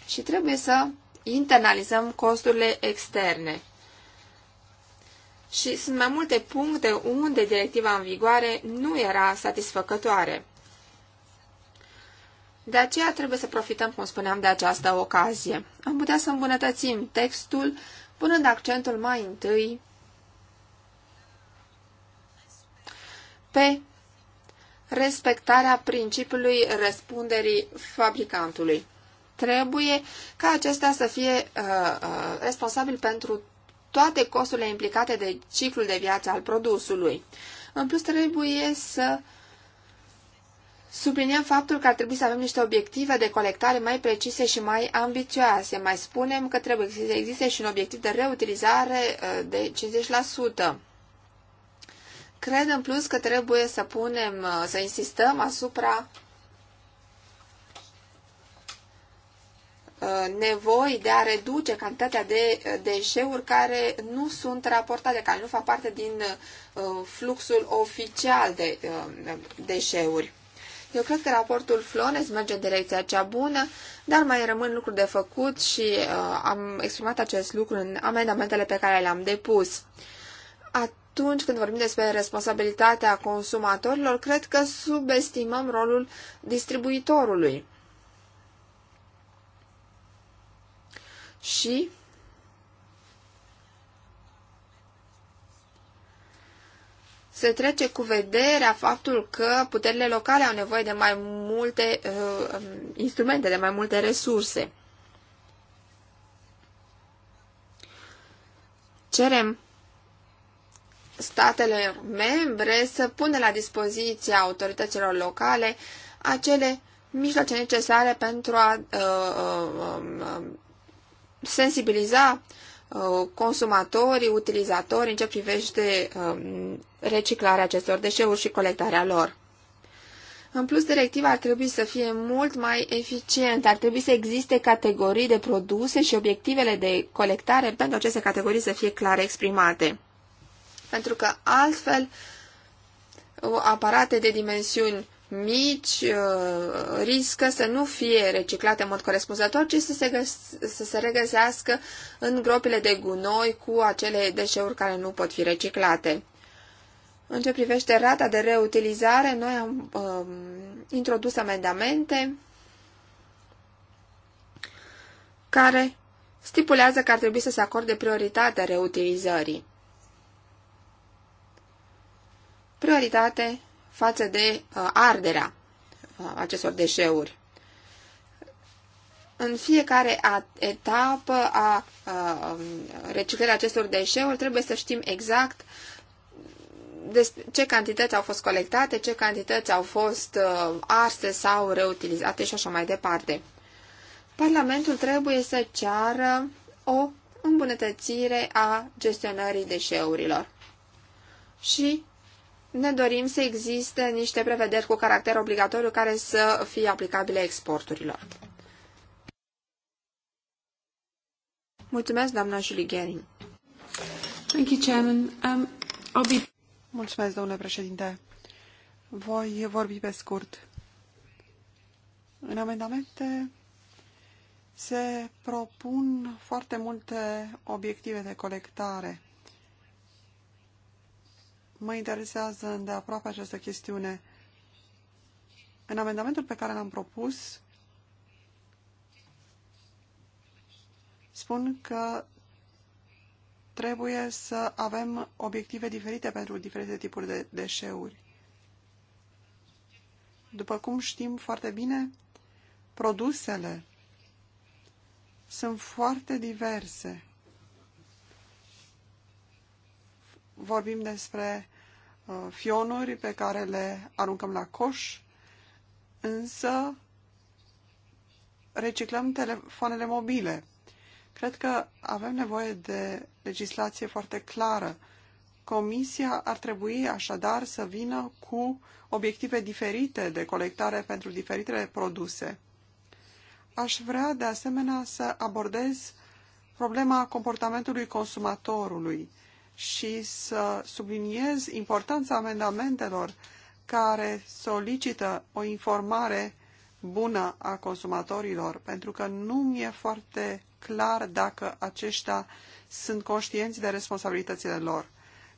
Și trebuie să internalizăm costurile externe. Și sunt mai multe puncte unde directiva în vigoare nu era satisfăcătoare. De aceea trebuie să profităm, cum spuneam, de această ocazie. Am putea să îmbunătățim textul, punând accentul mai întâi pe respectarea principiului răspunderii fabricantului. Trebuie ca acesta să fie uh, uh, responsabil pentru toate costurile implicate de ciclul de viață al produsului. În plus, trebuie să uh, Subliniem faptul că ar trebui să avem niște obiective de colectare mai precise și mai ambițioase. Mai spunem că trebuie să existe și un obiectiv de reutilizare uh, de 50%. Cred în plus că trebuie să punem, uh, să insistăm asupra uh, nevoi de a reduce cantitatea de deșeuri care nu sunt raportate, care nu fac parte din fluxul oficial de deșeuri. Eu cred că raportul Flores merge în direcția cea bună, dar mai rămân lucruri de făcut și uh, am exprimat acest lucru în amendamentele pe care le-am depus. Atunci când vorbim despre responsabilitatea consumatorilor, cred că subestimăm rolul distribuitorului. Și se trece cu vederea faptul că puterile locale au nevoie de mai multe uh, um, instrumente, de mai multe resurse. Cerem statele membre să pună la dispoziția autorităților locale acele mijloace necesare pentru a uh, uh, uh, sensibiliza uh, Uh, consumatorii, utilizatorii în ce privește um, reciclarea acestor deșeuri și colectarea lor. În plus, directiva ar trebui să fie mult mai eficientă, ar trebui să existe categorii de produse și obiectivele de colectare pentru aceste categorii să fie clare exprimate. Pentru că altfel, uh, aparate de dimensiuni mici uh, riscă să nu fie reciclate în mod corespunzător, ci să se, să se regăsească în gropile de gunoi cu acele deșeuri care nu pot fi reciclate. În ce privește rata de reutilizare, noi am uh, introdus amendamente care stipulează că ar trebui să se acorde prioritatea reutilizării. Prioritate față de uh, arderea uh, acestor deșeuri. În fiecare etapă a uh, reciclării acestor deșeuri trebuie să știm exact ce cantități au fost colectate, ce cantități au fost arse sau reutilizate și așa mai departe. Parlamentul trebuie să ceară o îmbunătățire a gestionării deșeurilor. Și ne dorim să existe niște prevederi cu caracter obligatoriu care să fie aplicabile exporturilor. Mulțumesc, doamna Julie Gering. Thank you, Chairman. Um, I'll be... Mulțumesc, domnule președinte. Voi vorbi pe scurt. În amendamente se propun foarte multe obiective de colectare. Mă interesează îndeaproape această chestiune. În amendamentul pe care l-am propus, spun că trebuie să avem obiective diferite pentru diferite tipuri de deșeuri. După cum știm foarte bine, produsele sunt foarte diverse. vorbim despre uh, fionuri pe care le aruncăm la coș, însă reciclăm telefoanele mobile. Cred că avem nevoie de legislație foarte clară. Comisia ar trebui așadar să vină cu obiective diferite de colectare pentru diferitele produse. Aș vrea de asemenea să abordez problema comportamentului consumatorului și să subliniez importanța amendamentelor care solicită o informare bună a consumatorilor, pentru că nu mi-e foarte clar dacă aceștia sunt conștienți de responsabilitățile lor.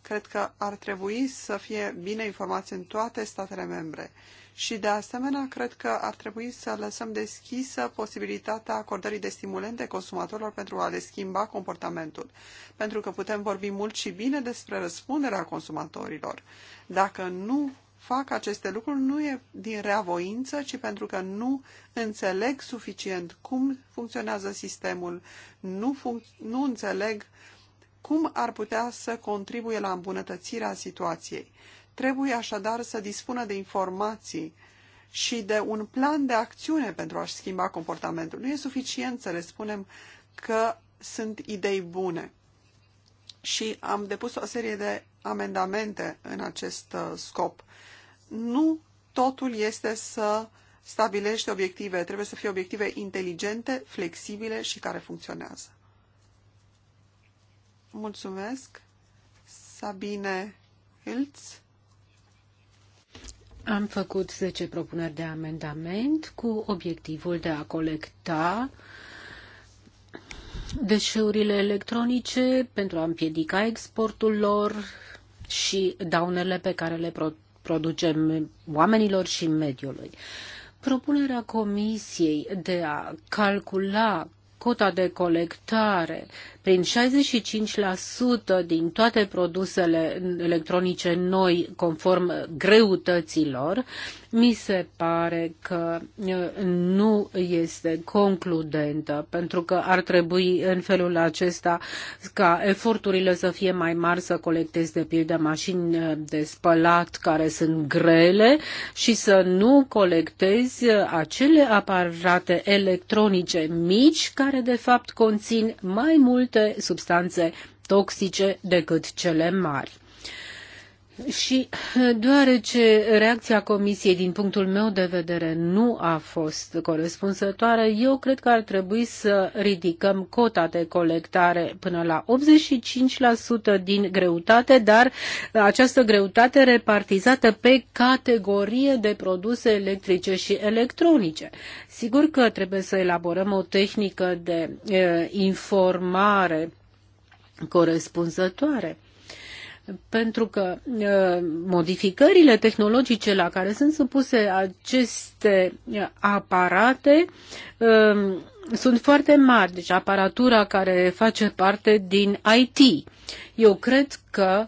Cred că ar trebui să fie bine informați în toate statele membre și, de asemenea, cred că ar trebui să lăsăm deschisă posibilitatea acordării de stimulente consumatorilor pentru a le schimba comportamentul, pentru că putem vorbi mult și bine despre răspunderea consumatorilor. Dacă nu fac aceste lucruri nu e din reavoință, ci pentru că nu înțeleg suficient cum funcționează sistemul, nu, func- nu înțeleg cum ar putea să contribuie la îmbunătățirea situației. Trebuie așadar să dispună de informații și de un plan de acțiune pentru a-și schimba comportamentul. Nu e suficient să le spunem că sunt idei bune. Și am depus o serie de amendamente în acest uh, scop. Nu totul este să stabilești obiective. Trebuie să fie obiective inteligente, flexibile și care funcționează. Mulțumesc. Sabine Hiltz. Am făcut 10 propuneri de amendament cu obiectivul de a colecta deșeurile electronice pentru a împiedica exportul lor și daunele pe care le producem oamenilor și mediului. Propunerea Comisiei de a calcula cota de colectare prin 65% din toate produsele electronice noi conform greutăților, mi se pare că nu este concludentă, pentru că ar trebui în felul acesta ca eforturile să fie mai mari să colectezi de pildă mașini de spălat care sunt grele și să nu colectezi acele aparate electronice mici care de fapt conțin mai multe substanțe toxice decât cele mari. Și deoarece reacția Comisiei, din punctul meu de vedere, nu a fost corespunzătoare, eu cred că ar trebui să ridicăm cota de colectare până la 85% din greutate, dar această greutate repartizată pe categorie de produse electrice și electronice. Sigur că trebuie să elaborăm o tehnică de e, eh, informare corespunzătoare pentru că modificările tehnologice la care sunt supuse aceste aparate sunt foarte mari, deci aparatura care face parte din IT. Eu cred că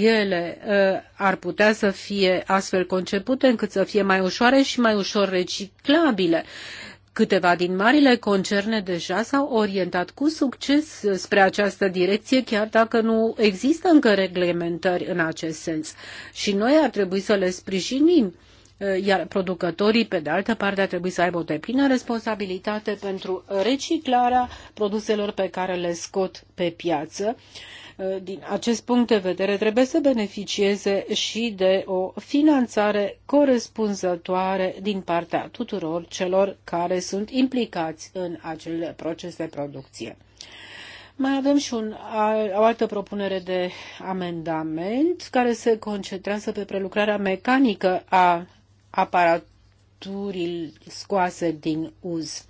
ele ar putea să fie astfel concepute încât să fie mai ușoare și mai ușor reciclabile. Câteva din marile concerne deja s-au orientat cu succes spre această direcție, chiar dacă nu există încă reglementări în acest sens. Și noi ar trebui să le sprijinim iar producătorii, pe de altă parte, ar trebui să aibă o deplină responsabilitate pentru reciclarea produselor pe care le scot pe piață Uh, din acest punct de vedere, trebuie să beneficieze și de o finanțare corespunzătoare din partea tuturor celor care sunt implicați în acel proces de producție. Mai avem și un, o altă propunere de amendament care se concentrează pe prelucrarea mecanică a aparaturii scoase din uz.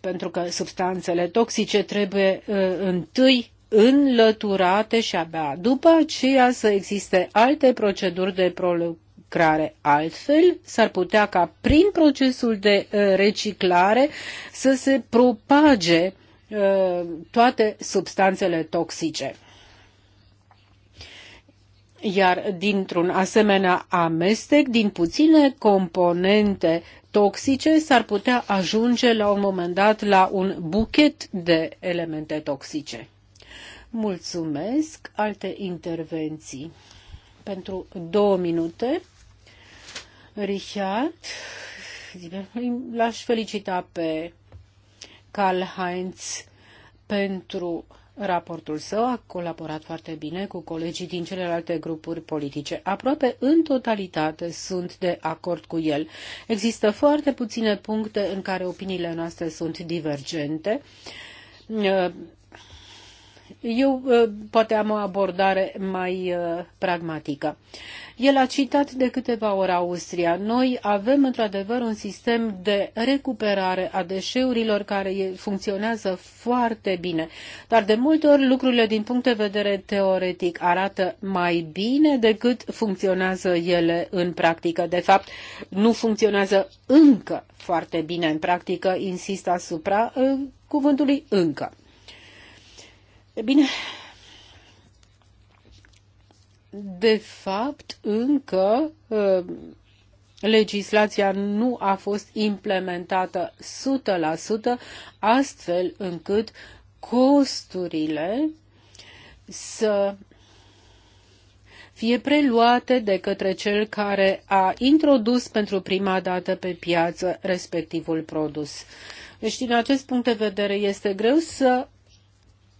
Pentru că substanțele toxice trebuie uh, întâi înlăturate și abia după aceea să existe alte proceduri de prelucrare. Altfel, s-ar putea ca prin procesul de uh, reciclare să se propage uh, toate substanțele toxice. Iar dintr-un asemenea amestec, din puține componente toxice, s-ar putea ajunge la un moment dat la un buchet de elemente toxice. Mulțumesc. Alte intervenții pentru două minute. Richard, l-aș felicita pe Karl Heinz pentru raportul său. A colaborat foarte bine cu colegii din celelalte grupuri politice. Aproape în totalitate sunt de acord cu el. Există foarte puține puncte în care opiniile noastre sunt divergente eu uh, poate am o abordare mai uh, pragmatică. El a citat de câteva ori Austria. Noi avem într-adevăr un sistem de recuperare a deșeurilor care funcționează foarte bine, dar de multe ori lucrurile din punct de vedere teoretic arată mai bine decât funcționează ele în practică. De fapt, nu funcționează încă foarte bine în practică, insist asupra uh, cuvântului încă. E bine, de fapt, încă uh, legislația nu a fost implementată 100%, astfel încât costurile să fie preluate de către cel care a introdus pentru prima dată pe piață respectivul produs. Deci, din acest punct de vedere, este greu să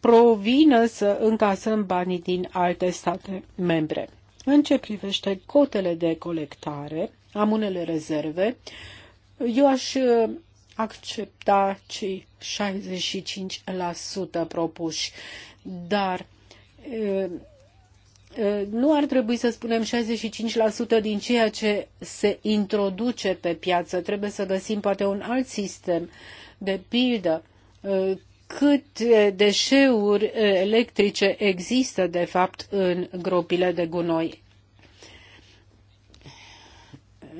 provină să încasăm banii din alte state membre. În ce privește cotele de colectare, am unele rezerve. Eu aș uh, accepta cei 65% propuși, dar uh, uh, nu ar trebui să spunem 65% din ceea ce se introduce pe piață. Trebuie să găsim poate un alt sistem. De pildă, cât deșeuri electrice există, de fapt, în gropile de gunoi.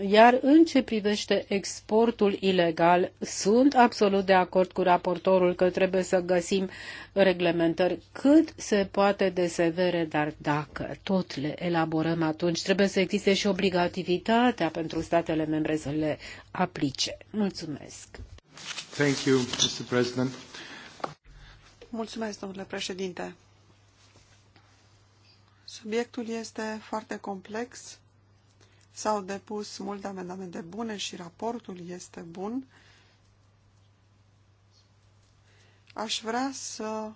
Iar în ce privește exportul ilegal, sunt absolut de acord cu raportorul că trebuie să găsim reglementări cât se poate de severe, dar dacă tot le elaborăm atunci, trebuie să existe și obligativitatea pentru statele membre să le aplice. Mulțumesc. Thank you, Mr. President. Mulțumesc, domnule președinte. Subiectul este foarte complex. S-au depus multe amendamente bune și raportul este bun. Aș vrea să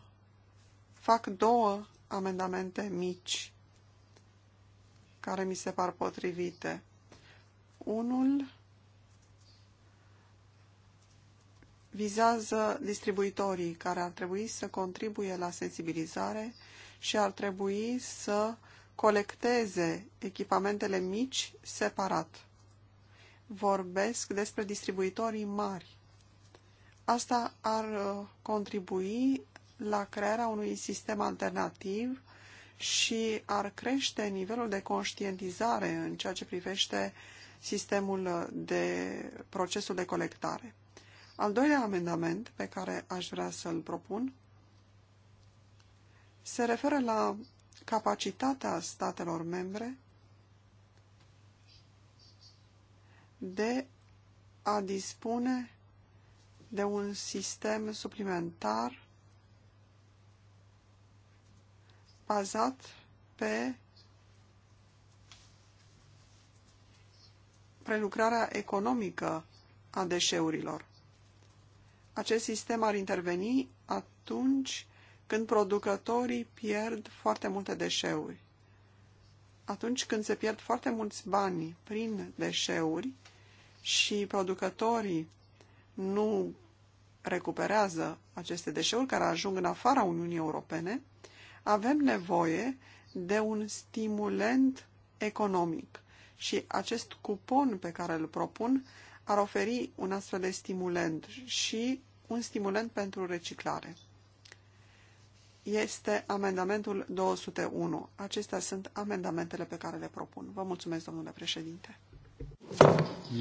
fac două amendamente mici care mi se par potrivite. Unul vizează distribuitorii care ar trebui să contribuie la sensibilizare și ar trebui să colecteze echipamentele mici separat. Vorbesc despre distribuitorii mari. Asta ar uh, contribui la crearea unui sistem alternativ și ar crește nivelul de conștientizare în ceea ce privește sistemul uh, de procesul de colectare. Al doilea amendament pe care aș vrea să-l propun se referă la capacitatea statelor membre de a dispune de un sistem suplimentar bazat pe prelucrarea economică a deșeurilor acest sistem ar interveni atunci când producătorii pierd foarte multe deșeuri. Atunci când se pierd foarte mulți bani prin deșeuri și producătorii nu recuperează aceste deșeuri care ajung în afara Uniunii Europene, avem nevoie de un stimulent economic. Și acest cupon pe care îl propun ar oferi un astfel de stimulent și un stimulent pentru reciclare. Este amendamentul 201. Acestea sunt amendamentele pe care le propun. Vă mulțumesc, domnule președinte.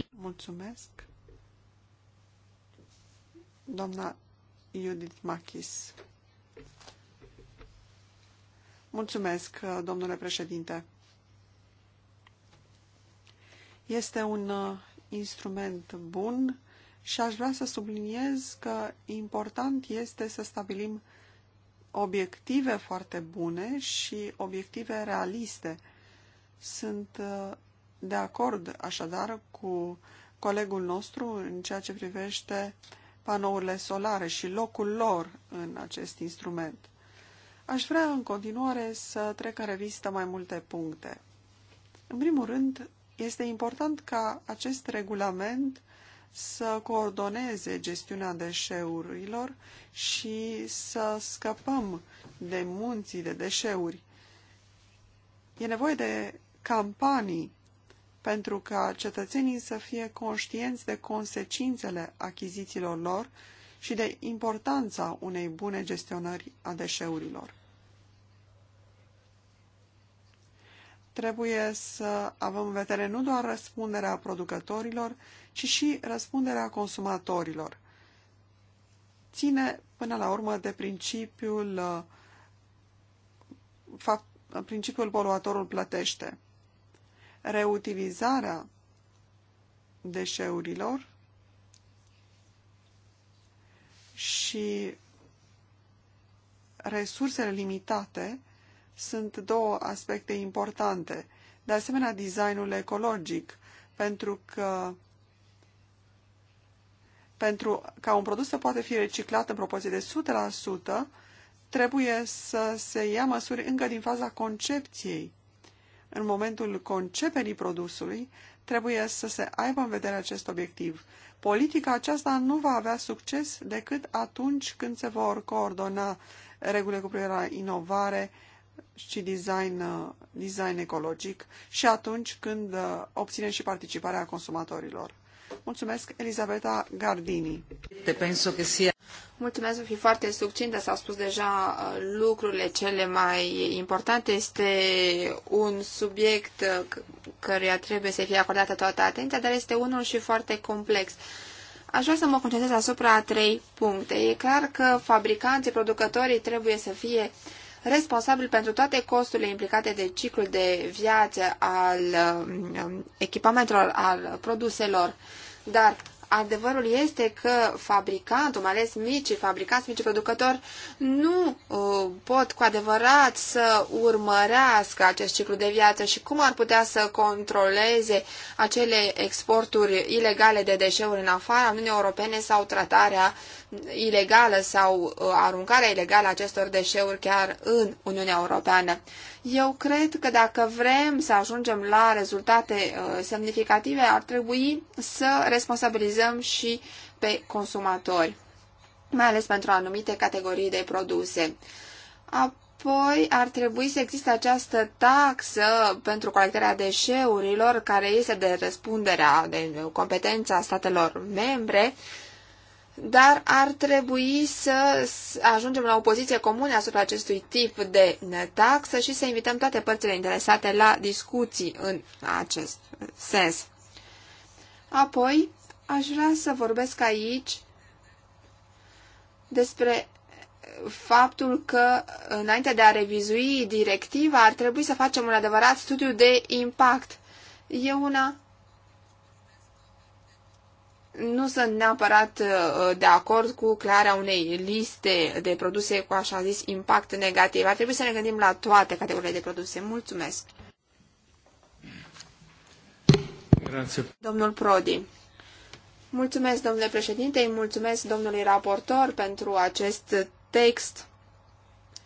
Mulțumesc. Doamna Judith Machis. Mulțumesc, domnule președinte. Este un instrument bun și aș vrea să subliniez că important este să stabilim obiective foarte bune și obiective realiste. Sunt uh, de acord așadar cu colegul nostru în ceea ce privește panourile solare și locul lor în acest instrument. Aș vrea în continuare să trec în revistă mai multe puncte. În primul rând, este important ca acest regulament să coordoneze gestiunea deșeurilor și să scăpăm de munții de deșeuri. E nevoie de campanii pentru ca cetățenii să fie conștienți de consecințele achizițiilor lor și de importanța unei bune gestionări a deșeurilor. trebuie să avem în vedere nu doar răspunderea producătorilor, ci și răspunderea consumatorilor. Ține până la urmă de principiul uh, fapt, principiul poluatorul plătește. Reutilizarea deșeurilor și resursele limitate sunt două aspecte importante. De asemenea, designul ecologic, pentru că pentru ca un produs să poate fi reciclat în proporție de 100%, trebuie să se ia măsuri încă din faza concepției. În momentul conceperii produsului, trebuie să se aibă în vedere acest obiectiv. Politica aceasta nu va avea succes decât atunci când se vor coordona regulile cu privire la inovare, și design, uh, design ecologic și atunci când uh, obținem și participarea consumatorilor. Mulțumesc, Elisabeta Gardini. Te penso că sia... Mulțumesc, va fi foarte succintă. S-au spus deja uh, lucrurile cele mai importante. Este un subiect căruia trebuie să fie acordată toată atenția, dar este unul și foarte complex. Aș vrea să mă concentrez asupra a trei puncte. E clar că fabricanții, producătorii trebuie să fie uh, responsabil pentru toate costurile implicate de ciclul de viață al um, echipamentelor, al produselor, dar adevărul este că fabricantul, mai ales micii fabricanți, micii producători, nu uh, pot cu adevărat să urmărească acest ciclu de viață și cum ar putea să controleze acele exporturi ilegale de deșeuri în afara Uniunii Europene sau tratarea uh, ilegală sau uh, aruncarea ilegală a acestor deșeuri chiar în Uniunea Europeană. Eu cred că dacă vrem să ajungem la rezultate uh, semnificative, ar trebui să responsabilizăm și pe consumatori, mai ales pentru anumite categorii de produse. Apoi ar trebui să existe această taxă pentru colectarea deșeurilor, care este de răspunderea, de competența statelor membre, dar ar trebui să ajungem la o poziție comună asupra acestui tip de taxă și să invităm toate părțile interesate la discuții în acest sens. Apoi, aș vrea să vorbesc aici despre faptul că, înainte de a revizui directiva, ar trebui să facem un adevărat studiu de impact. E una nu sunt neapărat uh, de acord cu crearea unei liste de produse cu așa zis impact negativ. Ar trebui să ne gândim la toate categoriile de produse. Mulțumesc! Grazie. Domnul Prodi. Mulțumesc, domnule președinte, îi mulțumesc domnului raportor pentru acest text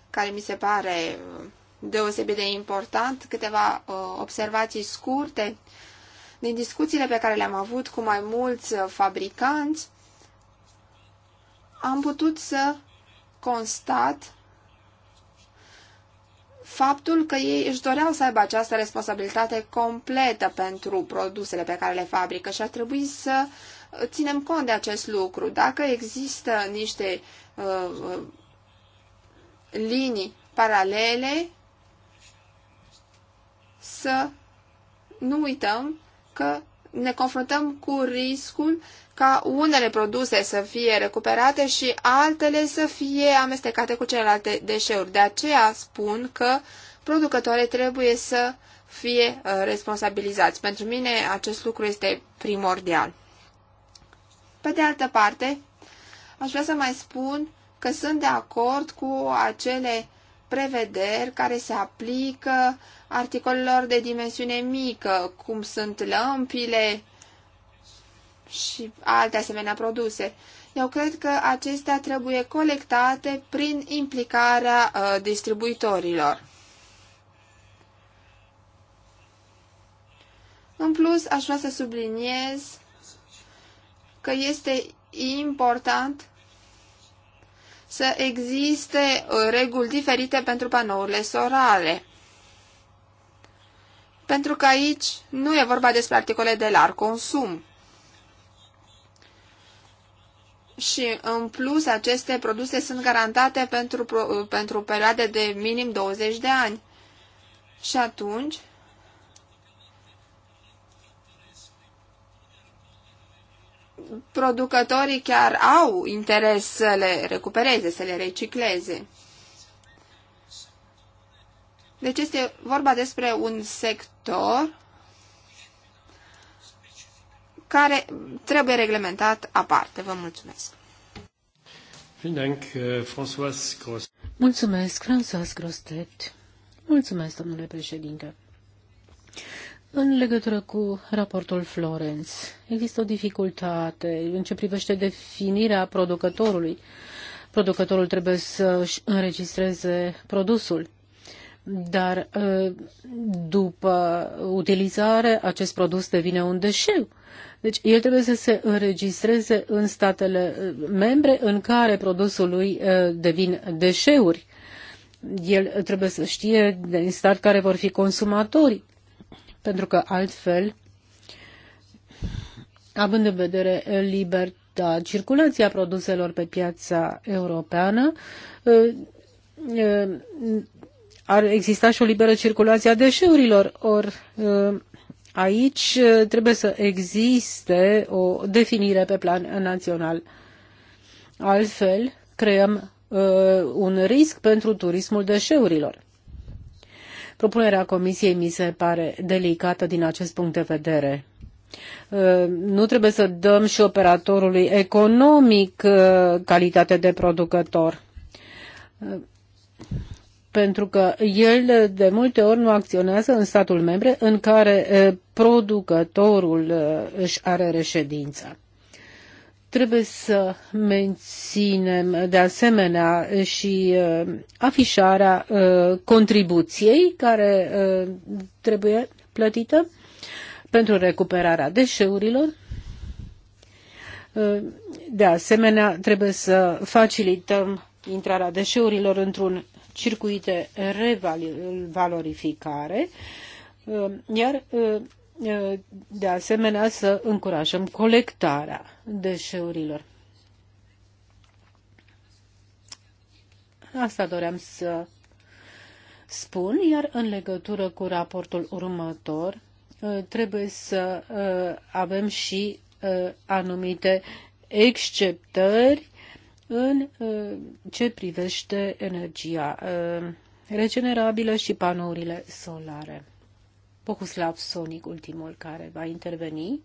care mi se pare uh, deosebit de important. Câteva uh, observații scurte. Din discuțiile pe care le-am avut cu mai mulți uh, fabricanți, am putut să constat faptul că ei își doreau să aibă această responsabilitate completă pentru produsele pe care le fabrică și ar trebui să uh, ținem cont de acest lucru. Dacă există niște uh, uh linii paralele, să nu uităm că ne confruntăm cu riscul ca unele produse să fie recuperate și altele să fie amestecate cu celelalte deșeuri. De aceea spun că producătorii trebuie să fie uh, responsabilizați. Pentru mine acest lucru este primordial. Pe de altă parte, aș vrea să mai spun că sunt de acord cu acele prevederi care se aplică articolelor de dimensiune mică, cum sunt lămpile și alte asemenea produse. Eu cred că acestea trebuie colectate prin implicarea uh, distribuitorilor. În plus, aș vrea să subliniez că este important să existe uh, reguli diferite pentru panourile solare. Pentru că aici nu e vorba despre articole de larg consum. Și în plus, aceste produse sunt garantate pentru, uh, pentru perioade de minim 20 de ani. Și atunci, producătorii chiar au interes să le recupereze, să le recicleze. Deci este vorba despre un sector care trebuie reglementat aparte. Vă mulțumesc. Äh, mulțumesc, François Grostet. Mulțumesc, domnule președinte. În legătură cu raportul Florence, există o dificultate în ce privește definirea producătorului. Producătorul trebuie să își înregistreze produsul, dar ă, după utilizare acest produs devine un deșeu. Deci el trebuie să se înregistreze în statele ă, membre în care produsul lui ă, devin deșeuri. El trebuie să știe din stat care vor fi consumatorii pentru că altfel, având în vedere libertatea circulația produselor pe piața europeană, ă, ă, ar exista și o liberă circulație a deșeurilor. Or, ă, aici trebuie să existe o definire pe plan național. Altfel, creăm un risc pentru turismul deșeurilor. Propunerea Comisiei mi se pare delicată din acest punct de vedere. Uh, nu trebuie să dăm și operatorului economic uh, calitate de producător uh, pentru că el de multe ori nu acționează în statul membre în care producătorul își are reședința. Trebuie să menținem de asemenea și uh, afișarea uh, contribuției care uh, trebuie plătită pentru recuperarea deșeurilor. De asemenea, trebuie să facilităm intrarea deșeurilor într-un circuit de revalorificare, iar de asemenea să încurajăm colectarea deșeurilor. Asta doream să spun, iar în legătură cu raportul următor, ă, trebuie să ă, avem și ă, anumite exceptări în ce privește energia regenerabilă și panourile solare. Bohuslav Sonic, ultimul care va interveni.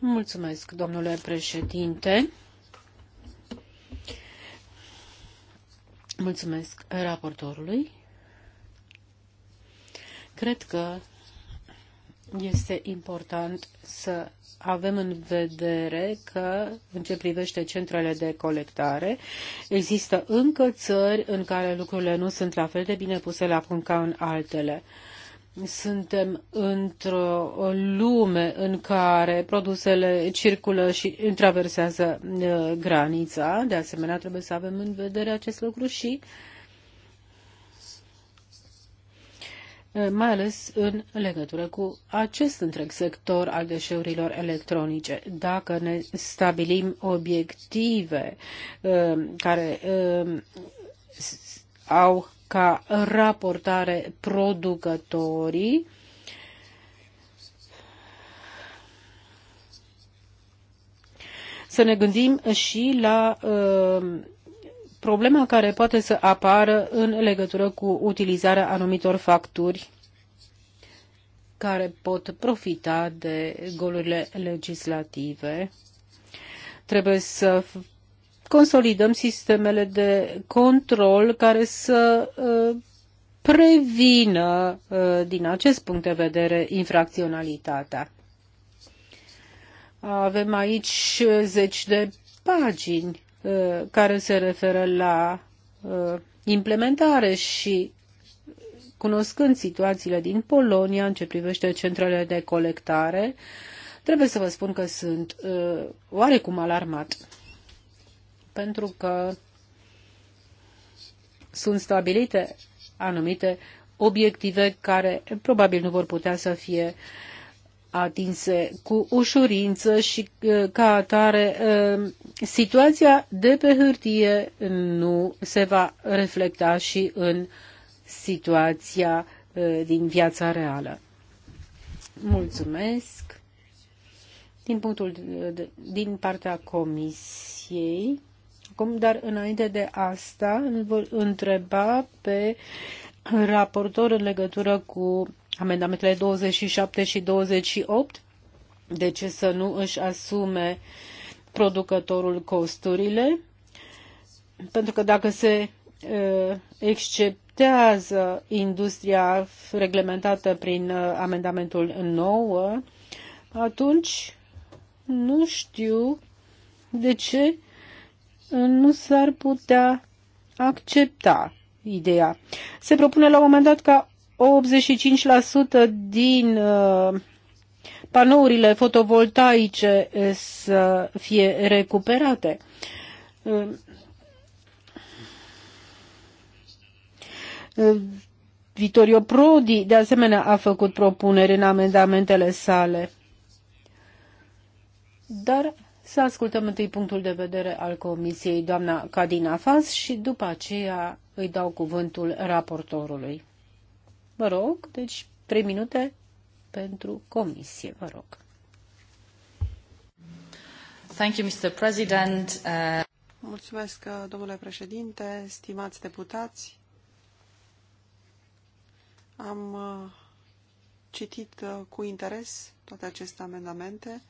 Mulțumesc, domnule președinte. Mulțumesc raportorului. Cred că este important să avem în vedere că, în ce privește centrele de colectare, există încă țări în care lucrurile nu sunt la fel de bine puse la punct ca în altele. Uh, suntem într-o lume în care produsele circulă și traversează uh, granița. De asemenea, trebuie să avem în vedere acest lucru și uh, mai ales în legătură cu acest întreg sector al deșeurilor electronice. Dacă ne stabilim obiective uh, care au ca raportare producătorii să ne gândim și la uh, problema care poate să apară în legătură cu utilizarea anumitor facturi care pot profita de golurile legislative. Trebuie să consolidăm sistemele de control care să uh, prevină, uh, din acest punct de vedere, infracționalitatea. Avem aici zeci de pagini uh, care se referă la implementare și cunoscând situațiile din Polonia în ce privește centrele de colectare, trebuie să vă spun că sunt oarecum alarmat pentru că sunt stabilite anumite obiective care probabil nu vor putea să fie atinse cu ușurință și uh, ca atare uh, situația de pe hârtie nu se va reflecta și în situația uh, din viața reală. Mulțumesc. Din punctul din partea comisiei acum, dar înainte de asta îl voi întreba pe raportor în legătură cu amendamentele 27 și 28, de ce să nu își asume producătorul costurile, pentru că dacă se uh, exceptează industria reglementată prin amendamentul 9, atunci nu știu de ce nu s-ar putea accepta ideea. Se propune la un moment dat ca 85% din uh, panourile fotovoltaice uh, să fie recuperate. Vitorio uh, Vittorio Prodi, de asemenea, a făcut propuneri în amendamentele sale. Dar să ascultăm întâi punctul de vedere al Comisiei, doamna Cadina Fas, și după aceea îi dau cuvântul raportorului. Vă rog, deci trei minute pentru Comisie, vă rog. Thank you, Mr. President. Uh... Mulțumesc, uh, domnule președinte, stimați deputați. Am uh, citit uh, cu interes toate aceste amendamente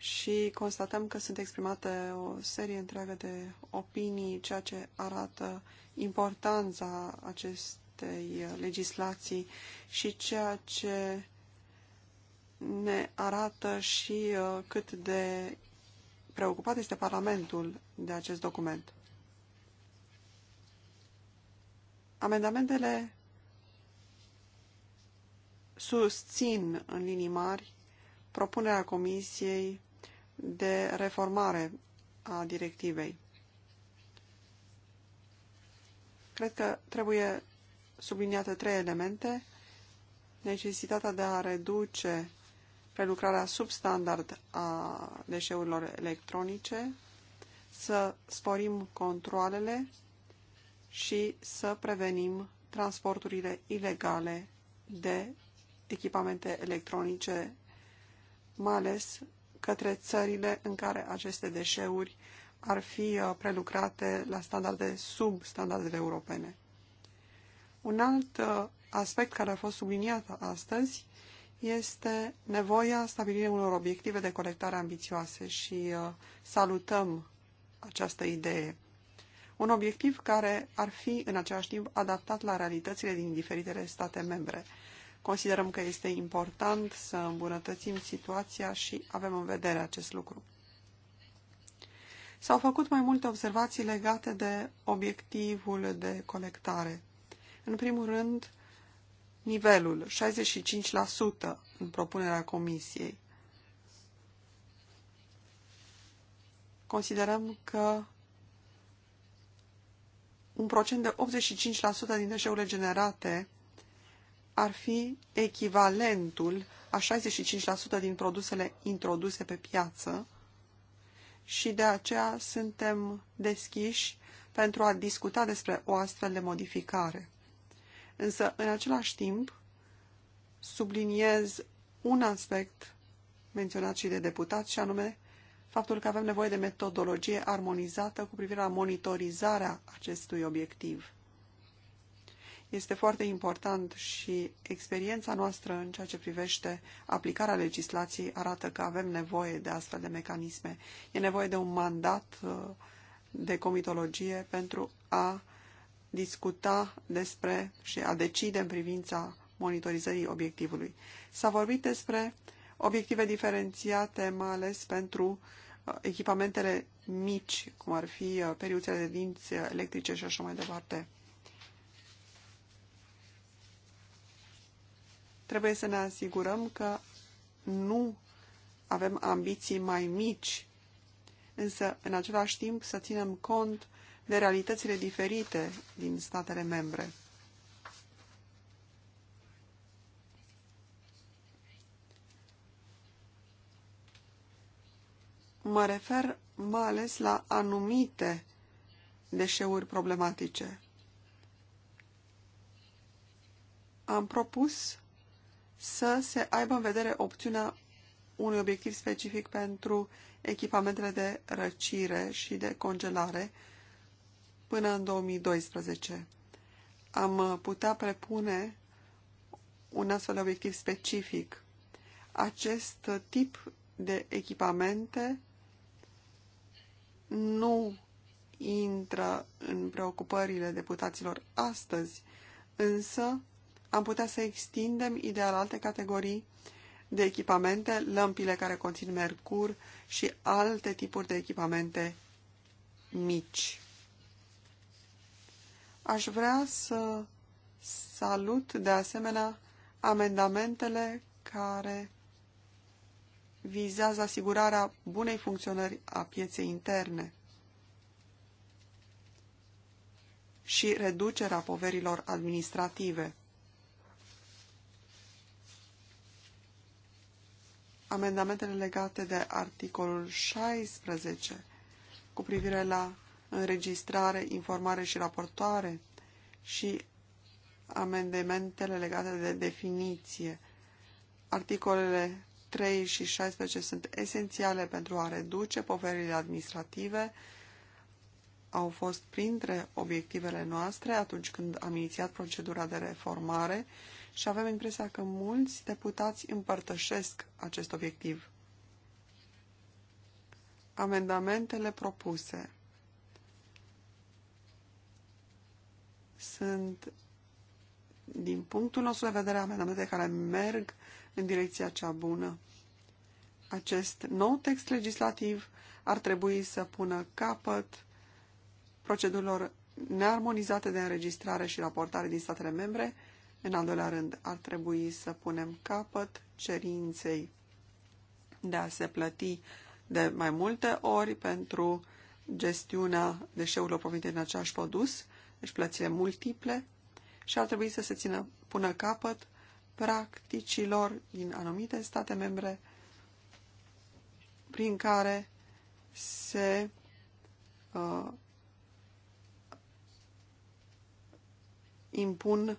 și constatăm că sunt exprimate o serie întreagă de opinii, ceea ce arată importanța acestei legislații și ceea ce ne arată și uh, cât de preocupat este Parlamentul de acest document. Amendamentele susțin în linii mari propunerea Comisiei de reformare a directivei. Cred că trebuie subliniate trei elemente. Necesitatea de a reduce prelucrarea substandard a deșeurilor electronice, să sporim controlele și să prevenim transporturile ilegale de echipamente electronice, mai ales către țările în care aceste deșeuri ar fi uh, prelucrate la standarde sub standardele europene. Un alt uh, aspect care a fost subliniat astăzi este nevoia stabilirii unor obiective de colectare ambițioase și uh, salutăm această idee. Un obiectiv care ar fi în același timp adaptat la realitățile din diferitele state membre. Considerăm că este important să îmbunătățim situația și avem în vedere acest lucru. S-au făcut mai multe observații legate de obiectivul de colectare. În primul rând, nivelul 65% în propunerea comisiei. Considerăm că un procent de 85% din deșeurile generate ar fi echivalentul a 65% din produsele introduse pe piață și de aceea suntem deschiși pentru a discuta despre o astfel de modificare. Însă, în același timp, subliniez un aspect menționat și de deputați, și anume faptul că avem nevoie de metodologie armonizată cu privire la monitorizarea acestui obiectiv este foarte important și experiența noastră în ceea ce privește aplicarea legislației arată că avem nevoie de astfel de mecanisme. E nevoie de un mandat uh, de comitologie pentru a discuta despre și a decide în privința monitorizării obiectivului. S-a vorbit despre obiective diferențiate, mai ales pentru uh, echipamentele mici, cum ar fi uh, periuțele de dinți electrice și așa mai departe. Trebuie să ne asigurăm că nu avem ambiții mai mici, însă în același timp să ținem cont de realitățile diferite din statele membre. Mă refer mai ales la anumite deșeuri problematice. Am propus să se aibă în vedere opțiunea unui obiectiv specific pentru echipamentele de răcire și de congelare până în 2012. Am putea prepune un astfel de obiectiv specific. Acest tip de echipamente nu intră în preocupările deputaților astăzi, însă am putea să extindem ideal alte categorii de echipamente, lămpile care conțin mercur și alte tipuri de echipamente mici. Aș vrea să salut de asemenea amendamentele care vizează asigurarea bunei funcționări a pieței interne și reducerea poverilor administrative. amendamentele legate de articolul 16 cu privire la înregistrare, informare și raportoare și amendamentele legate de definiție. Articolele 3 și 16 sunt esențiale pentru a reduce poverile administrative, au fost printre obiectivele noastre atunci când am inițiat procedura de reformare și avem impresia că mulți deputați împărtășesc acest obiectiv. Amendamentele propuse sunt, din punctul nostru de vedere, amendamente care merg în direcția cea bună. Acest nou text legislativ ar trebui să pună capăt procedurilor nearmonizate de înregistrare și raportare din statele membre în al doilea rând, ar trebui să punem capăt cerinței de a se plăti de mai multe ori pentru gestiunea deșeurilor provenite din același produs, deci plățile multiple, și ar trebui să se țină, pună capăt practicilor din anumite state membre prin care se uh, impun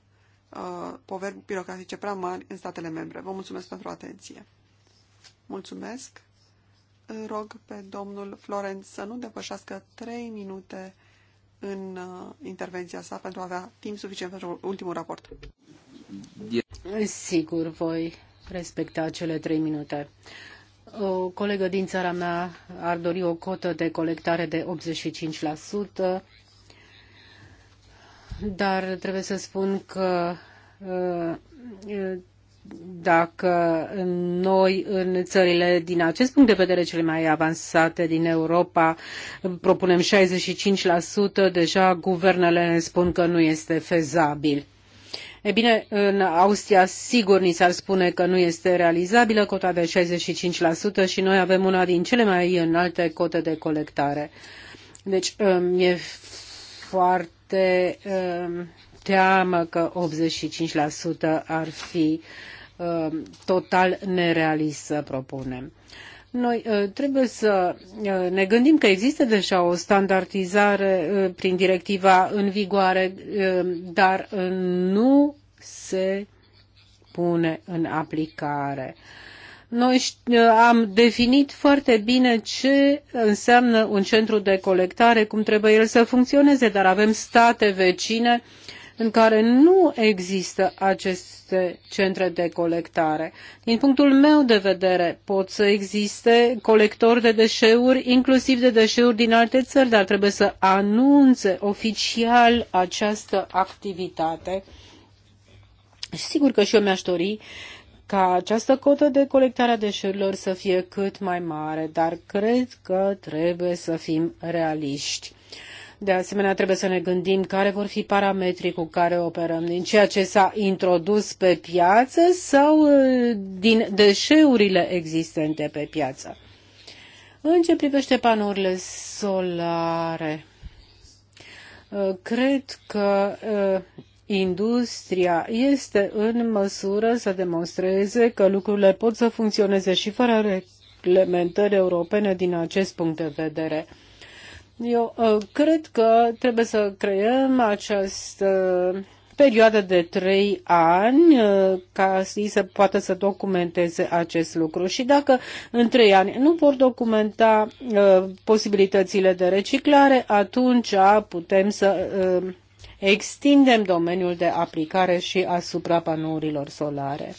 Uh, poveri birocratice prea mari în statele membre. Vă mulțumesc pentru atenție. Mulțumesc. Îl rog pe domnul Florent să nu depășească trei minute în uh, intervenția sa pentru a avea timp suficient pentru ultimul raport. Sigur, voi respecta cele trei minute. O colegă din țara mea ar dori o cotă de colectare de 85%, dar trebuie să spun că uh, uh, dacă noi în țările din acest punct de vedere cele mai avansate din Europa propunem 65%, deja guvernele spun că nu este fezabil. E bine, în Austria sigur ni s-ar spune că nu este realizabilă cota de 65% și noi avem una din cele mai înalte cote de colectare. Deci uh, e foarte este um, teamă că 85% ar fi um, total nerealist să propunem. Noi uh, trebuie să uh, ne gândim că există deja o standardizare uh, prin directiva în vigoare, um, dar nu se pune în aplicare. Uh, noi am definit foarte bine ce înseamnă un centru de colectare, cum trebuie el să funcționeze, dar avem state vecine în care nu există aceste centre de colectare. Din punctul meu de vedere, pot să existe colectori de deșeuri, inclusiv de deșeuri din alte țări, dar trebuie să anunțe oficial această activitate. Sigur că și eu mi-aș dori ca această cotă de colectare a deșeurilor să fie cât mai mare, dar cred că trebuie să fim realiști. De asemenea, trebuie să ne gândim care vor fi parametrii cu care operăm, din ceea ce s-a introdus pe piață sau ă, din deșeurile existente pe piață. În ce privește panourile solare, ă, cred că ă, industria este în măsură să demonstreze că lucrurile pot să funcționeze și fără reglementări europene din acest punct de vedere. Eu uh, cred că trebuie să creăm această perioadă de trei ani uh, ca să se poată să documenteze acest lucru. Și dacă în trei ani nu vor documenta uh, posibilitățile de reciclare, atunci putem să uh, extindem domeniul de aplicare și asupra panourilor solare.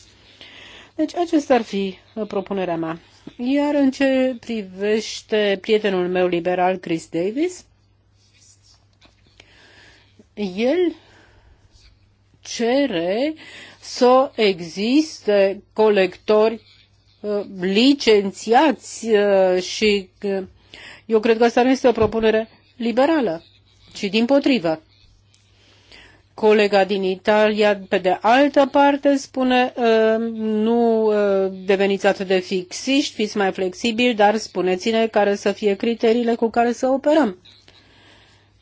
Deci acesta ar fi uh, propunerea mea. Iar în ce privește prietenul meu liberal, Chris Davis, el cere să existe colectori uh, licențiați uh, și eu cred că asta nu este o propunere liberală, ci din potrivă colega din Italia, pe de altă parte, spune ă, nu ă, deveniți atât de fixiști, fiți mai flexibili, dar spuneți-ne care să fie criteriile cu care să operăm.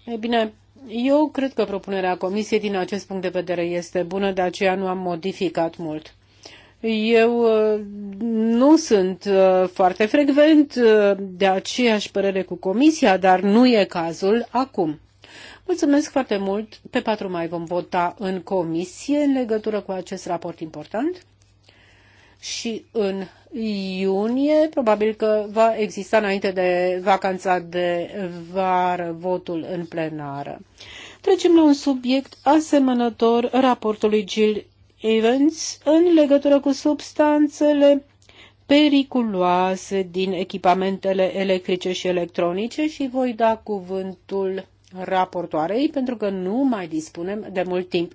E bine, eu cred că propunerea Comisiei din acest punct de vedere este bună, de aceea nu am modificat mult. Eu ă, nu sunt foarte frecvent de aceeași părere cu Comisia, dar nu e cazul acum. Mulțumesc foarte mult. Pe 4 mai vom vota în comisie în legătură cu acest raport important și în iunie, probabil că va exista înainte de vacanța de vară votul în plenară. Trecem la un subiect asemănător raportului Jill Evans în legătură cu substanțele periculoase din echipamentele electrice și electronice și voi da cuvântul raportoarei, pentru că nu mai dispunem de mult timp.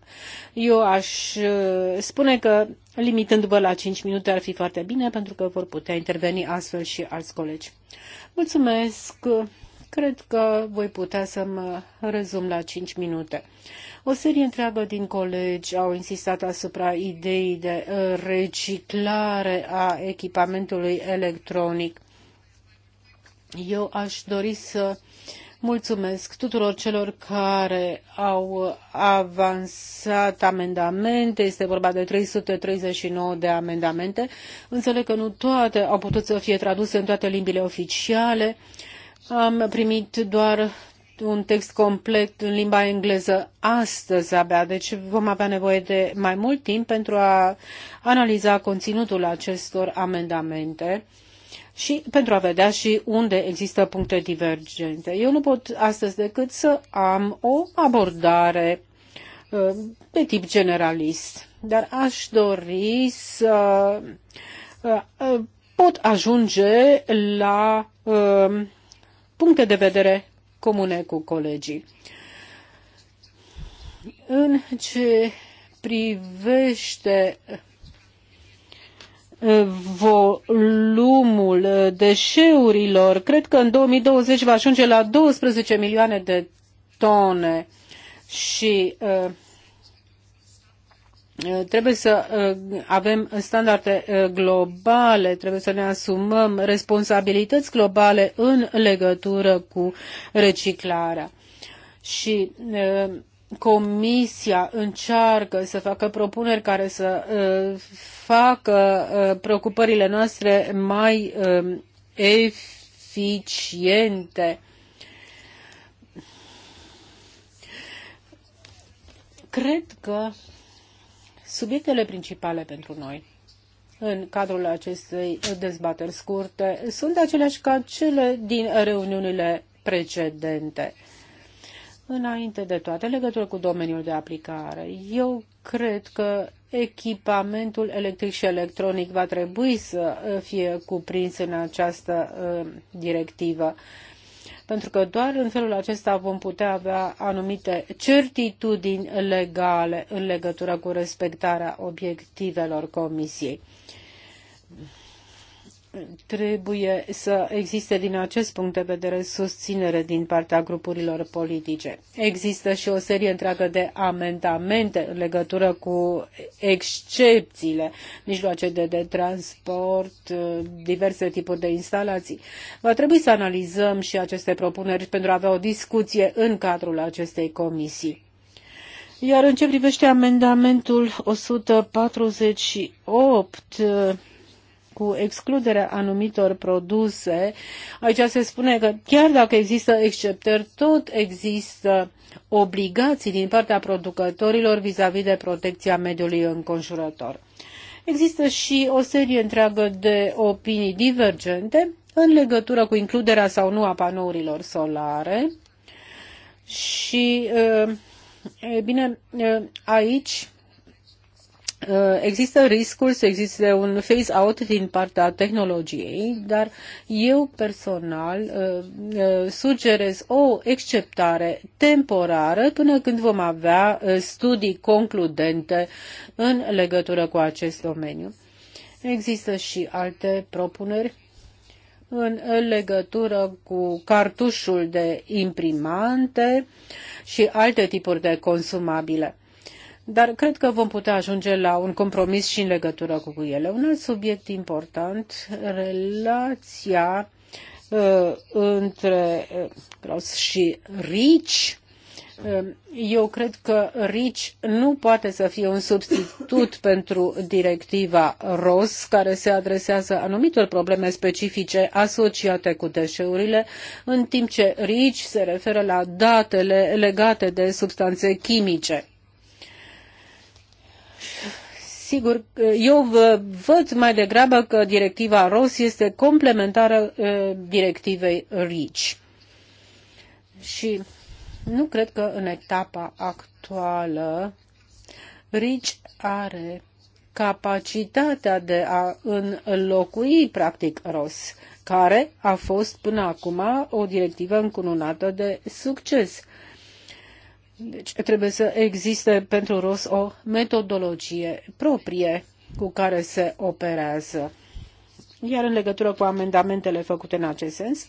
Eu aș uh, spune că, limitându-vă la 5 minute, ar fi foarte bine, pentru că vor putea interveni astfel și alți colegi. Mulțumesc! Cred că voi putea să mă rezum la 5 minute. O serie întreagă din colegi au insistat asupra ideii de uh, reciclare a echipamentului electronic. Eu aș dori să Mulțumesc tuturor celor care au avansat amendamente. Este vorba de 339 de amendamente. Înțeleg că nu toate au putut să fie traduse în toate limbile oficiale. Am primit doar un text complet în limba engleză astăzi abia, deci vom avea nevoie de mai mult timp pentru a analiza conținutul acestor amendamente și pentru a vedea și unde există puncte divergente. Eu nu pot astăzi decât să am o abordare uh, de tip generalist, dar aș dori să uh, uh, pot ajunge la puncte de vedere comune cu colegii. În ce privește volumul deșeurilor. Cred că în 2020 va ajunge la 12 milioane de tone și uh, uh, trebuie să uh, avem standarde globale, trebuie să ne asumăm responsabilități globale în legătură cu reciclarea. Și Comisia încearcă să facă propuneri care să uh, facă uh, preocupările noastre mai uh, eficiente. Cred că subiectele principale pentru noi în cadrul acestei dezbateri scurte sunt aceleași ca cele din reuniunile precedente Înainte de toate, legătură cu domeniul de aplicare, eu cred că echipamentul electric și electronic va trebui să fie cuprins în această uh, directivă pentru că doar în felul acesta vom putea avea anumite certitudini legale în legătură cu respectarea obiectivelor Comisiei trebuie să existe din acest punct de vedere susținere din partea grupurilor politice. Există și o serie întreagă de amendamente în legătură cu excepțiile, mijloace de, de transport, diverse tipuri de instalații. Va trebui să analizăm și aceste propuneri pentru a avea o discuție în cadrul acestei comisii. Iar în ce privește amendamentul 148, cu excluderea anumitor produse. Aici se spune că chiar dacă există exceptări, tot există obligații din partea producătorilor vis-a-vis -vis de protecția mediului înconjurător. Există și o serie întreagă de opinii divergente în legătură cu includerea sau nu a panourilor solare și, uh, e bine, uh, aici Uh, există riscul să existe un phase-out din partea tehnologiei, dar eu personal uh, uh, sugerez o exceptare temporară până când vom avea studii concludente în legătură cu acest domeniu. Există și alte propuneri în legătură cu cartușul de imprimante și alte tipuri de consumabile dar cred că vom putea ajunge la un compromis și în legătură cu ele. Un alt subiect important, relația uh, între uh, și Rich. Uh, eu cred că RICH nu poate să fie un substitut pentru directiva ROS, care se adresează anumitor probleme specifice asociate cu deșeurile, în timp ce RICH se referă la datele legate de substanțe chimice Sigur, eu vă văd mai degrabă că directiva ROS este complementară directivei RICH. Și nu cred că în etapa actuală RICH are capacitatea de a înlocui practic ROS, care a fost până acum o directivă încununată de succes. Deci trebuie să existe pentru ROS o metodologie proprie cu care se operează. Iar în legătură cu amendamentele făcute în acest sens,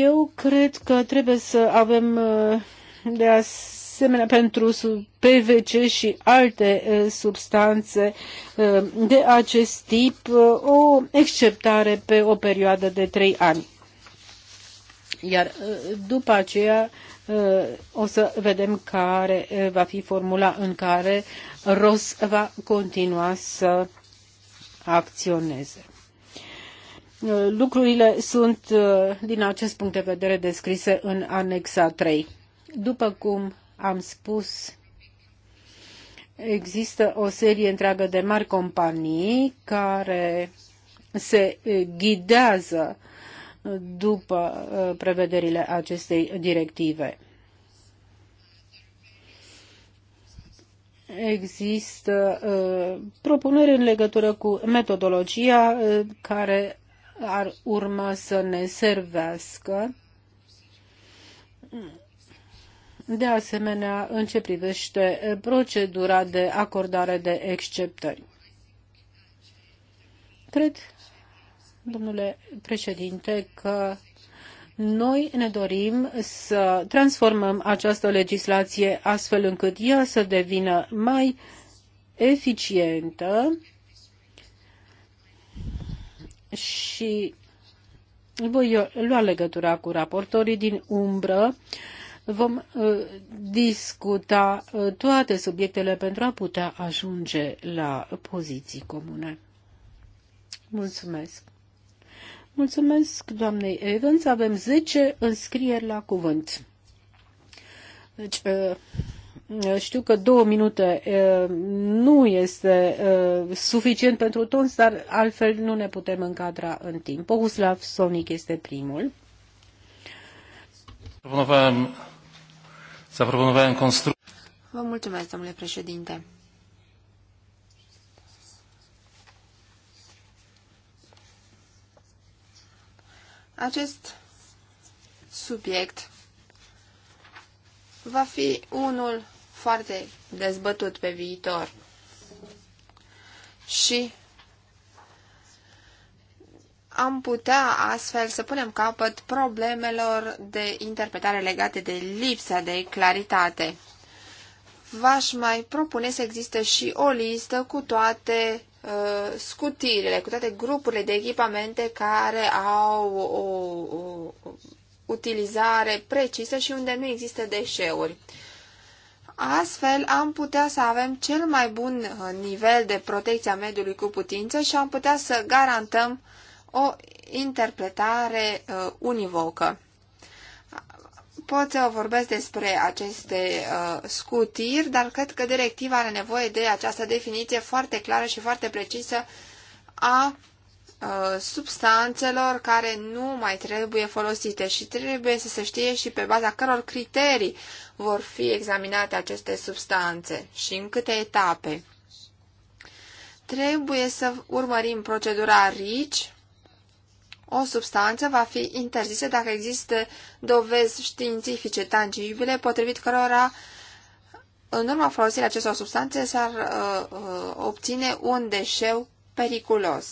eu cred că trebuie să avem uh, de asemenea pentru PVC și alte uh, substanțe uh, de acest tip o exceptare pe o perioadă de trei ani. Iar uh, după aceea uh, o să vedem care uh, va fi formula în care ROS va continua să acționeze. Lucrurile sunt, din acest punct de vedere, descrise în anexa 3. După cum am spus, există o serie întreagă de mari companii care se ghidează după uh, prevederile acestei directive. Există uh, propuneri în legătură cu metodologia uh, care ar urma să ne servească. De asemenea, în ce privește procedura de acordare de exceptări. Cred domnule președinte, că noi ne dorim să transformăm această legislație astfel încât ea să devină mai eficientă și voi lua legătura cu raportorii din umbră. Vom uh, discuta uh, toate subiectele pentru a putea ajunge la poziții comune. Mulțumesc. Mulțumesc doamnei Evans. Avem 10 înscrieri la cuvânt. Deci, uh, uh, știu că două minute uh, nu este suficient pentru toți, dar altfel nu ne putem încadra în timp. Bohuslav Sonic este primul. Vă mulțumesc, domnule președinte. Acest subiect va fi unul foarte dezbătut pe viitor. Și am putea astfel să punem capăt problemelor de interpretare legate de lipsa de claritate. V-aș mai propune să existe și o listă cu toate uh, scutirile, cu toate grupurile de echipamente care au o, o, o utilizare precisă și unde nu există deșeuri. Astfel, am putea să avem cel mai bun uh, nivel de protecție a mediului cu putință și am putea să garantăm o interpretare uh, univocă pot să vorbesc despre aceste uh, scutiri, dar cred că directiva are nevoie de această definiție foarte clară și foarte precisă a uh, substanțelor care nu mai trebuie folosite și trebuie să se știe și pe baza căror criterii vor fi examinate aceste substanțe și în câte etape. Trebuie să urmărim procedura RICI o substanță va fi interzisă dacă există dovezi științifice tangibile potrivit cărora în urma folosirii acestor substanțe s-ar uh, uh, obține un deșeu periculos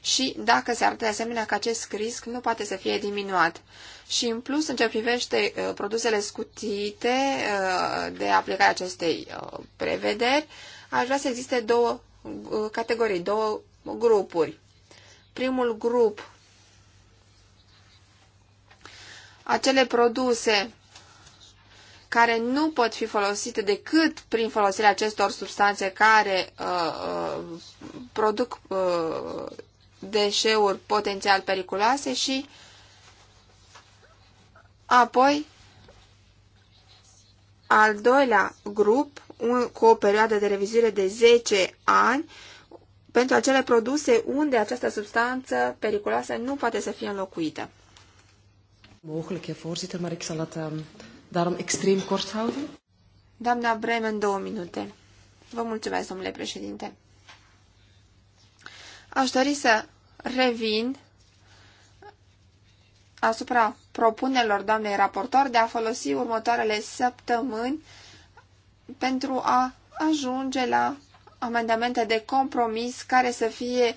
și dacă se arată de asemenea că acest risc nu poate să fie diminuat. Și în plus, în ce privește uh, produsele scutite uh, de aplicarea acestei uh, prevederi, aș vrea să existe două uh, categorii, două grupuri. Primul grup acele produse care nu pot fi folosite decât prin folosirea acestor substanțe care uh, uh, produc uh, deșeuri potențial periculoase și apoi al doilea grup un, cu o perioadă de revizuire de 10 ani pentru acele produse unde această substanță periculoasă nu poate să fie înlocuită. Mogelijk, voorzitter, maar ik zal het um, daarom extreem kort houden. Doamna Bremen, două minute. Vă mulțumesc, domnule președinte. Aș dori să revin asupra propunerilor doamnei raportor de a folosi următoarele săptămâni pentru a ajunge la amendamente de compromis care să fie uh,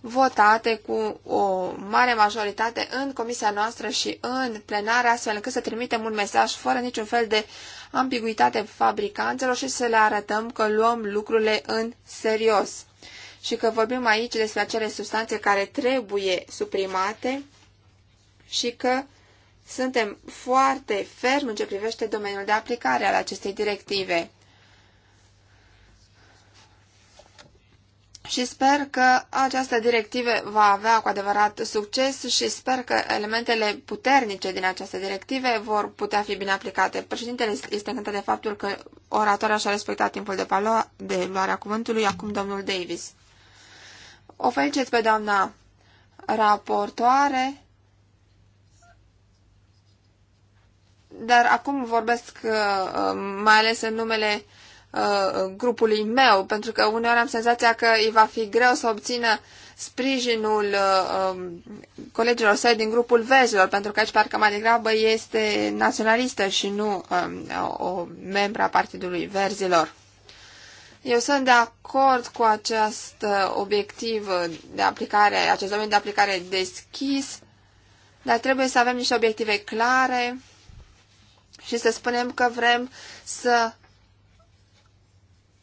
votate cu o mare majoritate în comisia noastră și în plenare, astfel încât să trimitem un mesaj fără niciun fel de ambiguitate fabricanților și să le arătăm că luăm lucrurile în serios și că vorbim aici despre acele substanțe care trebuie suprimate și că suntem foarte fermi în ce privește domeniul de aplicare al acestei directive. și sper că această directivă va avea cu adevărat succes și sper că elementele puternice din această directive vor putea fi bine aplicate. Președintele este încântat de faptul că oratoria și-a respectat timpul de, palo- de luarea cuvântului, acum domnul Davis. O felicit pe doamna raportoare, dar acum vorbesc uh, mai ales în numele Uh, grupului meu, pentru că uneori am senzația că îi va fi greu să obțină sprijinul uh, um, colegilor săi din grupul vezilor, pentru că aici parcă mai degrabă este naționalistă și nu uh, o membra a Partidului Verzilor. Eu sunt de acord cu acest uh, obiectiv de aplicare, acest domeniu de aplicare deschis, dar trebuie să avem niște obiective clare și să spunem că vrem să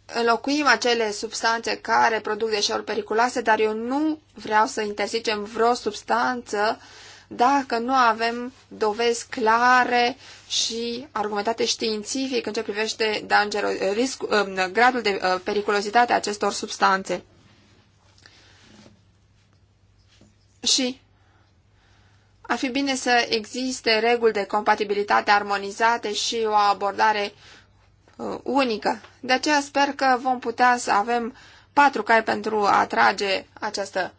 înlocuim acele substanțe care produc deșeuri periculoase, dar eu nu vreau să interzicem vreo substanță dacă nu avem dovezi clare și argumentate științific în ce privește danger, risc, um, gradul de uh, periculozitate a acestor substanțe. Și ar fi bine să existe reguli de compatibilitate armonizate și o abordare Uh, unică. De aceea sper că vom putea să avem patru cai pentru a trage această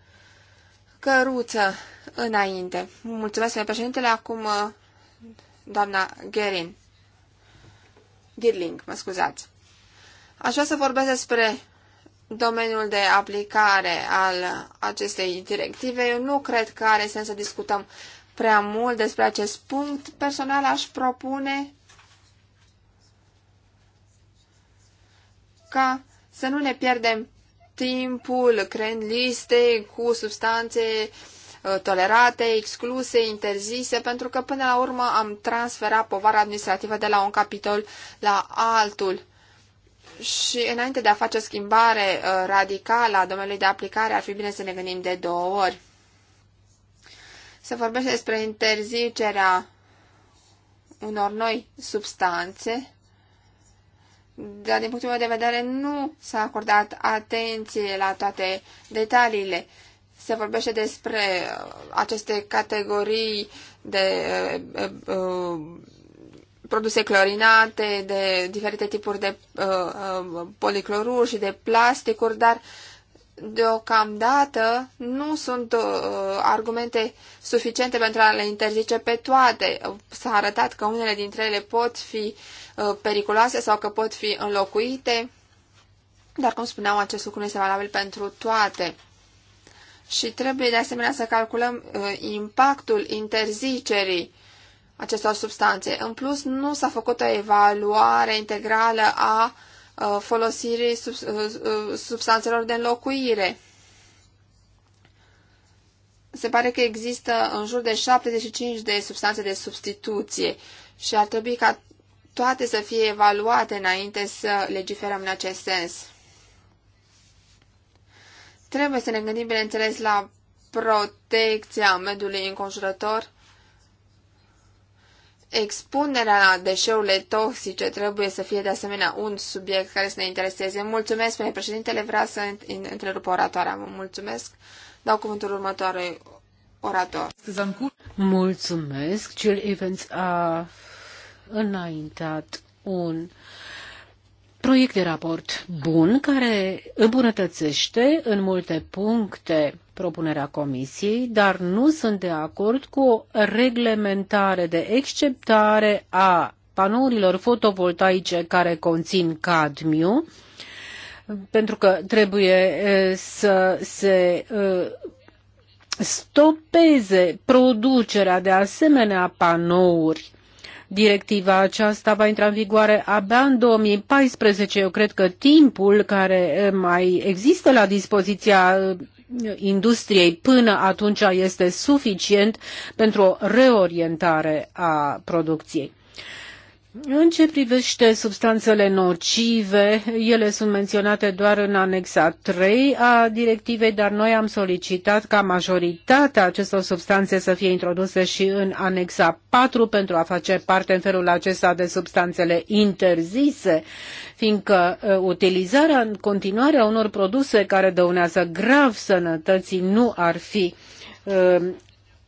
căruță înainte. Mulțumesc, domnule președintele. Acum, uh, doamna Gerin. Girling, mă scuzați. Aș vrea să vorbesc despre domeniul de aplicare al acestei directive. Eu nu cred că are sens să discutăm prea mult despre acest punct. Personal aș propune ca să nu ne pierdem timpul creând liste cu substanțe uh, tolerate, excluse, interzise, pentru că până la urmă am transferat povara administrativă de la un capitol la altul. Și înainte de a face o schimbare uh, radicală a domeniului de aplicare, ar fi bine să ne gândim de două ori. Se vorbește despre interzicerea unor noi substanțe dar din punctul meu de vedere nu s-a acordat atenție la toate detaliile. Se vorbește despre uh, aceste categorii de uh, uh, uh, produse clorinate, de diferite tipuri de uh, uh, policloruri și de plasticuri, dar uh, deocamdată nu sunt uh, argumente suficiente pentru a le interzice pe toate. S-a arătat că unele dintre ele pot fi uh, periculoase sau că pot fi înlocuite, dar, cum spuneam, acest lucru nu este valabil pentru toate. Și trebuie de asemenea să calculăm uh, impactul interzicerii acestor substanțe. În plus, nu s-a făcut o evaluare integrală a uh, Uh, folosirii uh, uh, substanțelor de înlocuire. Se pare că există în jur de 75 de substanțe de substituție și ar trebui ca toate să fie evaluate înainte să legiferăm în acest sens. Trebuie să ne gândim, bineînțeles, la protecția mediului înconjurător Expunerea la deșeurile toxice trebuie să fie de asemenea un subiect care să ne intereseze. Mulțumesc, pe președintele, vrea să întrerupă oratoarea. Vă mulțumesc. Dau cuvântul următoarei orator. Mulțumesc. Cel Evans a înaintat un proiect de raport bun care îmbunătățește în multe puncte propunerea Comisiei, dar nu sunt de acord cu o reglementare de exceptare a panourilor fotovoltaice care conțin cadmiu, pentru că trebuie să se stopeze producerea de asemenea panouri Directiva aceasta va intra în vigoare abia în 2014. Eu cred că timpul care eh, mai există la dispoziția eh, industriei până atunci este suficient pentru o reorientare a producției. În ce privește substanțele nocive, ele sunt menționate doar în anexa 3 a directivei, dar noi am solicitat ca majoritatea acestor substanțe să fie introduse și în anexa 4 pentru a face parte în felul acesta de substanțele interzise, fiindcă uh, utilizarea în continuare a unor produse care dăunează grav sănătății nu ar fi uh,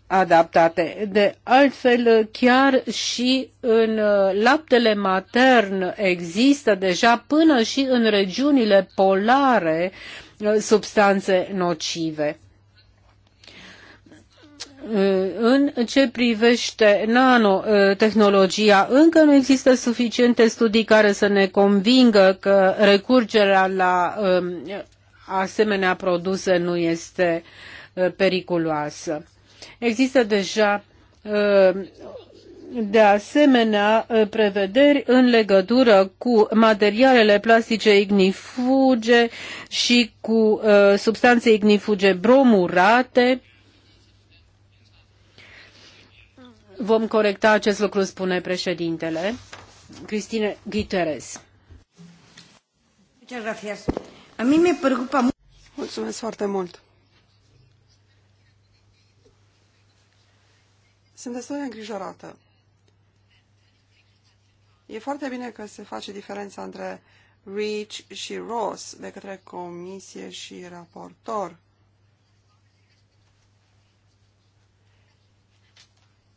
adaptate. De altfel, chiar și în uh, laptele matern există deja până și în regiunile polare uh, substanțe nocive. Uh, în ce privește nanotehnologia, încă nu există suficiente studii care să ne convingă că recurgerea la um, asemenea produse nu este periculoasă Există deja uh, de asemenea uh, prevederi în legătură cu materialele plastice ignifuge și cu uh, substanțe ignifuge bromurate. Vom corecta acest lucru, spune președintele. Cristine Guterres. Mulțumesc foarte mult. sunt destul de îngrijorată. E foarte bine că se face diferența între REACH și Ross de către comisie și raportor.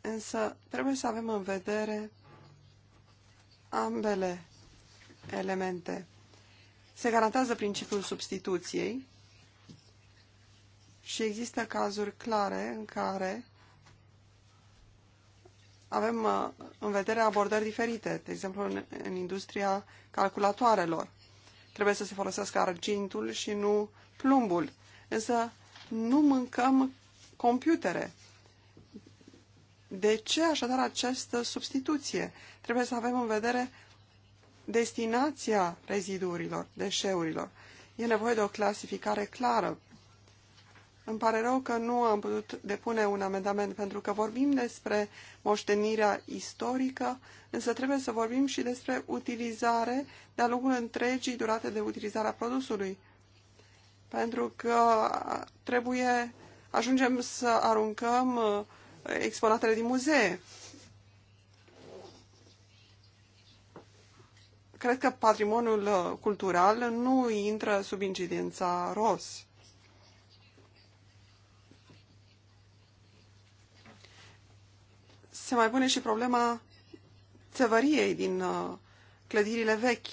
Însă trebuie să avem în vedere ambele elemente. Se garantează principiul substituției și există cazuri clare în care avem uh, în vedere abordări diferite, de exemplu în, în industria calculatoarelor. Trebuie să se folosească argintul și nu plumbul. Însă nu mâncăm computere. De ce așadar această substituție? Trebuie să avem în vedere destinația reziduurilor, deșeurilor. E nevoie de o clasificare clară îmi pare rău că nu am putut depune un amendament, pentru că vorbim despre moștenirea istorică, însă trebuie să vorbim și despre utilizare de-a lungul întregii durate de utilizare a produsului. Pentru că trebuie, ajungem să aruncăm uh, exponatele din muzee. Cred că patrimoniul uh, cultural nu intră sub incidența ROS. se mai pune și problema țevăriei din uh, clădirile vechi.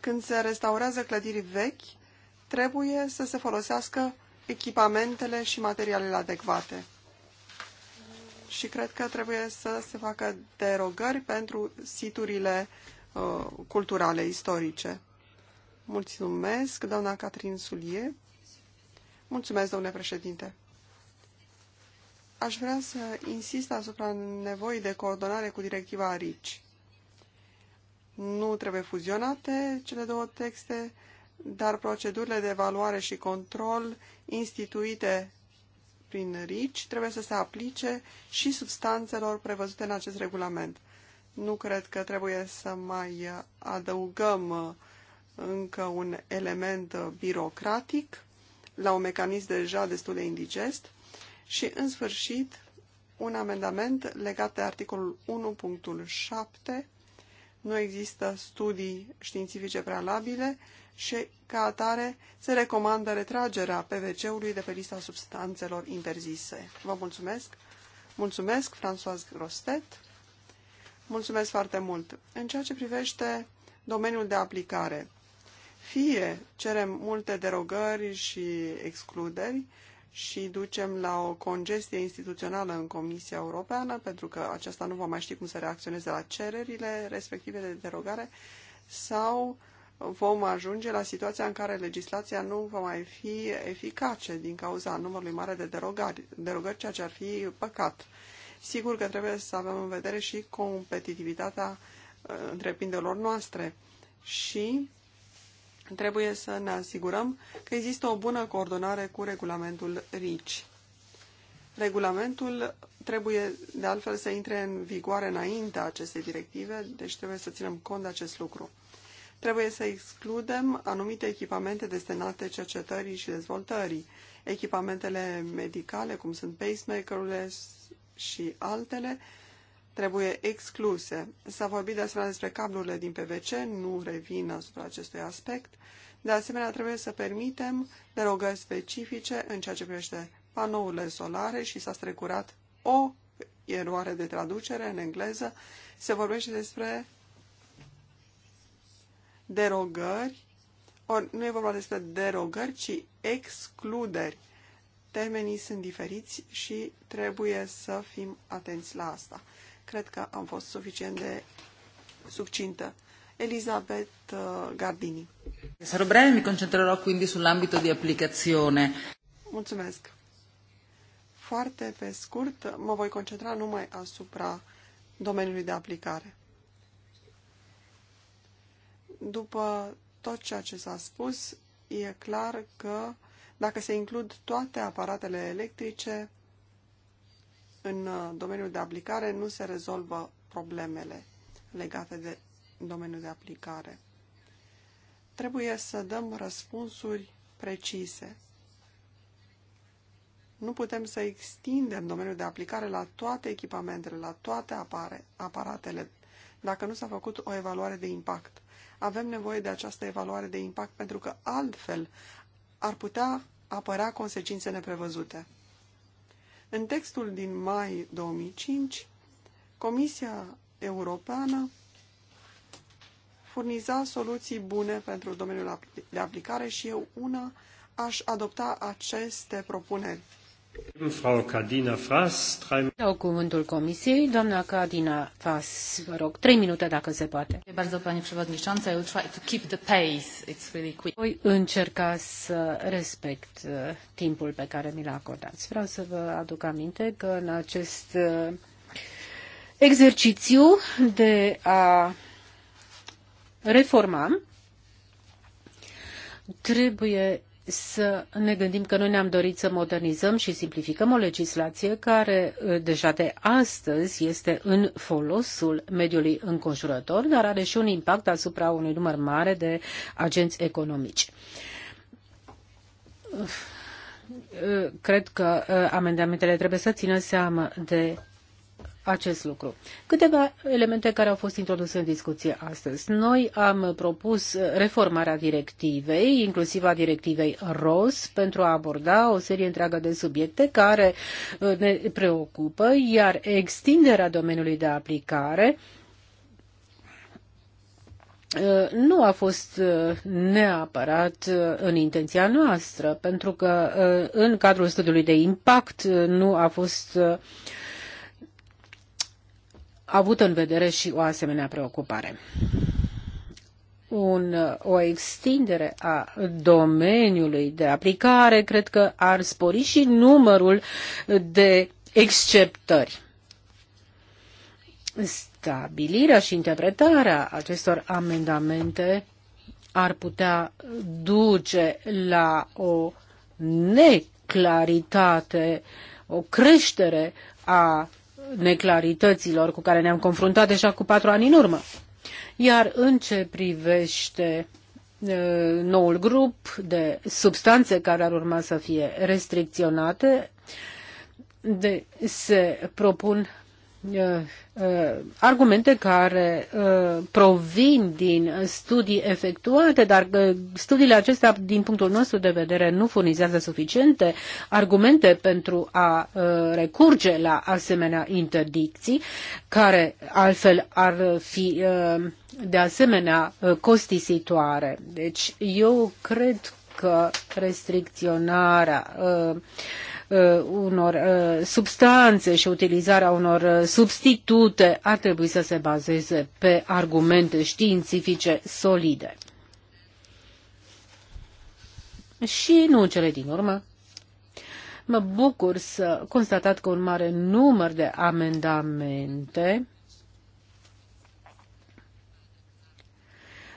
Când se restaurează clădiri vechi, trebuie să se folosească echipamentele și materialele adecvate. Și cred că trebuie să se facă derogări pentru siturile uh, Uh, culturale, istorice. Mulțumesc, doamna Catrin Sulie. Mulțumesc, domnule președinte. Aș vrea să insist asupra nevoii de coordonare cu directiva RICI. Nu trebuie fuzionate cele două texte, dar procedurile de evaluare și control instituite prin RICI trebuie să se aplice și substanțelor prevăzute în acest regulament. Nu cred că trebuie să mai adăugăm uh, încă un element uh, birocratic la un mecanism deja destul de indigest și, în sfârșit, un amendament legat de articolul 1.7. Nu există studii științifice prealabile și, ca atare, se recomandă retragerea PVC-ului de pe lista substanțelor interzise. Vă mulțumesc! Mulțumesc, François Grostet! Mulțumesc foarte mult. În ceea ce privește domeniul de aplicare, fie cerem multe derogări și excluderi și ducem la o congestie instituțională în Comisia Europeană, pentru că aceasta nu va mai ști cum să reacționeze la cererile respective de derogare, sau vom ajunge la situația în care legislația nu va mai fi eficace din cauza numărului mare de derogări, derogări ceea ce ar fi păcat. Sigur că trebuie să avem în vedere și competitivitatea uh, întreprinderilor noastre și trebuie să ne asigurăm că există o bună coordonare cu regulamentul RICI. Regulamentul trebuie de altfel să intre în vigoare înaintea acestei directive, deci trebuie să ținem cont de acest lucru. Trebuie să excludem anumite echipamente destinate cercetării și dezvoltării, echipamentele medicale, cum sunt pacemaker-urile, și altele trebuie excluse. S-a vorbit de asemenea despre cablurile din PVC, nu revin asupra acestui aspect. De asemenea, trebuie să permitem derogări specifice în ceea ce privește panourile solare și s-a strecurat o eroare de traducere în engleză. Se vorbește despre derogări, ori nu e vorba despre derogări, ci excluderi termenii sunt diferiți și trebuie să fim atenți la asta. Cred că am fost suficient de succintă. Elisabeth uh, Gardini. Sarò breve, mi concentrerò quindi sull'ambito di applicazione. Mulțumesc. Foarte pe scurt, mă voi concentra numai asupra domeniului de aplicare. După tot ceea ce s-a spus, e clar că dacă se includ toate aparatele electrice în uh, domeniul de aplicare, nu se rezolvă problemele legate de domeniul de aplicare. Trebuie să dăm răspunsuri precise. Nu putem să extindem domeniul de aplicare la toate echipamentele, la toate apare, aparatele, dacă nu s-a făcut o evaluare de impact. Avem nevoie de această evaluare de impact pentru că altfel ar putea apărea consecințe neprevăzute. În textul din mai 2005, Comisia Europeană furniza soluții bune pentru domeniul de aplicare și eu una aș adopta aceste propuneri Frau Cardina Fras, 3... Dau cuvântul Comisiei. Doamna Cardina Fas, vă rog, trei minute dacă se poate. Voi încerca să respect uh, timpul pe care mi l a acordat. Vreau să vă aduc aminte că în acest uh, exercițiu de a reforma trebuie să ne gândim că noi ne-am dorit să modernizăm și simplificăm o legislație care uh, deja de astăzi este în folosul mediului înconjurător, dar are și un impact asupra unui număr mare de agenți economici. Uh, cred că uh, amendamentele trebuie să țină seama de acest lucru. Câteva elemente care au fost introduse în discuție astăzi. Noi am propus reformarea directivei, inclusiv a directivei ROS, pentru a aborda o serie întreagă de subiecte care uh, ne preocupă, iar extinderea domeniului de aplicare uh, nu a fost uh, neapărat în intenția noastră, pentru că în cadrul studiului de impact nu a fost avut în vedere și o asemenea preocupare. Un, o extindere a domeniului de aplicare cred că ar spori și numărul de exceptări. Stabilirea și interpretarea acestor amendamente ar putea duce la o neclaritate, o creștere a neclarităților cu care ne-am confruntat deja cu patru ani în urmă. Iar în ce privește noul grup de substanțe care ar urma să fie restricționate, de, se propun Eh, eh, argumente care eh, provin din studii efectuate, dar studiile acestea, din punctul nostru de vedere, nu furnizează suficiente argumente pentru a recurge la asemenea interdicții, care altfel ar fi de asemenea costisitoare. Deci eu cred că restricționarea uh, Uh, unor uh, substanțe și utilizarea unor uh, substitute ar trebui să se bazeze pe argumente științifice solide. Și nu în cele din urmă, mă bucur să constatat că un mare număr de amendamente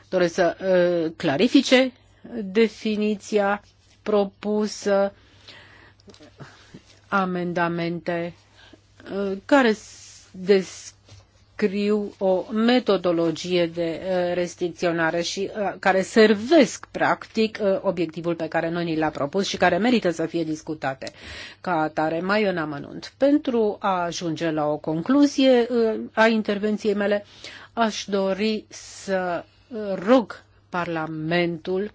doresc să clarifice definiția propusă amendamente uh, care descriu o metodologie de uh, restricționare și uh, care servesc practic obiectivul pe care noi ni l-a propus și care merită să fie discutate ca atare mai în amănunt. Pentru a ajunge la o concluzie a intervenției mele, aș dori să rog Parlamentul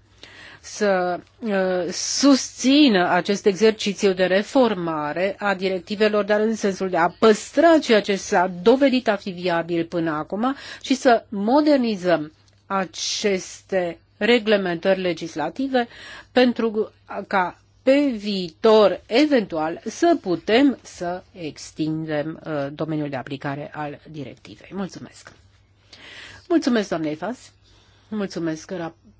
să uh, susțină acest exercițiu de reformare a directivelor, dar în sensul de a păstra ceea ce s-a dovedit a fi viabil până acum și să modernizăm aceste reglementări legislative pentru ca pe viitor, eventual, să putem să extindem uh, domeniul de aplicare al directivei. Mulțumesc! Mulțumesc, doamnei Fas! Mulțumesc rap-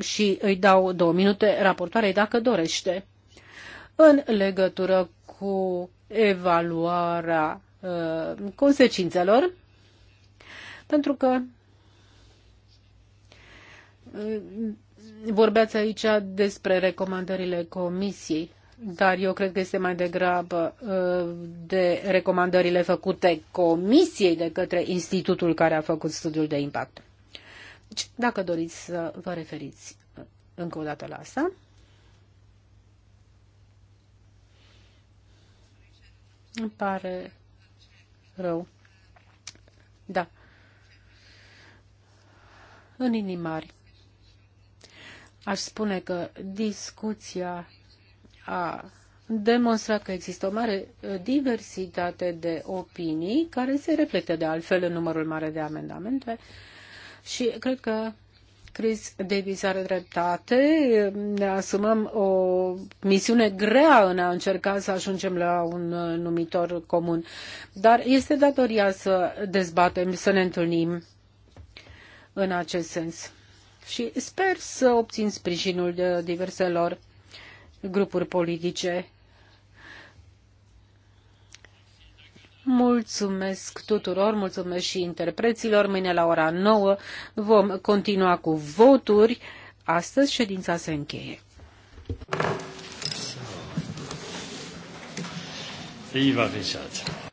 și îi dau două minute raportoarei dacă dorește. În legătură cu evaluarea uh, consecințelor, pentru că uh, vorbeați aici despre recomandările comisiei, dar eu cred că este mai degrabă uh, de recomandările făcute comisiei de către institutul care a făcut studiul de impact. Deci, dacă doriți să vă referiți uh, încă o dată la asta. Îmi pare rău. Da. În inimari. Aș spune că discuția a demonstrat că există o mare uh, diversitate de opinii care se reflectă de altfel în numărul mare de amendamente și cred că Chris Davis are dreptate. Ne asumăm o misiune grea în a încerca să ajungem la un numitor comun. Dar este datoria să dezbatem, să ne întâlnim în acest sens. Și sper să obțin sprijinul de diverselor grupuri politice Mulțumesc tuturor, mulțumesc și interpreților. Mâine la ora 9 vom continua cu voturi. Astăzi ședința se încheie. Iva Vișat.